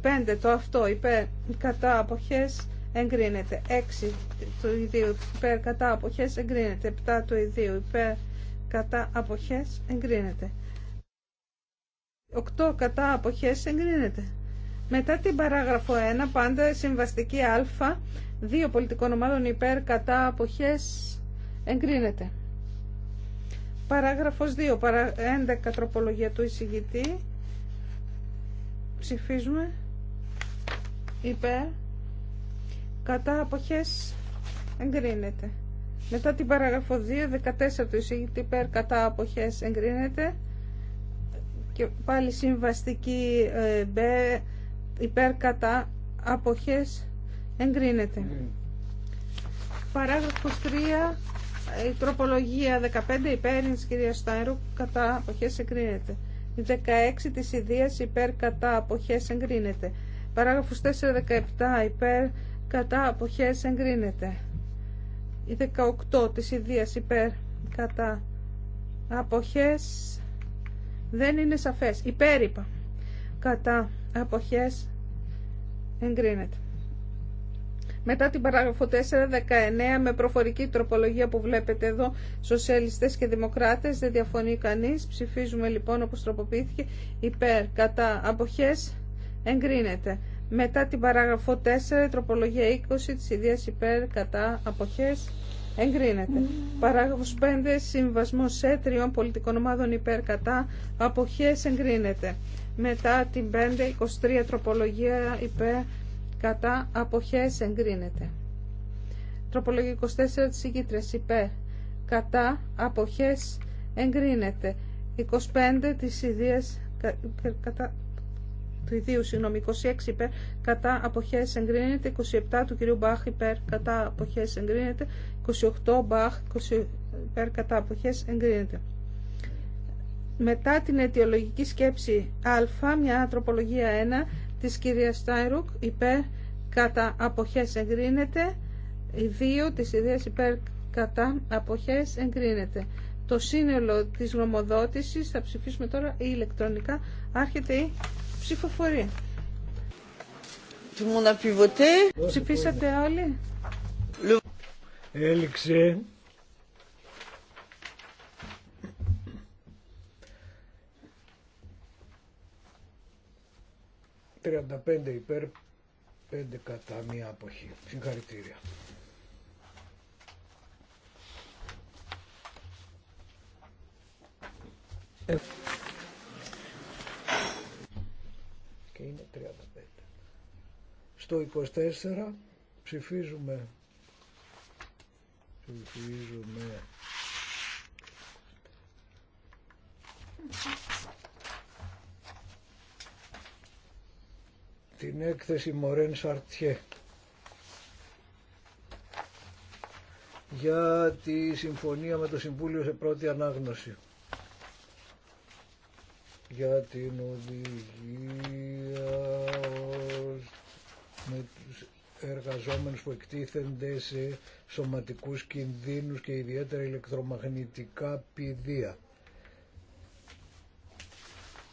5 το αυτό υπέρ. Κατά αποχές εγκρίνεται. 6 του ιδίου υπέρ. Κατά αποχές εγκρίνεται. 7 του ιδίου υπέρ. Κατά αποχές εγκρίνεται. 8 κατά αποχές εγκρίνεται. Μετά την παράγραφο 1, πάντα συμβαστική α, δύο πολιτικών ομάδων υπέρ κατά αποχές εγκρίνεται. Παράγραφος 2, παρά 11 τροπολογία του εισηγητή. Ψηφίζουμε. Υπέρ. Κατά αποχές εγκρίνεται. Μετά την παράγραφο 2, 14 του εισηγητή υπέρ κατά αποχές εγκρίνεται. Και πάλι συμβαστική ε, μπέ, υπέρ κατά αποχές εγκρίνεται. Ναι. Παράγραφος 3, η τροπολογία 15 υπέρ της κυρία Στάιρου κατά αποχές εγκρίνεται. Η 16 της ιδίας υπέρ κατά αποχές εγκρίνεται. Παράγραφος 4-17 υπέρ κατά αποχές εγκρίνεται. Η 18 της ιδίας υπέρ κατά αποχές δεν είναι σαφές. είπα. κατά αποχές εγκρίνεται. Μετά την παράγραφο 4, 19 με προφορική τροπολογία που βλέπετε εδώ, σοσιαλιστές και δημοκράτες, δεν διαφωνεί κανείς. Ψηφίζουμε λοιπόν όπως τροποποιήθηκε υπέρ κατά αποχές εγκρίνεται. Μετά την παράγραφο 4, τροπολογία 20 της ιδίας υπέρ κατά αποχές εγκρίνεται. Παράγραφος 5, συμβασμό σε πολιτικών ομάδων υπέρ κατά αποχές εγκρίνεται. Μετά την 5, 23 τροπολογία υπέρ κατά αποχές εγκρίνεται. Τροπολογία 24 της ηγήτρες υπέρ κατά αποχές εγκρίνεται. 25 της ιδίας κατά του ιδίου, συγγνώμη, 26 υπέρ κατά αποχές εγκρίνεται, 27 του κυρίου Μπαχ υπέρ κατά αποχές εγκρίνεται, 28 Μπαχ 20, υπέρ κατά αποχές εγκρίνεται. Μετά την αιτιολογική σκέψη α, μια ανθρωπολογία 1, της κυρία Στάιρουκ υπέρ κατά αποχές εγκρίνεται. Οι δύο, της ιδέας υπέρ κατά αποχές εγκρίνεται. Το σύνολο της γνωμοδότησης θα ψηφίσουμε τώρα η ηλεκτρονικά. Άρχεται η ψηφοφορία. Ψηφίσατε όλοι. Έληξε. 35 υπέρ, 5 κατά μία αποχή. Συγχαρητήρια. Και είναι 35. Στο 24 ψηφίζουμε ψηφίζουμε την έκθεση Μορέν Σαρτιέ για τη συμφωνία με το Συμβούλιο σε πρώτη ανάγνωση για την οδηγία με τους εργαζόμενους που εκτίθενται σε σωματικούς κινδύνους και ιδιαίτερα ηλεκτρομαγνητικά πηδία.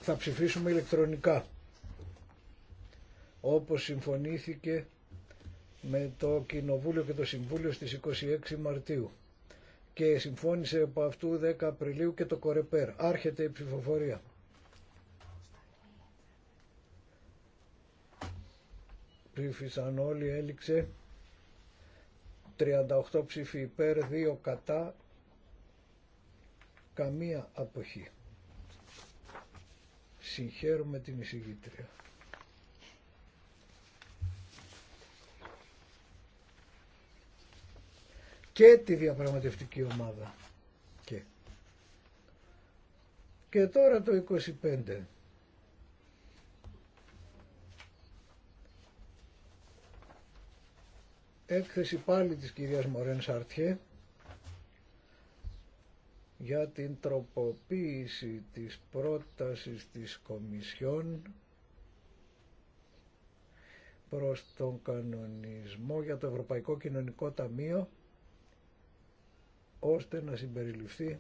Θα ψηφίσουμε ηλεκτρονικά όπως συμφωνήθηκε με το Κοινοβούλιο και το Συμβούλιο στις 26 Μαρτίου και συμφώνησε από αυτού 10 Απριλίου και το Κορεπέρ. Άρχεται η ψηφοφορία. Ψήφισαν όλοι, έληξε 38 ψήφοι υπέρ, 2 κατά, καμία αποχή. Συγχαίρουμε την εισηγήτρια. και τη διαπραγματευτική ομάδα. Και, και τώρα το 25. Έκθεση πάλι της κυρίας Μωρέν Σαρτιέ για την τροποποίηση της πρότασης της Κομισιόν προς τον κανονισμό για το Ευρωπαϊκό Κοινωνικό Ταμείο ώστε να συμπεριληφθεί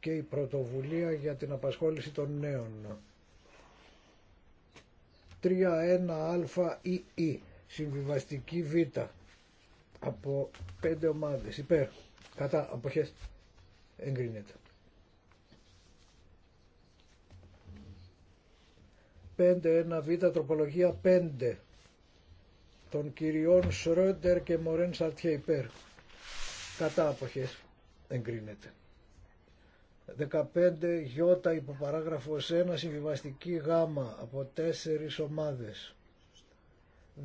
και η πρωτοβουλία για την απασχόληση των νέων. 3-1-α ή συμβιβαστική Β, από πέντε ομάδες, υπέρ, κατά, αποχές, εγκρίνεται. 5-1-β, τροπολογία 5, των κυριών Σρόντερ και Μωρέν Σαρτιέ υπέρ. Κατά αποχές εγκρίνεται. 15 Ι υποπαράγραφος 1 συμβιβαστική γάμα από τέσσερις ομάδες.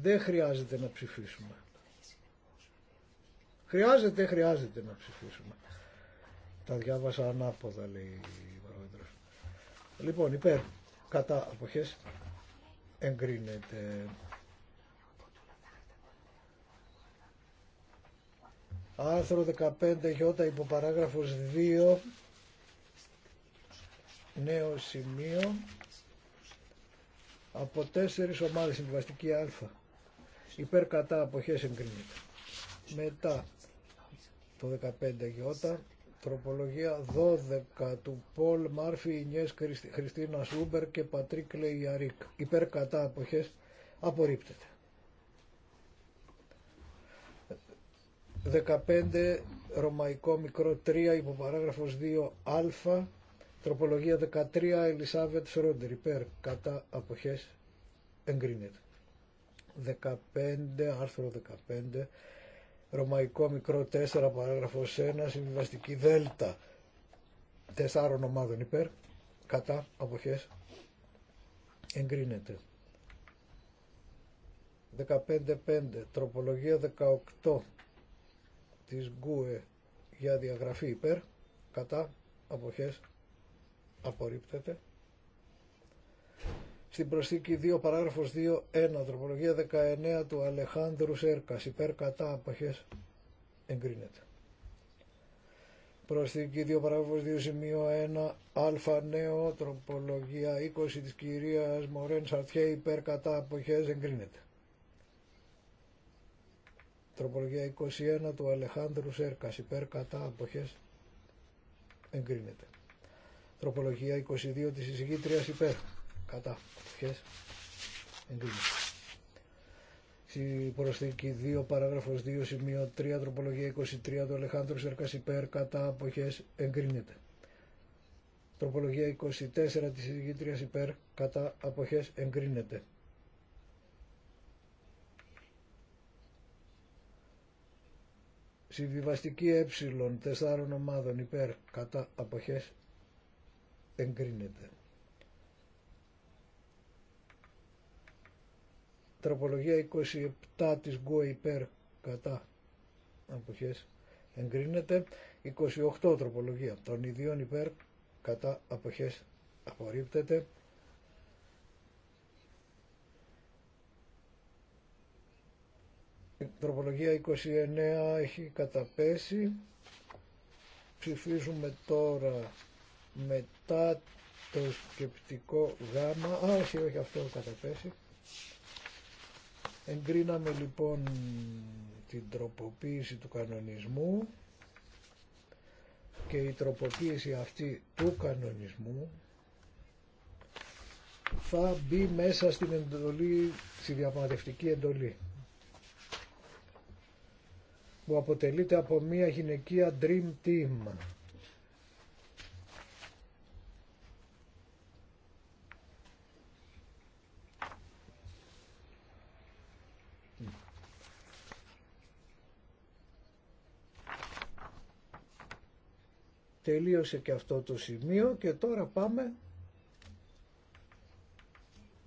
Δεν χρειάζεται να ψηφίσουμε. Χρειάζεται, χρειάζεται να ψηφίσουμε. Τα διάβασα ανάποδα λέει η Πρόεδρος. Λοιπόν υπέρ κατά αποχές εγκρίνεται. Άρθρο 15 υπό υποπαράγραφος 2 νέο σημείο από τέσσερις ομάδες συμβαστική α υπέρ κατά αποχές εγκρίνεται μετά το 15 γιώτα, τροπολογία 12 του Πολ Μάρφη Ινιές Χριστίνα Σούμπερ και Πατρίκ Λεϊαρίκ υπέρ κατά αποχές απορρίπτεται 15 Ρωμαϊκό μικρό 3 υποπαράγραφος 2α τροπολογία 13 Ελισάβετ Σρόντερ υπέρ κατά αποχές εγκρίνεται 15 άρθρο 15 Ρωμαϊκό μικρό 4 παράγραφος 1 συμβιβαστική 4 τεσσάρων ομάδων υπέρ κατά αποχές εγκρίνεται 15-5 τροπολογία 18 της ΓΚΟΕ για διαγραφή υπέρ, κατά, αποχές, απορρίπτεται. Στην προσθήκη 2 παράγραφος 2 1 τροπολογία 19 του Αλεχάνδρου Σέρκας υπέρ κατά αποχές εγκρίνεται. Προσθήκη 2 παράγραφος 2 σημείο 1 α νέο τροπολογία 20 της κυρίας Μωρέν Σαρτιέ υπέρ κατά αποχές εγκρίνεται. Τροπολογία 21 του Αλεχάνδρου Σέρκα, υπέρ κατά αποχέ εγκρίνεται. Τροπολογία 22 τη εισηγήτριας υπέρ κατά αποχέ εγκρίνεται. Στη προσθήκη 2 παράγραφο 2 σημείο 3 τροπολογία 23 του Αλεχάνδρου Σέρκα υπέρ κατά αποχέ εγκρίνεται. Τροπολογία 24 τη εισηγήτριας υπέρ κατά αποχέ εγκρίνεται. Συμβιβαστική ε, τεσσάρων ομάδων υπέρ κατά αποχές εγκρίνεται. Τροπολογία 27 της ΓΟΕ υπέρ κατά αποχές εγκρίνεται. 28 τροπολογία των ιδίων υπέρ κατά αποχές απορρίπτεται. Η τροπολογία 29 έχει καταπέσει. Ψηφίζουμε τώρα μετά το σκεπτικό γάμα. Α, όχι, όχι, αυτό καταπέσει. Εγκρίναμε λοιπόν την τροποποίηση του κανονισμού και η τροποποίηση αυτή του κανονισμού θα μπει μέσα στην εντολή, στη διαπραγματευτική εντολή που αποτελείται από μια γυναικεία Dream Team. Τελείωσε και αυτό το σημείο και τώρα πάμε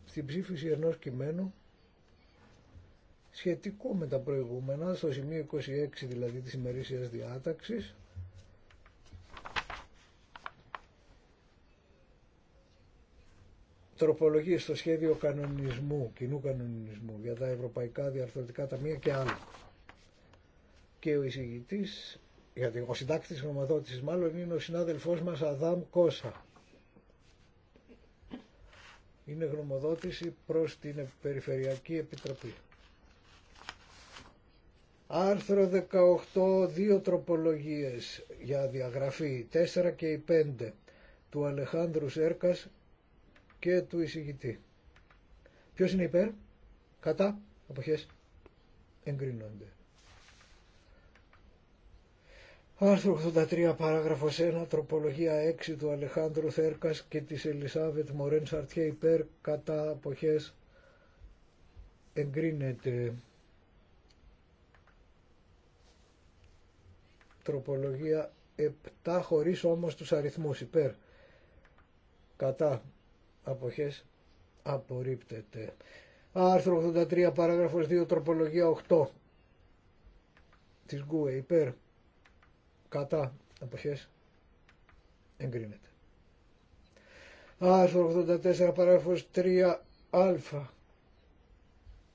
στην ψήφιση ενός κειμένου σχετικό με τα προηγούμενα, στο σημείο 26 δηλαδή της ημερήσιας διάταξης. Τροπολογίες στο σχέδιο κανονισμού, κοινού κανονισμού για τα ευρωπαϊκά διαρθρωτικά ταμεία και άλλα. Και ο εισηγητής, γιατί ο συντάκτης μάλλον είναι ο συνάδελφός μας Αδάμ Κόσα. Είναι γνωμοδότηση προς την Περιφερειακή Επιτροπή. Άρθρο 18, δύο τροπολογίες για διαγραφή, 4 και 5 του Αλεχάνδρου Σέρκας και του εισηγητή. Ποιος είναι υπέρ, κατά, αποχές, εγκρίνονται. Άρθρο 83, παράγραφος 1, τροπολογία 6 του Αλεχάνδρου Θέρκας και της Ελισάβετ Μορέν Σαρτιέ υπέρ κατά αποχές εγκρίνεται. τροπολογία 7 χωρίς όμως τους αριθμούς υπέρ κατά αποχές απορρίπτεται άρθρο 83 παράγραφος 2 τροπολογία 8 της ΓΚΟΕ υπέρ κατά αποχές εγκρίνεται άρθρο 84 παράγραφος 3 α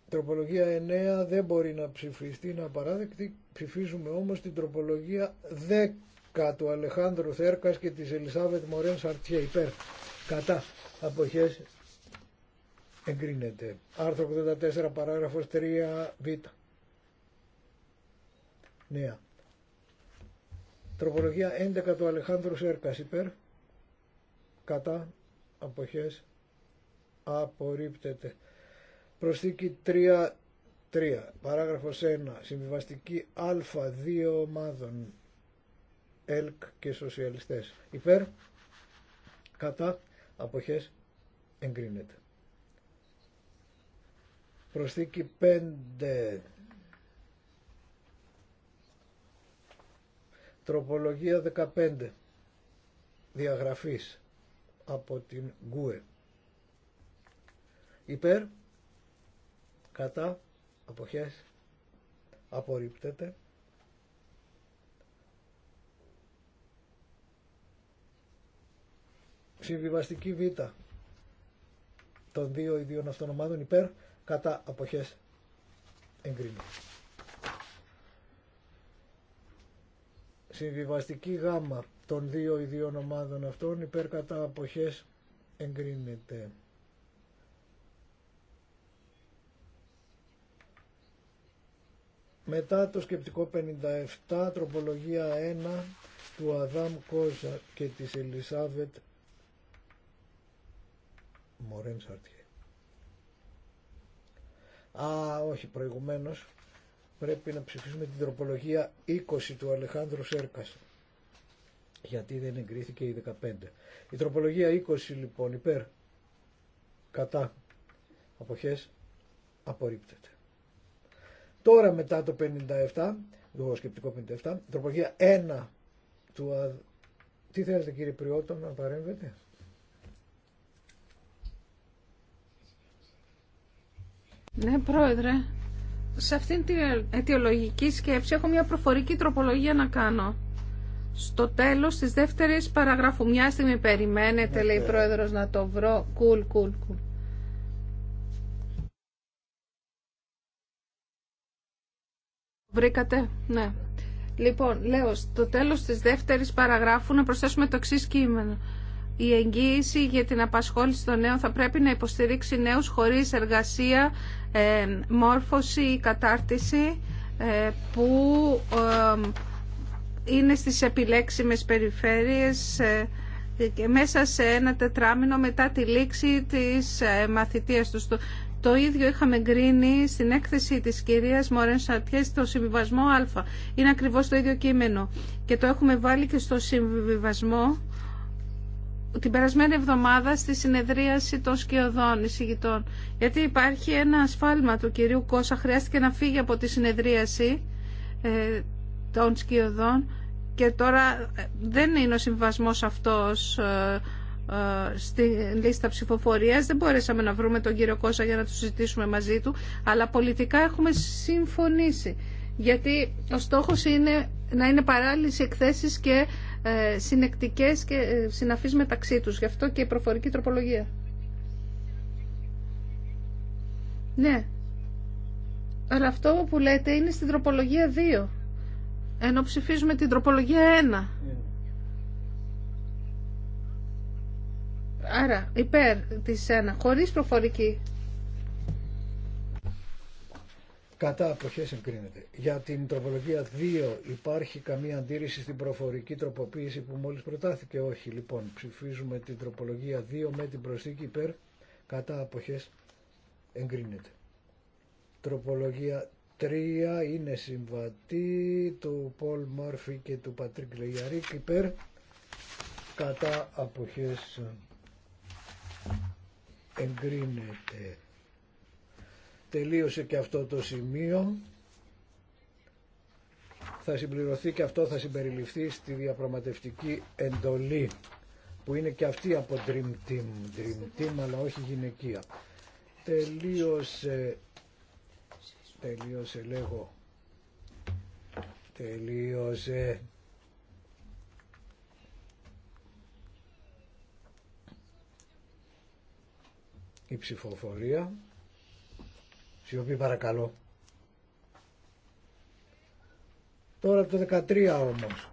τροπολογία 9 δεν μπορεί να ψηφιστεί, να παράδεκτη Ψηφίζουμε όμως την τροπολογία 10 του Αλεχάνδρου Θέρκας και της Ελισάβετ Μορέν Σαρτιέ υπέρ κατά αποχές εγκρίνεται. Άρθρο 84 παράγραφος 3 β. Νέα. Τροπολογία 11 του Αλεχάνδρου Σέρκας υπέρ κατά αποχές απορρίπτεται. Προσθήκη 3 3. Παράγραφος 1. Συμβιβαστική α2 ομάδων. ΕΛΚ και σοσιαλιστές. Υπέρ. Κατά. Αποχές. Εγκρίνεται. Προσθήκη 5. Τροπολογία 15. Διαγραφής από την ΓΚΟΕ. Υπέρ. Κατά αποχές απορρίπτεται συμβιβαστική β των δύο ιδίων αυτών ομάδων υπέρ κατά αποχές εγκρίνεται. Συμβιβαστική γ των δύο ιδίων ομάδων αυτών υπέρ κατά αποχές εγκρίνεται. Μετά το σκεπτικό 57, τροπολογία 1 του Αδάμ Κόζα και της Ελισάβετ Μωρέν Σαρτιέ. Α, όχι, προηγουμένως πρέπει να ψηφίσουμε την τροπολογία 20 του Αλεχάνδρου Σέρκας γιατί δεν εγκρίθηκε η 15. Η τροπολογία 20 λοιπόν υπέρ κατά αποχές απορρίπτεται. Τώρα μετά το 57, εγώ σκεπτικό 57, τροπολογία 1 του ΑΔ. Τι θέλετε κύριε Πριότο να παρέμβετε. Ναι, Πρόεδρε, σε αυτήν την αιτιολογική σκέψη έχω μια προφορική τροπολογία να κάνω. Στο τέλος της δεύτερης παραγράφου, μια στιγμή περιμένετε, λέει ναι. Πρόεδρος, να το βρω. Κουλ, κουλ, κουλ. Βρήκατε, ναι. Λοιπόν, λέω, στο τέλος της δεύτερης παραγράφου να προσθέσουμε το εξή κείμενο. Η εγγύηση για την απασχόληση των νέων θα πρέπει να υποστηρίξει νέους χωρίς εργασία, ε, μόρφωση ή κατάρτιση ε, που ε, είναι στις επιλέξιμες περιφέρειες και μέσα σε ένα τετράμινο μετά τη λήξη της μαθητείας τους. Το ίδιο είχαμε γκρίνει στην έκθεση της κυρίας Μωρέν Σαρτιέ στο συμβιβασμό Α. Είναι ακριβώς το ίδιο κείμενο. Και το έχουμε βάλει και στο συμβιβασμό την περασμένη εβδομάδα στη συνεδρίαση των σκιωδών εισηγητών. Γιατί υπάρχει ένα ασφάλμα του κυρίου Κώσα, χρειάστηκε να φύγει από τη συνεδρίαση ε, των σκιωδών και τώρα ε, δεν είναι ο συμβασμός αυτός ε, ε, στη λίστα ψηφοφορία. Δεν μπορέσαμε να βρούμε τον κύριο Κώσα για να του συζητήσουμε μαζί του, αλλά πολιτικά έχουμε συμφωνήσει. Γιατί ο στόχος είναι να είναι παράλληλες εκθέσεις και ε, συνεκτικές και ε, συναφεί μεταξύ του Γι' αυτό και η προφορική τροπολογία. Ναι. Αλλά αυτό που λέτε είναι στην τροπολογία 2. Ενώ ψηφίζουμε την τροπολογία 1. Άρα, υπέρ τη 1, χωρί προφορική. Κατά αποχέ εγκρίνεται. Για την τροπολογία 2 υπάρχει καμία αντίρρηση στην προφορική τροποποίηση που μόλι προτάθηκε. Όχι, λοιπόν, ψηφίζουμε την τροπολογία 2 με την προσθήκη υπέρ. Κατά αποχέ εγκρίνεται. Τροπολογία 3 είναι συμβατή του Πολ Μόρφη και του Πατρίκ Λεγιαρίκ υπέρ κατά αποχές εγκρίνεται. Τελείωσε και αυτό το σημείο. Θα συμπληρωθεί και αυτό θα συμπεριληφθεί στη διαπραγματευτική εντολή που είναι και αυτή από Dream Team. Dream Team αλλά όχι γυναικεία. Τελείωσε, τελείωσε λέγω, τελείωσε. η ψηφοφορία. Σιωπή παρακαλώ. Τώρα το 13 όμως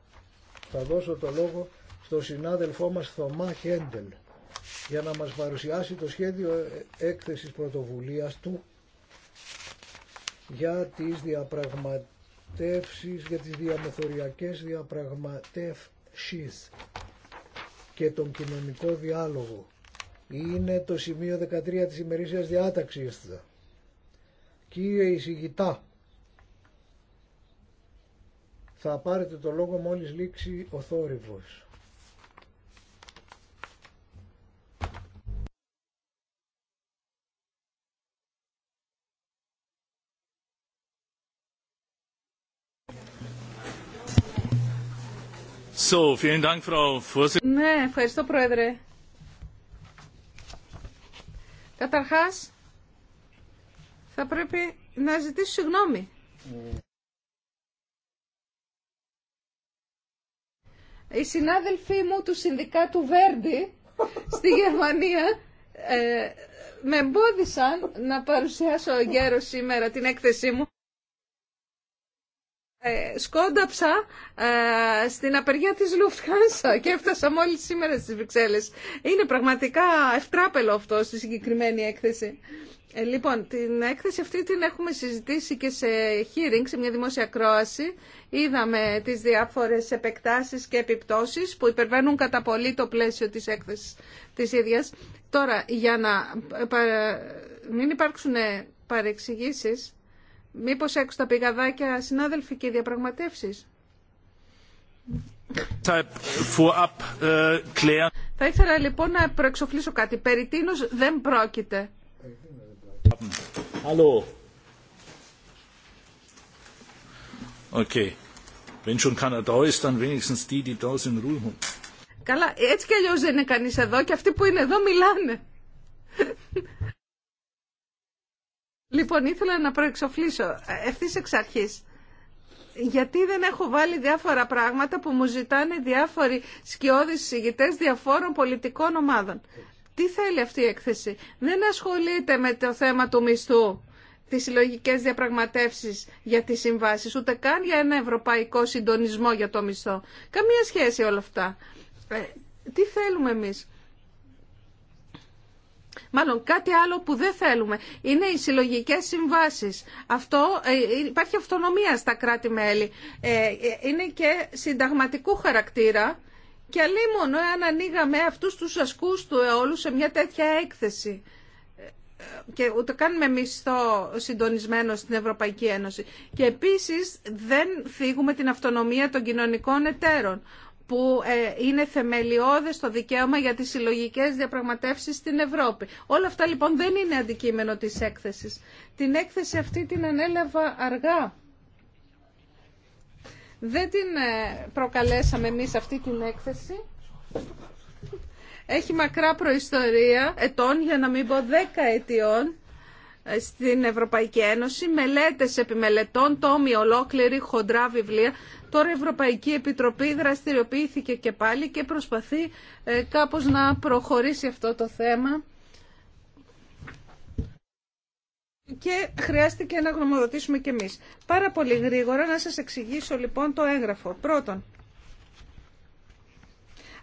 θα δώσω το λόγο στο συνάδελφό μας Θωμά Χέντελ για να μας παρουσιάσει το σχέδιο έκθεσης πρωτοβουλίας του για τις διαπραγματεύσεις, για τις διαμεθοριακές διαπραγματεύσεις και τον κοινωνικό διάλογο είναι το σημείο 13 της ημερήσιας διάταξης. Κύριε εισηγητά, θα πάρετε το λόγο μόλις λήξει ο θόρυβος. So, vielen Dank, Frau ναι, ευχαριστώ Πρόεδρε. Καταρχάς, θα πρέπει να ζητήσω συγγνώμη. Οι συνάδελφοί μου του Συνδικάτου Βέρντι στη Γερμανία ε, με εμπόδισαν να παρουσιάσω γέρο σήμερα την έκθεσή μου ε, σκόνταψα ε, στην απεργία της Λουφτχάνσα και έφτασα μόλις σήμερα στις Βρυξέλλες. Είναι πραγματικά ευτράπελο αυτό στη συγκεκριμένη έκθεση. Ε, λοιπόν, την έκθεση αυτή την έχουμε συζητήσει και σε hearing, σε μια δημόσια κρόαση. Είδαμε τις διάφορες επεκτάσεις και επιπτώσεις που υπερβαίνουν κατά πολύ το πλαίσιο της έκθεσης της ίδιας. Τώρα, για να μην υπάρξουν παρεξηγήσεις, Μήπως έξω τα πηγαδάκια, συνάδελφοι, και οι ε, Θα ήθελα λοιπόν να προεξοφλήσω κάτι. Περί δεν πρόκειται. Καλά, έτσι κι αλλιώς δεν είναι κανείς εδώ και αυτοί που είναι εδώ μιλάνε. Λοιπόν, ήθελα να προεξοφλήσω ε, ευθύ εξ αρχή, Γιατί δεν έχω βάλει διάφορα πράγματα που μου ζητάνε διάφοροι σκιώδεις συγητές διαφόρων πολιτικών ομάδων. Τι θέλει αυτή η έκθεση. Δεν ασχολείται με το θέμα του μισθού τι συλλογικέ διαπραγματεύσει για τι συμβάσει, ούτε καν για ένα ευρωπαϊκό συντονισμό για το μισθό. Καμία σχέση όλα αυτά. Ε, τι θέλουμε εμεί. Μάλλον κάτι άλλο που δεν θέλουμε είναι οι συλλογικές συμβάσεις. Αυτό, ε, υπάρχει αυτονομία στα κράτη-μέλη. Ε, ε, είναι και συνταγματικού χαρακτήρα και αλλήμον εάν ανοίγαμε αυτούς τους ασκούς του αιώλου σε μια τέτοια έκθεση και ούτε κάνουμε μισθό συντονισμένο στην Ευρωπαϊκή Ένωση. Και επίσης δεν φύγουμε την αυτονομία των κοινωνικών εταίρων που ε, είναι θεμελιώδες το δικαίωμα για τις συλλογικέ διαπραγματεύσεις στην Ευρώπη. Όλα αυτά λοιπόν δεν είναι αντικείμενο της έκθεσης. Την έκθεση αυτή την ανέλαβα αργά. Δεν την ε, προκαλέσαμε εμείς αυτή την έκθεση. Έχει μακρά προϊστορία ετών, για να μην πω δέκα ετιών, ε, στην Ευρωπαϊκή Ένωση, μελέτες επιμελετών, τόμοι ολόκληρη, χοντρά βιβλία. Τώρα η Ευρωπαϊκή Επιτροπή δραστηριοποιήθηκε και πάλι και προσπαθεί ε, κάπως να προχωρήσει αυτό το θέμα. Και χρειάστηκε να γνωμοδοτήσουμε και εμείς. Πάρα πολύ γρήγορα να σας εξηγήσω λοιπόν το έγγραφο. Πρώτον,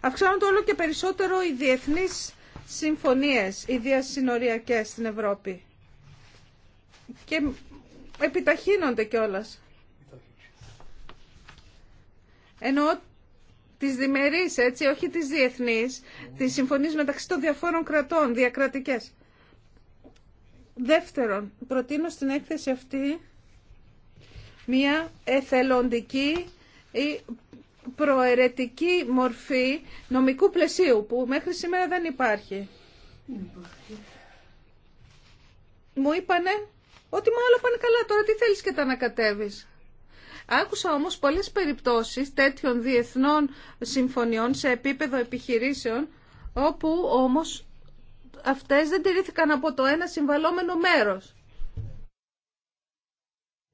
αυξάνονται όλο και περισσότερο οι διεθνείς συμφωνίες, οι διασυνοριακές στην Ευρώπη. Και επιταχύνονται κιόλας ενώ τις διμερείς, έτσι, όχι τις διεθνείς, τις συμφωνίες μεταξύ των διαφόρων κρατών, διακρατικές. Δεύτερον, προτείνω στην έκθεση αυτή μια εθελοντική ή προαιρετική μορφή νομικού πλαισίου που μέχρι σήμερα δεν υπάρχει. Μου είπανε ότι μάλλον πάνε καλά τώρα, τι θέλεις και τα ανακατεύεις. Άκουσα όμως πολλές περιπτώσεις τέτοιων διεθνών συμφωνιών σε επίπεδο επιχειρήσεων, όπου όμως αυτές δεν τηρήθηκαν από το ένα συμβαλόμενο μέρος.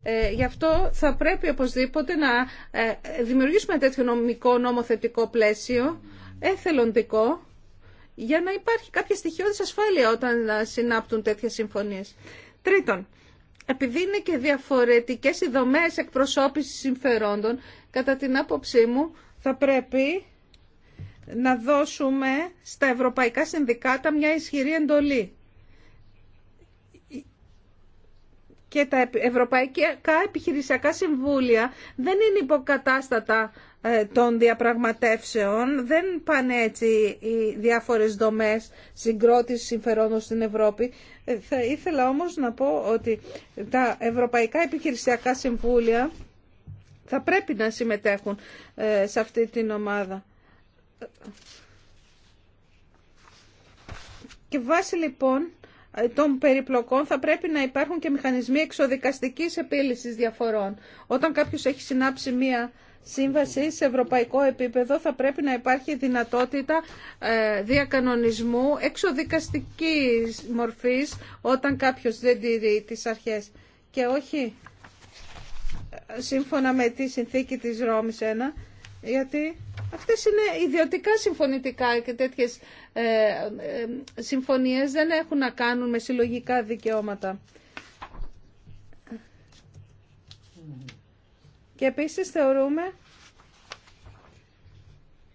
Ε, γι' αυτό θα πρέπει οπωσδήποτε να ε, δημιουργήσουμε τέτοιο νομικό νομοθετικό πλαίσιο, εθελοντικό, για να υπάρχει κάποια στοιχειώδης ασφάλεια όταν ε, συνάπτουν τέτοιες συμφωνίες. Τρίτον, επειδή είναι και διαφορετικές οι δομές εκπροσώπησης συμφερόντων, κατά την άποψή μου θα πρέπει να δώσουμε στα ευρωπαϊκά συνδικάτα μια ισχυρή εντολή. Και τα ευρωπαϊκά επιχειρησιακά συμβούλια δεν είναι υποκατάστατα ε, των διαπραγματεύσεων. Δεν πάνε έτσι οι διάφορες δομές συγκρότησης συμφερόντων στην Ευρώπη. Θα ήθελα όμως να πω ότι τα Ευρωπαϊκά Επιχειρησιακά Συμβούλια θα πρέπει να συμμετέχουν ε, σε αυτή την ομάδα. Και βάσει λοιπόν ε, των περιπλοκών θα πρέπει να υπάρχουν και μηχανισμοί εξοδικαστικής επίλυσης διαφορών. Όταν κάποιος έχει συνάψει μία σύμβαση σε ευρωπαϊκό επίπεδο θα πρέπει να υπάρχει δυνατότητα ε, διακανονισμού εξοδικαστικής μορφής όταν κάποιος δεν τηρεί τις αρχές και όχι ε, σύμφωνα με τη συνθήκη της Ρώμης 1 γιατί αυτές είναι ιδιωτικά συμφωνητικά και τέτοιες ε, συμφωνίες δεν έχουν να κάνουν με συλλογικά δικαιώματα. Και επίσης θεωρούμε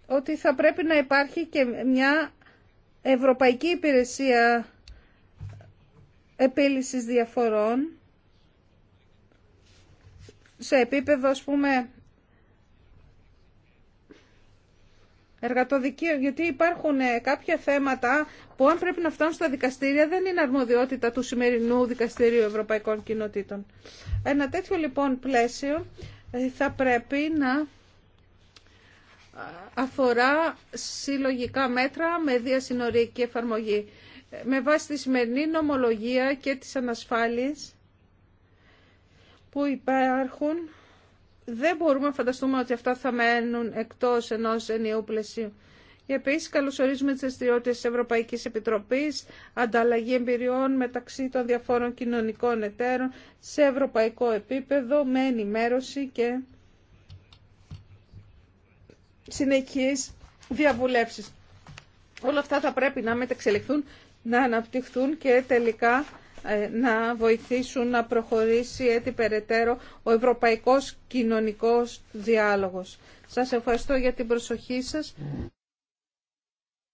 ότι θα πρέπει να υπάρχει και μια ευρωπαϊκή υπηρεσία επίλυσης διαφορών σε επίπεδο, ας πούμε, εργατοδικείο, γιατί υπάρχουν ε, κάποια θέματα που αν πρέπει να φτάνουν στα δικαστήρια δεν είναι αρμοδιότητα του σημερινού Δικαστηρίου Ευρωπαϊκών Κοινοτήτων. Ένα τέτοιο λοιπόν πλαίσιο ε, θα πρέπει να ε, αφορά συλλογικά μέτρα με διασυνορική εφαρμογή. Ε, με βάση τη σημερινή νομολογία και τις ανασφάλειες που υπάρχουν, δεν μπορούμε να φανταστούμε ότι αυτά θα μένουν εκτός ενός ενιαίου πλαισίου επίση καλωσορίζουμε τι δραστηριότητε της Ευρωπαϊκής Επιτροπής, ανταλλαγή εμπειριών μεταξύ των διαφόρων κοινωνικών εταίρων σε ευρωπαϊκό επίπεδο, με ενημέρωση και συνεχείς διαβουλεύσεις. Όλα αυτά θα πρέπει να μετεξελιχθούν, να αναπτυχθούν και τελικά ε, να βοηθήσουν να προχωρήσει έτσι περαιτέρω ο ευρωπαϊκός κοινωνικός διάλογος. Σας ευχαριστώ για την προσοχή σας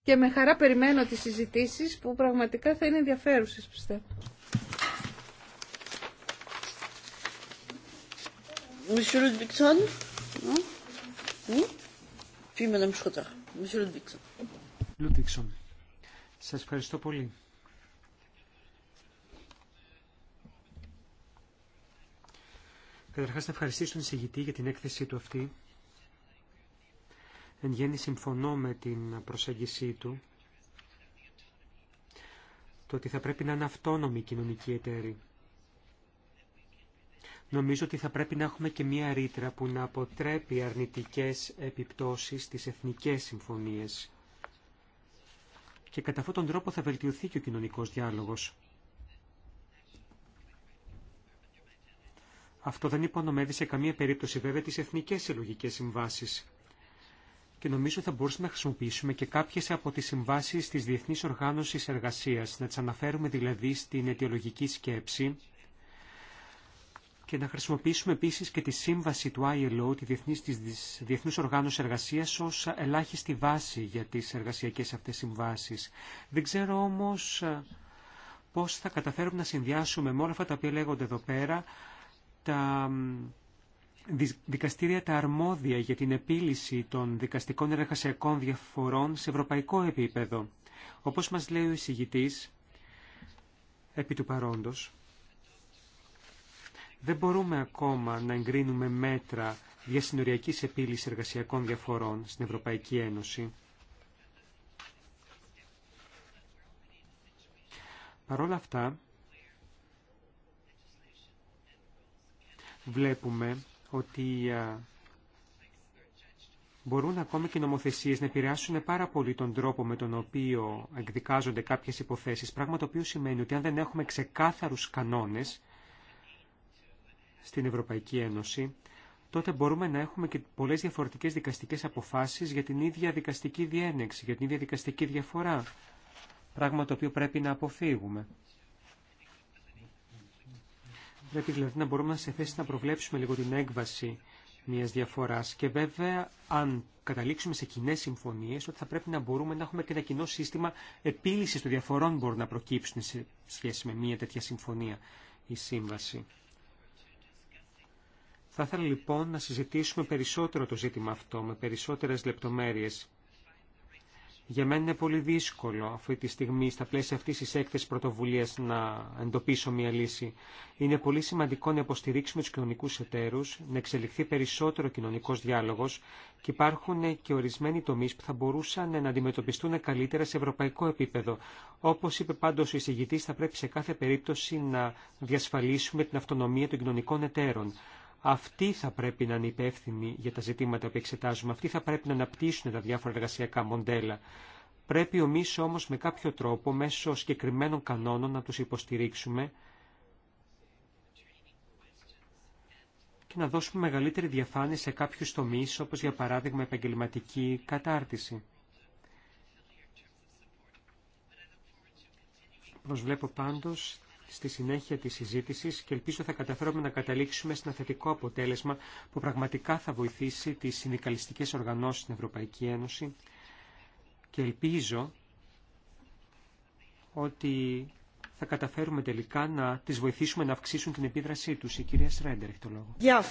και με χαρά περιμένω τις συζητήσεις που πραγματικά θα είναι ενδιαφέρουσες πιστεύω. Monsieur Oui Σας ευχαριστώ πολύ. Καταρχάς να ευχαριστήσω τον εισηγητή για την έκθεσή του αυτή. Εν γέννη συμφωνώ με την προσέγγισή του το ότι θα πρέπει να είναι αυτόνομη η κοινωνική εταίρη. Νομίζω ότι θα πρέπει να έχουμε και μία ρήτρα που να αποτρέπει αρνητικές επιπτώσεις στις εθνικές συμφωνίες. Και κατά αυτόν τον τρόπο θα βελτιωθεί και ο κοινωνικός διάλογος. Αυτό δεν υπονομεύει σε καμία περίπτωση βέβαια τις εθνικές συλλογικές συμβάσεις και νομίζω θα μπορούσαμε να χρησιμοποιήσουμε και κάποιες από τις συμβάσεις της Διεθνής οργάνωση Εργασίας, να τις αναφέρουμε δηλαδή στην αιτιολογική σκέψη και να χρησιμοποιήσουμε επίσης και τη σύμβαση του ILO, τη Διεθνής, της Διεθνούς Οργάνωσης Εργασίας, ως ελάχιστη βάση για τις εργασιακές αυτές συμβάσεις. Δεν ξέρω όμως ε, πώς θα καταφέρουμε να συνδυάσουμε με όλα αυτά τα οποία λέγονται εδώ πέρα, τα δικαστήρια τα αρμόδια για την επίλυση των δικαστικών εργασιακών διαφορών σε ευρωπαϊκό επίπεδο. Όπως μας λέει ο εισηγητής, επί του παρόντος, δεν μπορούμε ακόμα να εγκρίνουμε μέτρα διασυνοριακής επίλυση εργασιακών διαφορών στην Ευρωπαϊκή Ένωση. Παρ' όλα αυτά, βλέπουμε ότι μπορούν ακόμα και οι νομοθεσίες να επηρεάσουν πάρα πολύ τον τρόπο με τον οποίο εκδικάζονται κάποιες υποθέσεις, πράγμα το οποίο σημαίνει ότι αν δεν έχουμε ξεκάθαρους κανόνες στην Ευρωπαϊκή Ένωση, τότε μπορούμε να έχουμε και πολλές διαφορετικές δικαστικές αποφάσεις για την ίδια δικαστική διένεξη, για την ίδια δικαστική διαφορά, πράγμα το οποίο πρέπει να αποφύγουμε. Πρέπει δηλαδή να μπορούμε να σε θέση να προβλέψουμε λίγο την έκβαση μιας διαφοράς και βέβαια αν καταλήξουμε σε κοινέ συμφωνίες ότι θα πρέπει να μπορούμε να έχουμε και ένα κοινό σύστημα επίλυσης των διαφορών που μπορούν να προκύψουν σε σχέση με μια τέτοια συμφωνία ή σύμβαση. Θα ήθελα λοιπόν να συζητήσουμε περισσότερο το ζήτημα αυτό με περισσότερε λεπτομέρειε. Για μένα είναι πολύ δύσκολο αυτή τη στιγμή, στα πλαίσια αυτή τη έκθεση πρωτοβουλία, να εντοπίσω μια λύση. Είναι πολύ σημαντικό να υποστηρίξουμε του κοινωνικού εταίρου, να εξελιχθεί περισσότερο ο κοινωνικό διάλογο και υπάρχουν και ορισμένοι τομεί που θα μπορούσαν να αντιμετωπιστούν καλύτερα σε ευρωπαϊκό επίπεδο. Όπω είπε πάντω ο εισηγητή, θα πρέπει σε κάθε περίπτωση να διασφαλίσουμε την αυτονομία των κοινωνικών εταίρων. Αυτοί θα πρέπει να είναι υπεύθυνοι για τα ζητήματα που εξετάζουμε. Αυτοί θα πρέπει να αναπτύσσουν τα διάφορα εργασιακά μοντέλα. Πρέπει εμεί όμως με κάποιο τρόπο, μέσω συγκεκριμένων κανόνων, να τους υποστηρίξουμε και να δώσουμε μεγαλύτερη διαφάνεια σε κάποιου τομεί, όπως για παράδειγμα επαγγελματική κατάρτιση. Προσβλέπω πάντως στη συνέχεια της συζήτησης και ελπίζω θα καταφέρουμε να καταλήξουμε σε ένα θετικό αποτέλεσμα που πραγματικά θα βοηθήσει τις συνδικαλιστικές οργανώσεις στην Ευρωπαϊκή Ένωση και ελπίζω ότι θα καταφέρουμε τελικά να τις βοηθήσουμε να αυξήσουν την επίδρασή τους. Η κυρία Σρέντερ έχει το λόγο.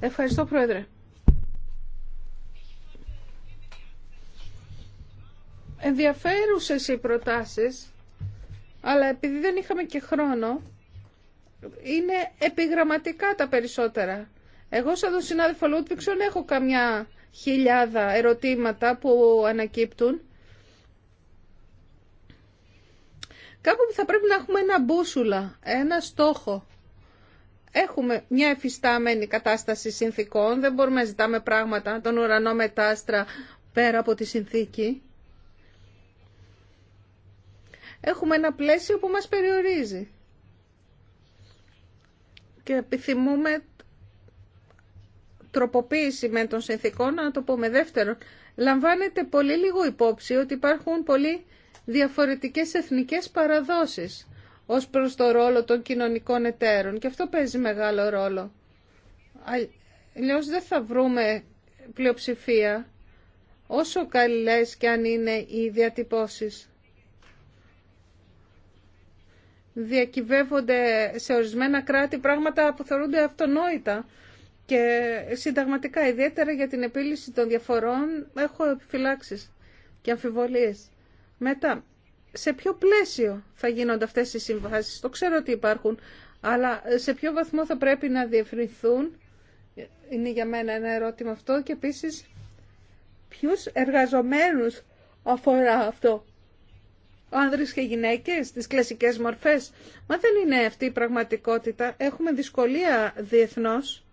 Ευχαριστώ, Πρόεδρε. Ενδιαφέρουσες οι προτάσεις αλλά επειδή δεν είχαμε και χρόνο, είναι επιγραμματικά τα περισσότερα. Εγώ σαν τον συνάδελφο Λούτβιξον έχω καμιά χιλιάδα ερωτήματα που ανακύπτουν. Κάπου που θα πρέπει να έχουμε ένα μπούσουλα, ένα στόχο. Έχουμε μια εφιστάμενη κατάσταση συνθήκων, δεν μπορούμε να ζητάμε πράγματα, τον ουρανό μετάστρα πέρα από τη συνθήκη έχουμε ένα πλαίσιο που μας περιορίζει. Και επιθυμούμε τροποποίηση με των συνθήκων, να το πω δεύτερον. Λαμβάνεται πολύ λίγο υπόψη ότι υπάρχουν πολύ διαφορετικές εθνικές παραδόσεις ως προς το ρόλο των κοινωνικών εταίρων και αυτό παίζει μεγάλο ρόλο. Αλλιώ δεν θα βρούμε πλειοψηφία όσο καλές και αν είναι οι διατυπώσεις διακυβεύονται σε ορισμένα κράτη πράγματα που θεωρούνται αυτονόητα και συνταγματικά, ιδιαίτερα για την επίλυση των διαφορών, έχω επιφυλάξεις και αμφιβολίες. Μετά, σε ποιο πλαίσιο θα γίνονται αυτές οι συμβάσεις, το ξέρω ότι υπάρχουν, αλλά σε ποιο βαθμό θα πρέπει να διευρυνθούν, είναι για μένα ένα ερώτημα αυτό, και επίσης ποιους εργαζομένους αφορά αυτό άνδρες και γυναίκες, τις κλασικές μορφές. Μα δεν είναι αυτή η πραγματικότητα. Έχουμε δυσκολία διεθνώς.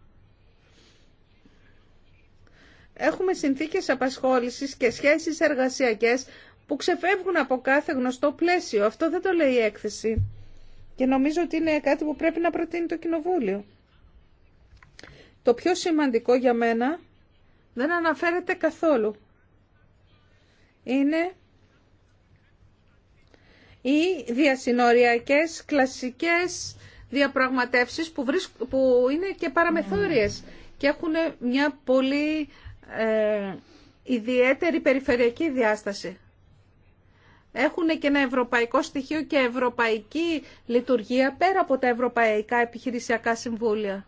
Έχουμε συνθήκες απασχόλησης και σχέσεις εργασιακές που ξεφεύγουν από κάθε γνωστό πλαίσιο. Αυτό δεν το λέει η έκθεση. Και νομίζω ότι είναι κάτι που πρέπει να προτείνει το Κοινοβούλιο. Το πιο σημαντικό για μένα δεν αναφέρεται καθόλου. Είναι ή διασυνοριακές κλασικές διαπραγματεύσεις που, βρίσκ, που είναι και παραμεθόριες και έχουν μια πολύ ε, ιδιαίτερη περιφερειακή διάσταση. Έχουν και ένα ευρωπαϊκό στοιχείο και ευρωπαϊκή λειτουργία πέρα από τα ευρωπαϊκά επιχειρησιακά συμβούλια.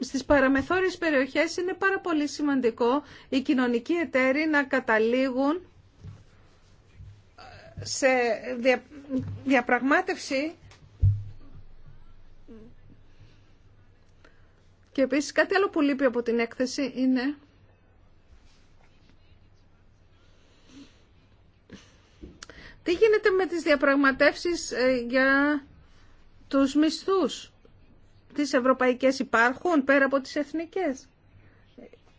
Στις παραμεθόριες περιοχές είναι πάρα πολύ σημαντικό οι κοινωνικοί εταίροι να καταλήγουν σε διαπραγμάτευση και επίσης κάτι άλλο που λείπει από την έκθεση είναι τι γίνεται με τις διαπραγματεύσεις ε, για τους μισθούς. Τις ευρωπαϊκές υπάρχουν πέρα από τις εθνικές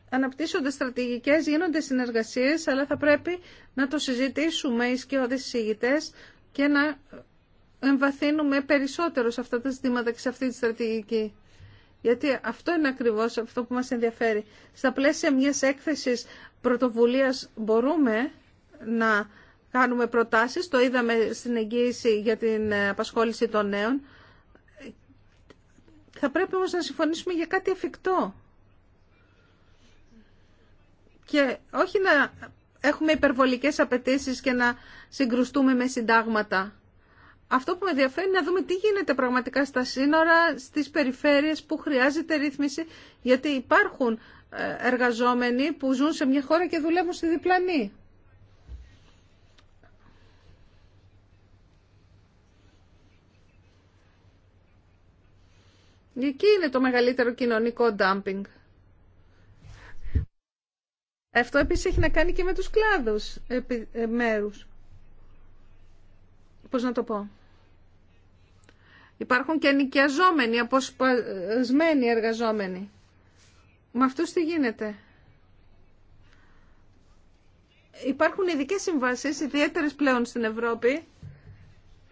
αναπτύσσονται στρατηγικές, γίνονται συνεργασίες, αλλά θα πρέπει να το συζητήσουμε οι σκιώδες συζητητές και να εμβαθύνουμε περισσότερο σε αυτά τα ζητήματα και σε αυτή τη στρατηγική. Γιατί αυτό είναι ακριβώς αυτό που μας ενδιαφέρει. Στα πλαίσια μιας έκθεσης πρωτοβουλίας μπορούμε να κάνουμε προτάσεις, το είδαμε στην εγγύηση για την απασχόληση των νέων. Θα πρέπει όμως να συμφωνήσουμε για κάτι εφικτό και όχι να έχουμε υπερβολικές απαιτήσει και να συγκρουστούμε με συντάγματα. Αυτό που με ενδιαφέρει είναι να δούμε τι γίνεται πραγματικά στα σύνορα, στις περιφέρειες που χρειάζεται ρύθμιση, γιατί υπάρχουν ε, εργαζόμενοι που ζουν σε μια χώρα και δουλεύουν στη διπλανή. Εκεί είναι το μεγαλύτερο κοινωνικό ντάμπινγκ. Αυτό επίσης έχει να κάνει και με τους κλάδους ε, μέρους. Πώς να το πω. Υπάρχουν και νοικιαζόμενοι, αποσπασμένοι εργαζόμενοι. Με αυτούς τι γίνεται. Υπάρχουν ειδικές συμβάσεις, ιδιαίτερες πλέον στην Ευρώπη,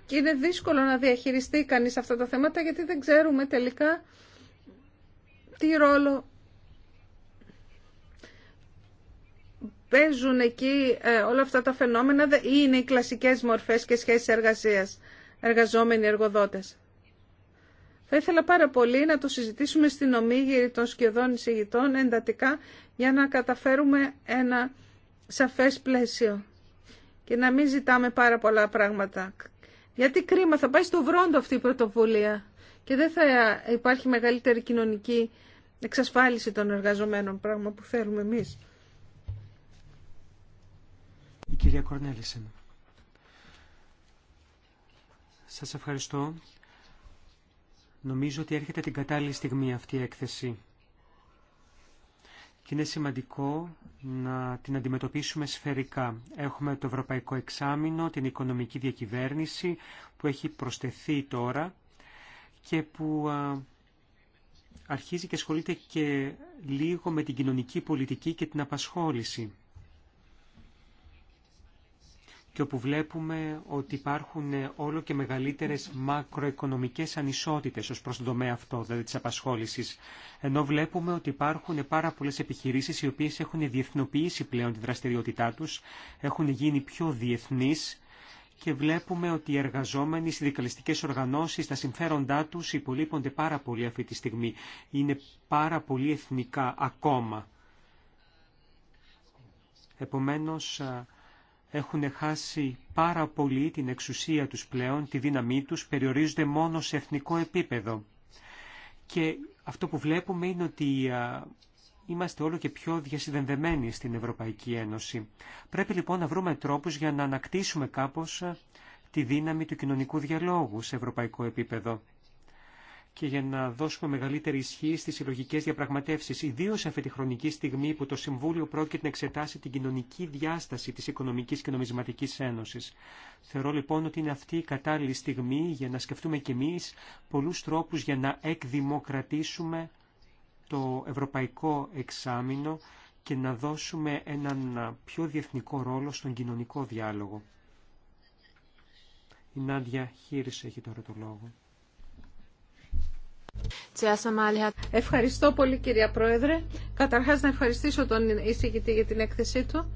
και είναι δύσκολο να διαχειριστεί κανείς αυτά τα θέματα γιατί δεν ξέρουμε τελικά τι ρόλο παίζουν εκεί ε, όλα αυτά τα φαινόμενα ή είναι οι κλασικές μορφές και σχέσεις εργασίας, εργαζόμενοι εργοδότες. Θα ήθελα πάρα πολύ να το συζητήσουμε στην ομίγυρη των σχεδόν εισηγητών εντατικά για να καταφέρουμε ένα σαφές πλαίσιο και να μην ζητάμε πάρα πολλά πράγματα. Γιατί κρίμα, θα πάει στο βρόντο αυτή η πρωτοβουλία και δεν θα υπάρχει μεγαλύτερη κοινωνική εξασφάλιση των εργαζομένων, πράγμα που θέλουμε εμείς κυρία Κορνέλησεν. Σας ευχαριστώ. Νομίζω ότι έρχεται την κατάλληλη στιγμή αυτή η έκθεση. Και είναι σημαντικό να την αντιμετωπίσουμε σφαιρικά. Έχουμε το Ευρωπαϊκό Εξάμεινο, την οικονομική διακυβέρνηση που έχει προστεθεί τώρα και που αρχίζει και ασχολείται και λίγο με την κοινωνική πολιτική και την απασχόληση και όπου βλέπουμε ότι υπάρχουν όλο και μεγαλύτερες μακροοικονομικές ανισότητες ως προς τον τομέα αυτό, δηλαδή της απασχόλησης. Ενώ βλέπουμε ότι υπάρχουν πάρα πολλές επιχειρήσεις οι οποίες έχουν διεθνοποιήσει πλέον τη δραστηριότητά τους, έχουν γίνει πιο διεθνείς και βλέπουμε ότι οι εργαζόμενοι, οι συνδικαλιστικές οργανώσεις, τα συμφέροντά τους υπολείπονται πάρα πολύ αυτή τη στιγμή. Είναι πάρα πολύ εθνικά ακόμα. Επομένως, έχουν χάσει πάρα πολύ την εξουσία τους πλέον, τη δύναμή τους, περιορίζονται μόνο σε εθνικό επίπεδο. Και αυτό που βλέπουμε είναι ότι είμαστε όλο και πιο διασυνδεδεμένοι στην Ευρωπαϊκή Ένωση. Πρέπει λοιπόν να βρούμε τρόπους για να ανακτήσουμε κάπως τη δύναμη του κοινωνικού διαλόγου σε ευρωπαϊκό επίπεδο και για να δώσουμε μεγαλύτερη ισχύ στι συλλογικέ διαπραγματεύσει, ιδίω σε αυτή τη χρονική στιγμή που το Συμβούλιο πρόκειται να εξετάσει την κοινωνική διάσταση τη Οικονομική και Νομισματική Ένωση. Θεωρώ λοιπόν ότι είναι αυτή η κατάλληλη στιγμή για να σκεφτούμε κι εμεί πολλού τρόπου για να εκδημοκρατήσουμε το ευρωπαϊκό εξάμεινο και να δώσουμε έναν πιο διεθνικό ρόλο στον κοινωνικό διάλογο. Η Νάντια Χίρισε έχει τώρα το λόγο. Ευχαριστώ πολύ κυρία Πρόεδρε. Καταρχάς να ευχαριστήσω τον εισηγητή για την έκθεσή του.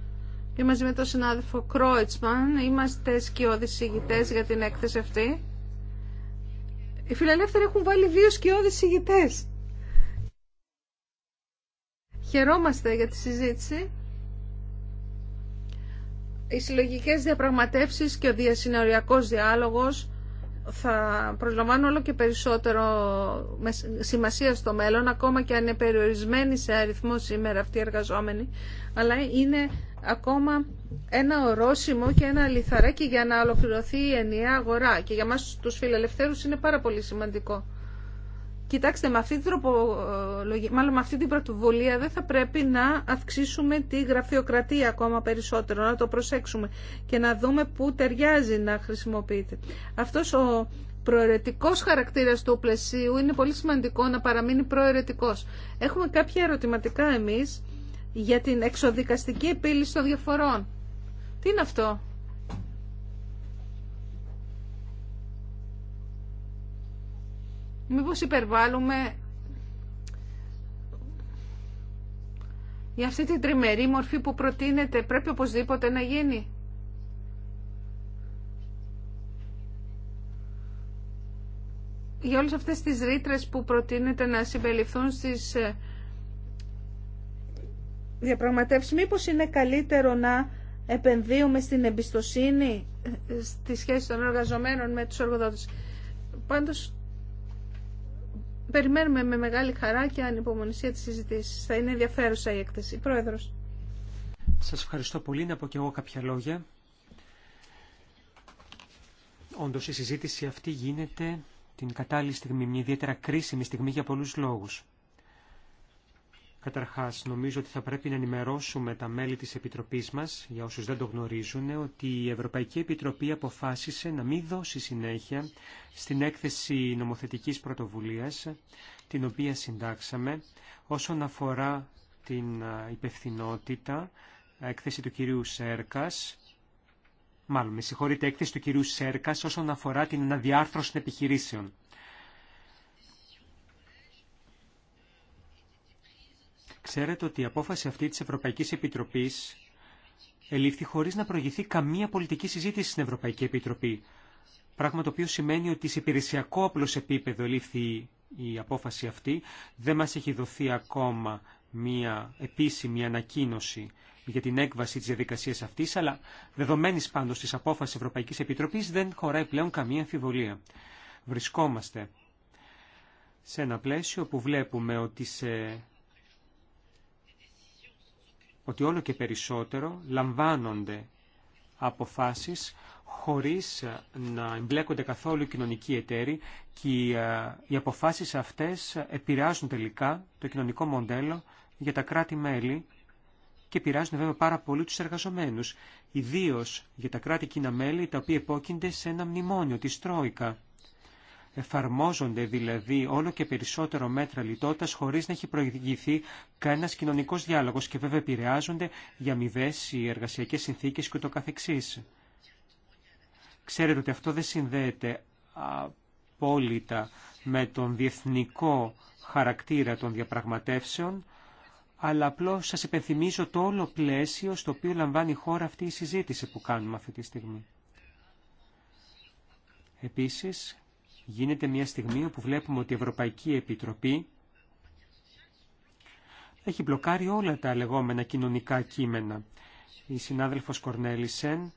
Και μαζί με τον συνάδελφο Κρόιτσμαν είμαστε σκιώδεις εισηγητές για την έκθεση αυτή. Οι φιλελεύθεροι έχουν βάλει δύο σκιώδεις εισηγητές. Χαιρόμαστε για τη συζήτηση. Οι συλλογικές διαπραγματεύσεις και ο διασυνοριακός διάλογος θα προσλαμβάνω όλο και περισσότερο σημασία στο μέλλον, ακόμα και αν είναι περιορισμένοι σε αριθμό σήμερα αυτοί οι εργαζόμενοι, αλλά είναι ακόμα ένα ορόσημο και ένα λιθαράκι για να ολοκληρωθεί η ενιαία αγορά. Και για μας τους φιλελευθέρους είναι πάρα πολύ σημαντικό. Κοιτάξτε, με αυτή, την Μάλλον με αυτή την πρωτοβουλία δεν θα πρέπει να αυξήσουμε τη γραφειοκρατία ακόμα περισσότερο, να το προσέξουμε και να δούμε πού ταιριάζει να χρησιμοποιείται. Αυτός ο προαιρετικός χαρακτήρας του πλαισίου είναι πολύ σημαντικό να παραμείνει προαιρετικός. Έχουμε κάποια ερωτηματικά εμείς για την εξοδικαστική επίλυση των διαφορών. Τι είναι αυτό? Μήπως υπερβάλλουμε για αυτή την τριμερή μορφή που προτείνεται πρέπει οπωσδήποτε να γίνει. Για όλες αυτές τις ρήτρε που προτείνεται να συμπεριληφθούν στις ε, διαπραγματεύσεις, μήπως είναι καλύτερο να επενδύουμε στην εμπιστοσύνη ε, στη σχέση των εργαζομένων με τους εργοδότες. Πάντως, περιμένουμε με μεγάλη χαρά και ανυπομονησία τη συζήτηση. Θα είναι ενδιαφέρουσα η έκθεση. Πρόεδρος. Σας ευχαριστώ πολύ. Να πω και εγώ κάποια λόγια. Όντω η συζήτηση αυτή γίνεται την κατάλληλη στιγμή, μια ιδιαίτερα κρίσιμη στιγμή για πολλού λόγου. Καταρχάς, νομίζω ότι θα πρέπει να ενημερώσουμε τα μέλη της Επιτροπής μας, για όσους δεν το γνωρίζουν, ότι η Ευρωπαϊκή Επιτροπή αποφάσισε να μην δώσει συνέχεια στην έκθεση νομοθετικής πρωτοβουλίας, την οποία συντάξαμε, όσον αφορά την υπευθυνότητα, έκθεση του κυρίου Σέρκας, μάλλον με συγχωρείτε, έκθεση του κυρίου Σέρκας όσον αφορά την αναδιάρθρωση των επιχειρήσεων. Ξέρετε ότι η απόφαση αυτή της Ευρωπαϊκής Επιτροπής ελήφθη χωρίς να προηγηθεί καμία πολιτική συζήτηση στην Ευρωπαϊκή Επιτροπή. Πράγμα το οποίο σημαίνει ότι σε υπηρεσιακό απλώς επίπεδο ελήφθη η απόφαση αυτή. Δεν μας έχει δοθεί ακόμα μία επίσημη ανακοίνωση για την έκβαση της διαδικασία αυτής, αλλά δεδομένης πάντως της απόφασης Ευρωπαϊκής Επιτροπής δεν χωράει πλέον καμία αμφιβολία. Βρισκόμαστε σε ένα πλαίσιο που βλέπουμε ότι σε ότι όλο και περισσότερο λαμβάνονται αποφάσεις χωρίς να εμπλέκονται καθόλου οι κοινωνικοί εταίροι και ε, οι αποφάσεις αυτές επηρεάζουν τελικά το κοινωνικό μοντέλο για τα κράτη-μέλη και επηρεάζουν βέβαια πάρα πολύ τους εργαζομένους, ιδίως για τα κράτη-κοινά μέλη τα οποία υπόκεινται σε ένα μνημόνιο τη Τρόικα. Εφαρμόζονται δηλαδή όλο και περισσότερο μέτρα λιτότητας χωρίς να έχει προηγηθεί κανένας κοινωνικός διάλογος και βέβαια επηρεάζονται για αμοιβέ οι εργασιακές συνθήκες και το καθεξής. Ξέρετε ότι αυτό δεν συνδέεται απόλυτα με τον διεθνικό χαρακτήρα των διαπραγματεύσεων, αλλά απλώς σας υπενθυμίζω το όλο πλαίσιο στο οποίο λαμβάνει η χώρα αυτή η συζήτηση που κάνουμε αυτή τη στιγμή. Επίσης, γίνεται μια στιγμή όπου βλέπουμε ότι η Ευρωπαϊκή Επιτροπή έχει μπλοκάρει όλα τα λεγόμενα κοινωνικά κείμενα. Η συνάδελφος Κορνέλισεν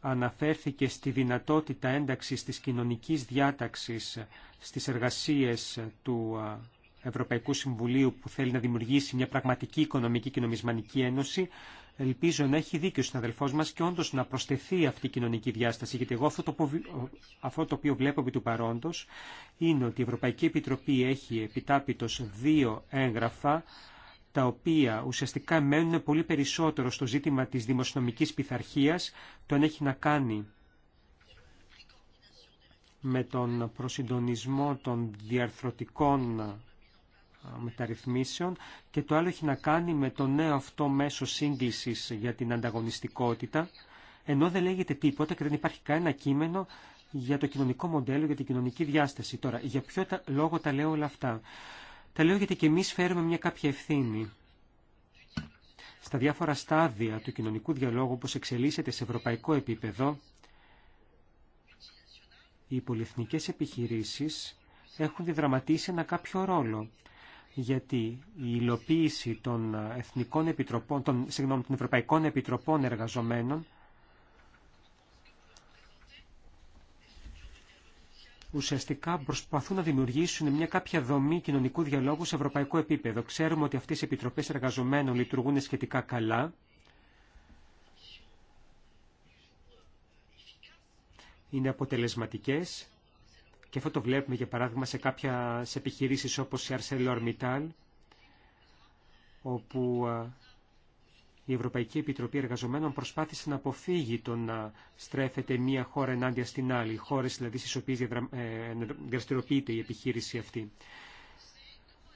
αναφέρθηκε στη δυνατότητα ένταξης της κοινωνικής διάταξης στις εργασίες του Ευρωπαϊκού Συμβουλίου που θέλει να δημιουργήσει μια πραγματική οικονομική και νομισμανική ένωση Ελπίζω να έχει δίκιο ο συναδελφό μας και όντω να προσθεθεί αυτή η κοινωνική διάσταση, γιατί εγώ αυτό το, αυτό το οποίο βλέπω επί του παρόντος είναι ότι η Ευρωπαϊκή Επιτροπή έχει επιτάπητο δύο έγγραφα, τα οποία ουσιαστικά μένουν πολύ περισσότερο στο ζήτημα της δημοσιονομικής πειθαρχία, το αν έχει να κάνει με τον προσυντονισμό των διαρθρωτικών μεταρρυθμίσεων και το άλλο έχει να κάνει με το νέο αυτό μέσο σύγκλησης για την ανταγωνιστικότητα, ενώ δεν λέγεται τίποτα και δεν υπάρχει κανένα κείμενο για το κοινωνικό μοντέλο, για την κοινωνική διάσταση. Τώρα, για ποιο λόγο τα λέω όλα αυτά. Τα λέω γιατί και εμείς φέρουμε μια κάποια ευθύνη. Στα διάφορα στάδια του κοινωνικού διαλόγου, όπως εξελίσσεται σε ευρωπαϊκό επίπεδο, οι πολυεθνικές επιχειρήσεις έχουν διδραματίσει ένα κάποιο ρόλο γιατί η υλοποίηση των, εθνικών επιτροπών, των, συγγνώμη, των Ευρωπαϊκών Επιτροπών Εργαζομένων ουσιαστικά προσπαθούν να δημιουργήσουν μια κάποια δομή κοινωνικού διαλόγου σε ευρωπαϊκό επίπεδο. Ξέρουμε ότι αυτές οι επιτροπές εργαζομένων λειτουργούν σχετικά καλά. Είναι αποτελεσματικές και αυτό το βλέπουμε για παράδειγμα σε κάποια σε επιχειρήσεις όπως η ArcelorMittal, όπου η Ευρωπαϊκή Επιτροπή Εργαζομένων προσπάθησε να αποφύγει το να στρέφεται μία χώρα ενάντια στην άλλη, χώρες δηλαδή στις οποίες ε, δραστηριοποιείται η επιχείρηση αυτή.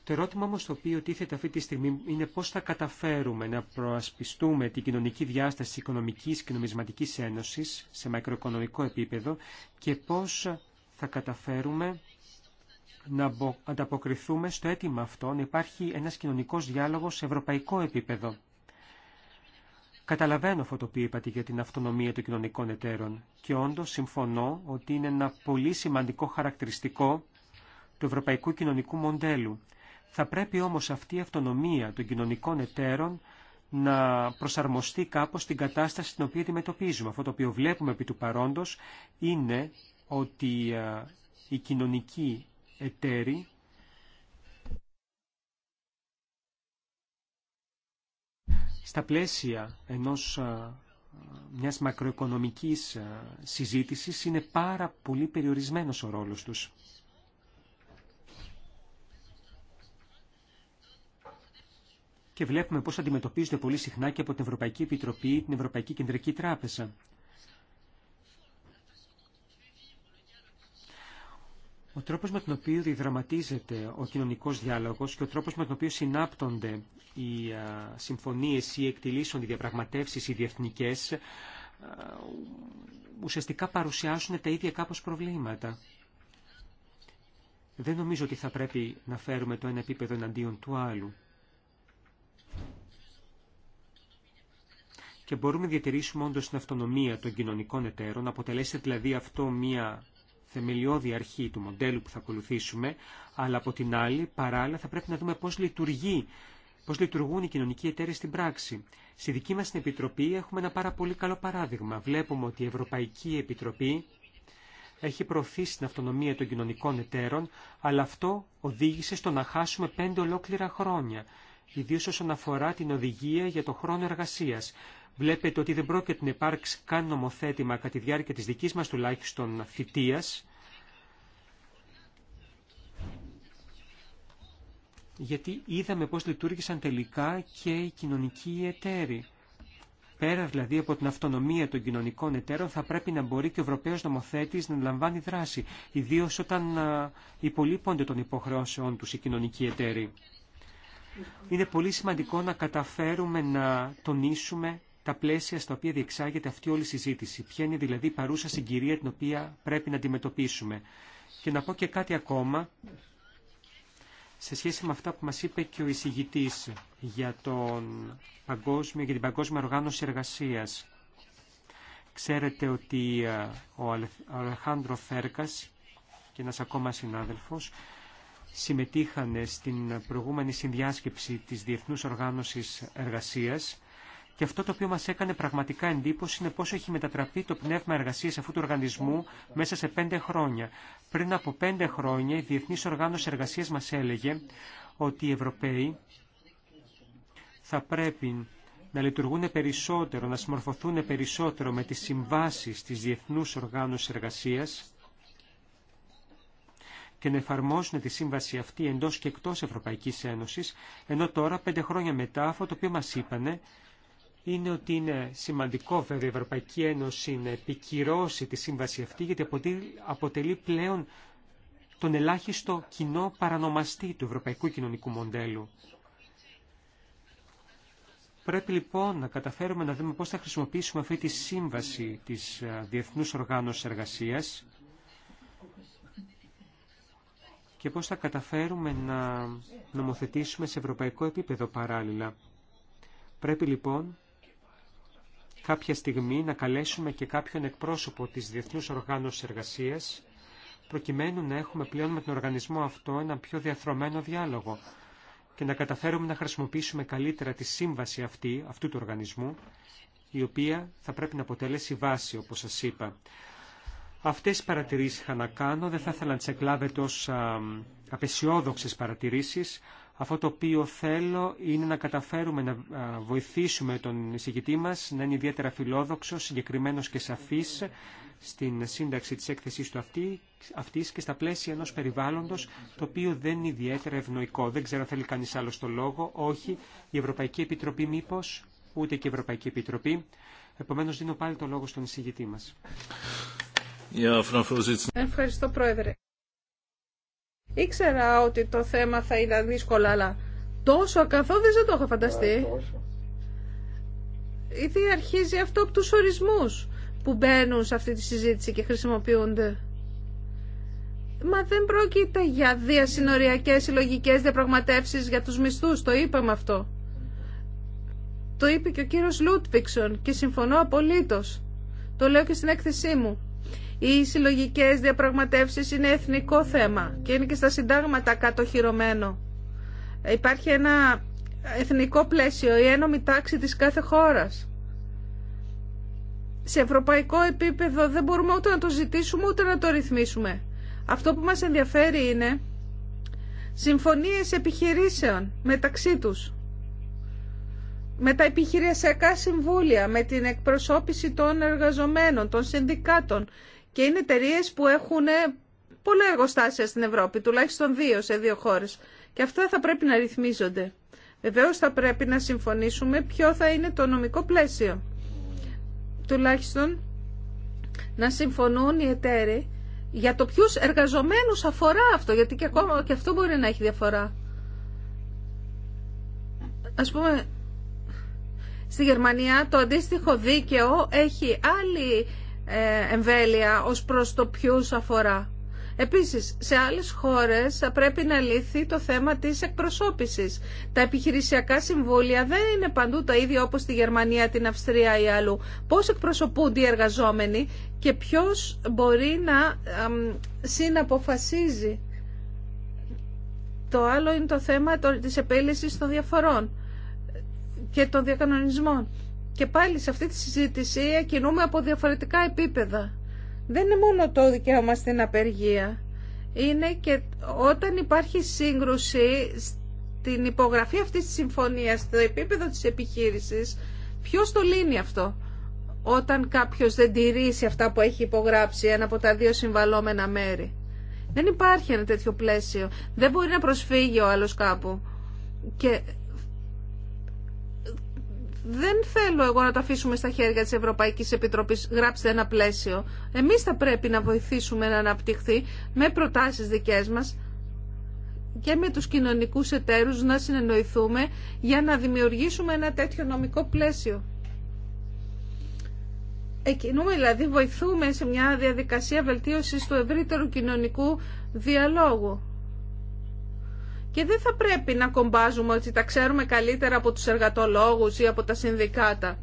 Το ερώτημα όμως το οποίο τίθεται αυτή τη στιγμή είναι πώς θα καταφέρουμε να προασπιστούμε την κοινωνική διάσταση οικονομικής και νομισματικής ένωσης σε μακροοικονομικό επίπεδο και πώς θα καταφέρουμε να ανταποκριθούμε στο αίτημα αυτό, να υπάρχει ένας κοινωνικός διάλογος σε ευρωπαϊκό επίπεδο. Καταλαβαίνω αυτό το οποίο είπατε για την αυτονομία των κοινωνικών εταίρων και όντω συμφωνώ ότι είναι ένα πολύ σημαντικό χαρακτηριστικό του ευρωπαϊκού κοινωνικού μοντέλου. Θα πρέπει όμως αυτή η αυτονομία των κοινωνικών εταίρων να προσαρμοστεί κάπως στην κατάσταση στην οποία αντιμετωπίζουμε. Αυτό το οποίο βλέπουμε επί του παρόντος είναι ότι ε, οι κοινωνικοί εταίροι στα πλαίσια ενός ε, μιας μακροοικονομικής ε, συζήτησης είναι πάρα πολύ περιορισμένος ο ρόλος τους. Και βλέπουμε πώς αντιμετωπίζονται πολύ συχνά και από την Ευρωπαϊκή Επιτροπή την Ευρωπαϊκή Κεντρική Τράπεζα. Ο τρόπος με τον οποίο διδραματίζεται ο κοινωνικός διάλογος και ο τρόπος με τον οποίο συνάπτονται οι συμφωνίες ή εκτιλήσουν οι διαπραγματεύσει οι διεθνικέ ουσιαστικά παρουσιάζουν τα ίδια κάπως προβλήματα. Δεν νομίζω ότι θα πρέπει να φέρουμε το ένα επίπεδο εναντίον του άλλου. Και μπορούμε να διατηρήσουμε όντω την αυτονομία των κοινωνικών εταίρων, αποτελέσει δηλαδή αυτό μια θεμελιώδη αρχή του μοντέλου που θα ακολουθήσουμε, αλλά από την άλλη, παράλληλα, θα πρέπει να δούμε πώς λειτουργεί Πώ λειτουργούν οι κοινωνικοί εταίρες στην πράξη. Στη δική μα Επιτροπή έχουμε ένα πάρα πολύ καλό παράδειγμα. Βλέπουμε ότι η Ευρωπαϊκή Επιτροπή έχει προωθήσει την αυτονομία των κοινωνικών εταίρων, αλλά αυτό οδήγησε στο να χάσουμε πέντε ολόκληρα χρόνια, ιδίω όσον αφορά την οδηγία για το χρόνο εργασία βλέπετε ότι δεν πρόκειται να υπάρξει καν νομοθέτημα κατά τη διάρκεια της δικής μας τουλάχιστον θητείας, γιατί είδαμε πώς λειτουργήσαν τελικά και οι κοινωνικοί εταίροι. Πέρα δηλαδή από την αυτονομία των κοινωνικών εταίρων θα πρέπει να μπορεί και ο Ευρωπαίος νομοθέτης να λαμβάνει δράση, ιδίως όταν υπολείπονται των υποχρεώσεών τους οι κοινωνικοί εταίροι. Είναι πολύ σημαντικό να καταφέρουμε να τονίσουμε τα πλαίσια στα οποία διεξάγεται αυτή όλη η συζήτηση. Ποια είναι δηλαδή η παρούσα συγκυρία την οποία πρέπει να αντιμετωπίσουμε. Και να πω και κάτι ακόμα σε σχέση με αυτά που μας είπε και ο εισηγητής για, τον παγκόσμιο, για την Παγκόσμια Οργάνωση Εργασίας. Ξέρετε ότι ε, ο Αλεχάνδρο Φέρκας και ένας ακόμα συνάδελφος συμμετείχαν στην προηγούμενη συνδιάσκεψη της Διεθνούς Οργάνωσης Εργασίας και αυτό το οποίο μας έκανε πραγματικά εντύπωση είναι πόσο έχει μετατραπεί το πνεύμα εργασίας αυτού του οργανισμού μέσα σε πέντε χρόνια. Πριν από πέντε χρόνια η Διεθνής Οργάνωση Εργασίας μας έλεγε ότι οι Ευρωπαίοι θα πρέπει να λειτουργούν περισσότερο, να συμμορφωθούν περισσότερο με τις συμβάσεις της Διεθνούς Οργάνωσης Εργασίας και να εφαρμόσουν τη σύμβαση αυτή εντός και εκτός Ευρωπαϊκής Ένωσης, ενώ τώρα, πέντε χρόνια μετά, αυτό το οποίο μας είπανε είναι ότι είναι σημαντικό βέβαια η Ευρωπαϊκή Ένωση να επικυρώσει τη σύμβαση αυτή γιατί αποτελεί πλέον τον ελάχιστο κοινό παρανομαστή του ευρωπαϊκού κοινωνικού μοντέλου. Πρέπει λοιπόν να καταφέρουμε να δούμε πώς θα χρησιμοποιήσουμε αυτή τη σύμβαση της ε, Διεθνούς Οργάνωσης Εργασίας και πώς θα καταφέρουμε να νομοθετήσουμε σε ευρωπαϊκό επίπεδο παράλληλα. Πρέπει λοιπόν κάποια στιγμή να καλέσουμε και κάποιον εκπρόσωπο της Διεθνούς Οργάνωσης Εργασίας, προκειμένου να έχουμε πλέον με τον οργανισμό αυτό ένα πιο διαθρωμένο διάλογο και να καταφέρουμε να χρησιμοποιήσουμε καλύτερα τη σύμβαση αυτή, αυτού του οργανισμού, η οποία θα πρέπει να αποτελέσει βάση, όπως σας είπα. Αυτές οι παρατηρήσεις είχα να κάνω, δεν θα ήθελα να τις εκλάβετε ως απεσιόδοξες παρατηρήσεις, αυτό το οποίο θέλω είναι να καταφέρουμε να βοηθήσουμε τον εισηγητή μας να είναι ιδιαίτερα φιλόδοξος, συγκεκριμένος και σαφής στην σύνταξη της έκθεσής του αυτή, αυτής και στα πλαίσια ενός περιβάλλοντος το οποίο δεν είναι ιδιαίτερα ευνοϊκό. Δεν ξέρω αν θέλει κανείς άλλο το λόγο. Όχι. Η Ευρωπαϊκή Επιτροπή μήπως, ούτε και η Ευρωπαϊκή Επιτροπή. Επομένως δίνω πάλι το λόγο στον εισηγητή μας. Ευχαριστώ Πρόεδρε. Ήξερα ότι το θέμα θα ήταν δύσκολο, αλλά τόσο ακαθόδες δεν το έχω φανταστεί. Ήδη αρχίζει αυτό από τους ορισμούς που μπαίνουν σε αυτή τη συζήτηση και χρησιμοποιούνται. Μα δεν πρόκειται για διασυνοριακές συλλογικέ διαπραγματεύσεις για τους μισθούς, το είπαμε αυτό. Το είπε και ο κύριος Λούτβιξον και συμφωνώ απολύτως. Το λέω και στην έκθεσή μου. Οι συλλογικέ διαπραγματεύσεις είναι εθνικό θέμα και είναι και στα συντάγματα κατοχυρωμένο. Υπάρχει ένα εθνικό πλαίσιο, η ένωμη τάξη της κάθε χώρας. Σε ευρωπαϊκό επίπεδο δεν μπορούμε ούτε να το ζητήσουμε ούτε να το ρυθμίσουμε. Αυτό που μας ενδιαφέρει είναι συμφωνίες επιχειρήσεων μεταξύ τους με τα επιχειρησιακά συμβούλια, με την εκπροσώπηση των εργαζομένων, των συνδικάτων και είναι εταιρείε που έχουν ε, πολλά εργοστάσια στην Ευρώπη, τουλάχιστον δύο σε δύο χώρες. Και αυτά θα πρέπει να ρυθμίζονται. Βεβαίως θα πρέπει να συμφωνήσουμε ποιο θα είναι το νομικό πλαίσιο. Τουλάχιστον να συμφωνούν οι εταίροι για το ποιους εργαζομένους αφορά αυτό, γιατί και ακόμα και αυτό μπορεί να έχει διαφορά. Ας πούμε, στη Γερμανία το αντίστοιχο δίκαιο έχει άλλη ε, εμβέλεια ως προς το ποιους αφορά. Επίσης, σε άλλες χώρες θα πρέπει να λύθει το θέμα της εκπροσώπησης. Τα επιχειρησιακά συμβούλια δεν είναι παντού τα ίδια όπως στη Γερμανία, την Αυστρία ή αλλού. Πώς εκπροσωπούνται οι εργαζόμενοι και ποιος μπορεί να συναποφασίζει. Το άλλο είναι το θέμα της επέλυσης των διαφορών και των διακανονισμών. Και πάλι σε αυτή τη συζήτηση κινούμε από διαφορετικά επίπεδα. Δεν είναι μόνο το δικαίωμα στην απεργία. Είναι και όταν υπάρχει σύγκρουση στην υπογραφή αυτής της συμφωνίας, στο επίπεδο της επιχείρησης, ποιος το λύνει αυτό όταν κάποιος δεν τηρήσει αυτά που έχει υπογράψει ένα από τα δύο συμβαλόμενα μέρη. Δεν υπάρχει ένα τέτοιο πλαίσιο. Δεν μπορεί να προσφύγει ο άλλος κάπου. Και δεν θέλω εγώ να το αφήσουμε στα χέρια της Ευρωπαϊκής Επιτροπής, γράψτε ένα πλαίσιο. Εμείς θα πρέπει να βοηθήσουμε να αναπτυχθεί με προτάσεις δικές μας και με τους κοινωνικούς εταίρους να συνεννοηθούμε για να δημιουργήσουμε ένα τέτοιο νομικό πλαίσιο. Εκκινούμε δηλαδή βοηθούμε σε μια διαδικασία βελτίωσης του ευρύτερου κοινωνικού διαλόγου. Και δεν θα πρέπει να κομπάζουμε ότι τα ξέρουμε καλύτερα από τους εργατολόγους ή από τα συνδικάτα.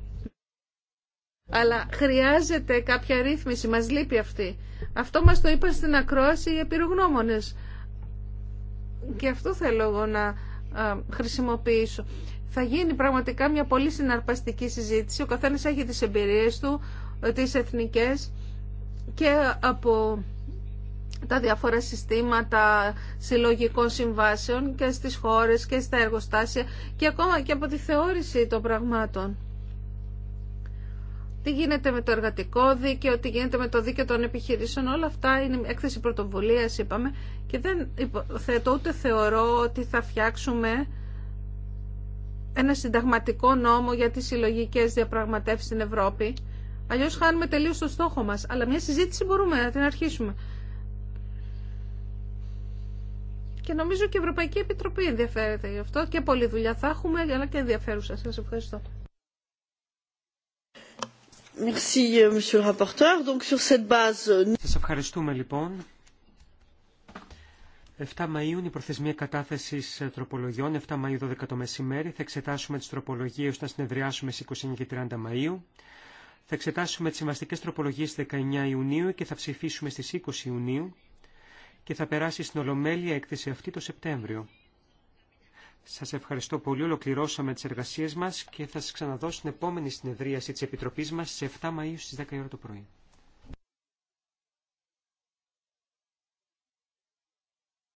Αλλά χρειάζεται κάποια ρύθμιση, μας λείπει αυτή. Αυτό μας το είπαν στην ακρόαση οι επιρρογνώμονες. Και αυτό θέλω εγώ να χρησιμοποιήσω. Θα γίνει πραγματικά μια πολύ συναρπαστική συζήτηση. Ο καθένας έχει τις εμπειρίες του, ε, τις εθνικές και από τα διάφορα συστήματα συλλογικών συμβάσεων και στις χώρες και στα εργοστάσια και ακόμα και από τη θεώρηση των πραγμάτων. Τι γίνεται με το εργατικό δίκαιο, τι γίνεται με το δίκαιο των επιχειρήσεων, όλα αυτά είναι έκθεση πρωτοβουλία, είπαμε, και δεν υποθέτω ούτε θεωρώ ότι θα φτιάξουμε ένα συνταγματικό νόμο για τις συλλογικές διαπραγματεύσεις στην Ευρώπη. Αλλιώς χάνουμε τελείως το στόχο μας. Αλλά μια συζήτηση μπορούμε να την αρχίσουμε. Και νομίζω και η Ευρωπαϊκή Επιτροπή ενδιαφέρεται γι' αυτό και πολλή δουλειά θα έχουμε, αλλά και ενδιαφέρουσα. Σα ευχαριστώ. Euh, Σας ευχαριστούμε λοιπόν. 7 Μαΐου η προθεσμία κατάθεση ε, τροπολογιών, 7 Μαΐου 12 το μεσημέρι. Θα εξετάσουμε τι τροπολογίε όταν συνεδριάσουμε στι 29 και 30 Μαΐου. Θα εξετάσουμε τι τις τροπολογίε στι 19 Ιουνίου και θα ψηφίσουμε στι 20 Ιουνίου και θα περάσει στην Ολομέλεια έκθεση αυτή το Σεπτέμβριο. Σας ευχαριστώ πολύ. Ολοκληρώσαμε τις εργασίες μας και θα σας ξαναδώ στην επόμενη συνεδρίαση της Επιτροπής μας στις 7 Μαΐου στις 10 ώρα το πρωί.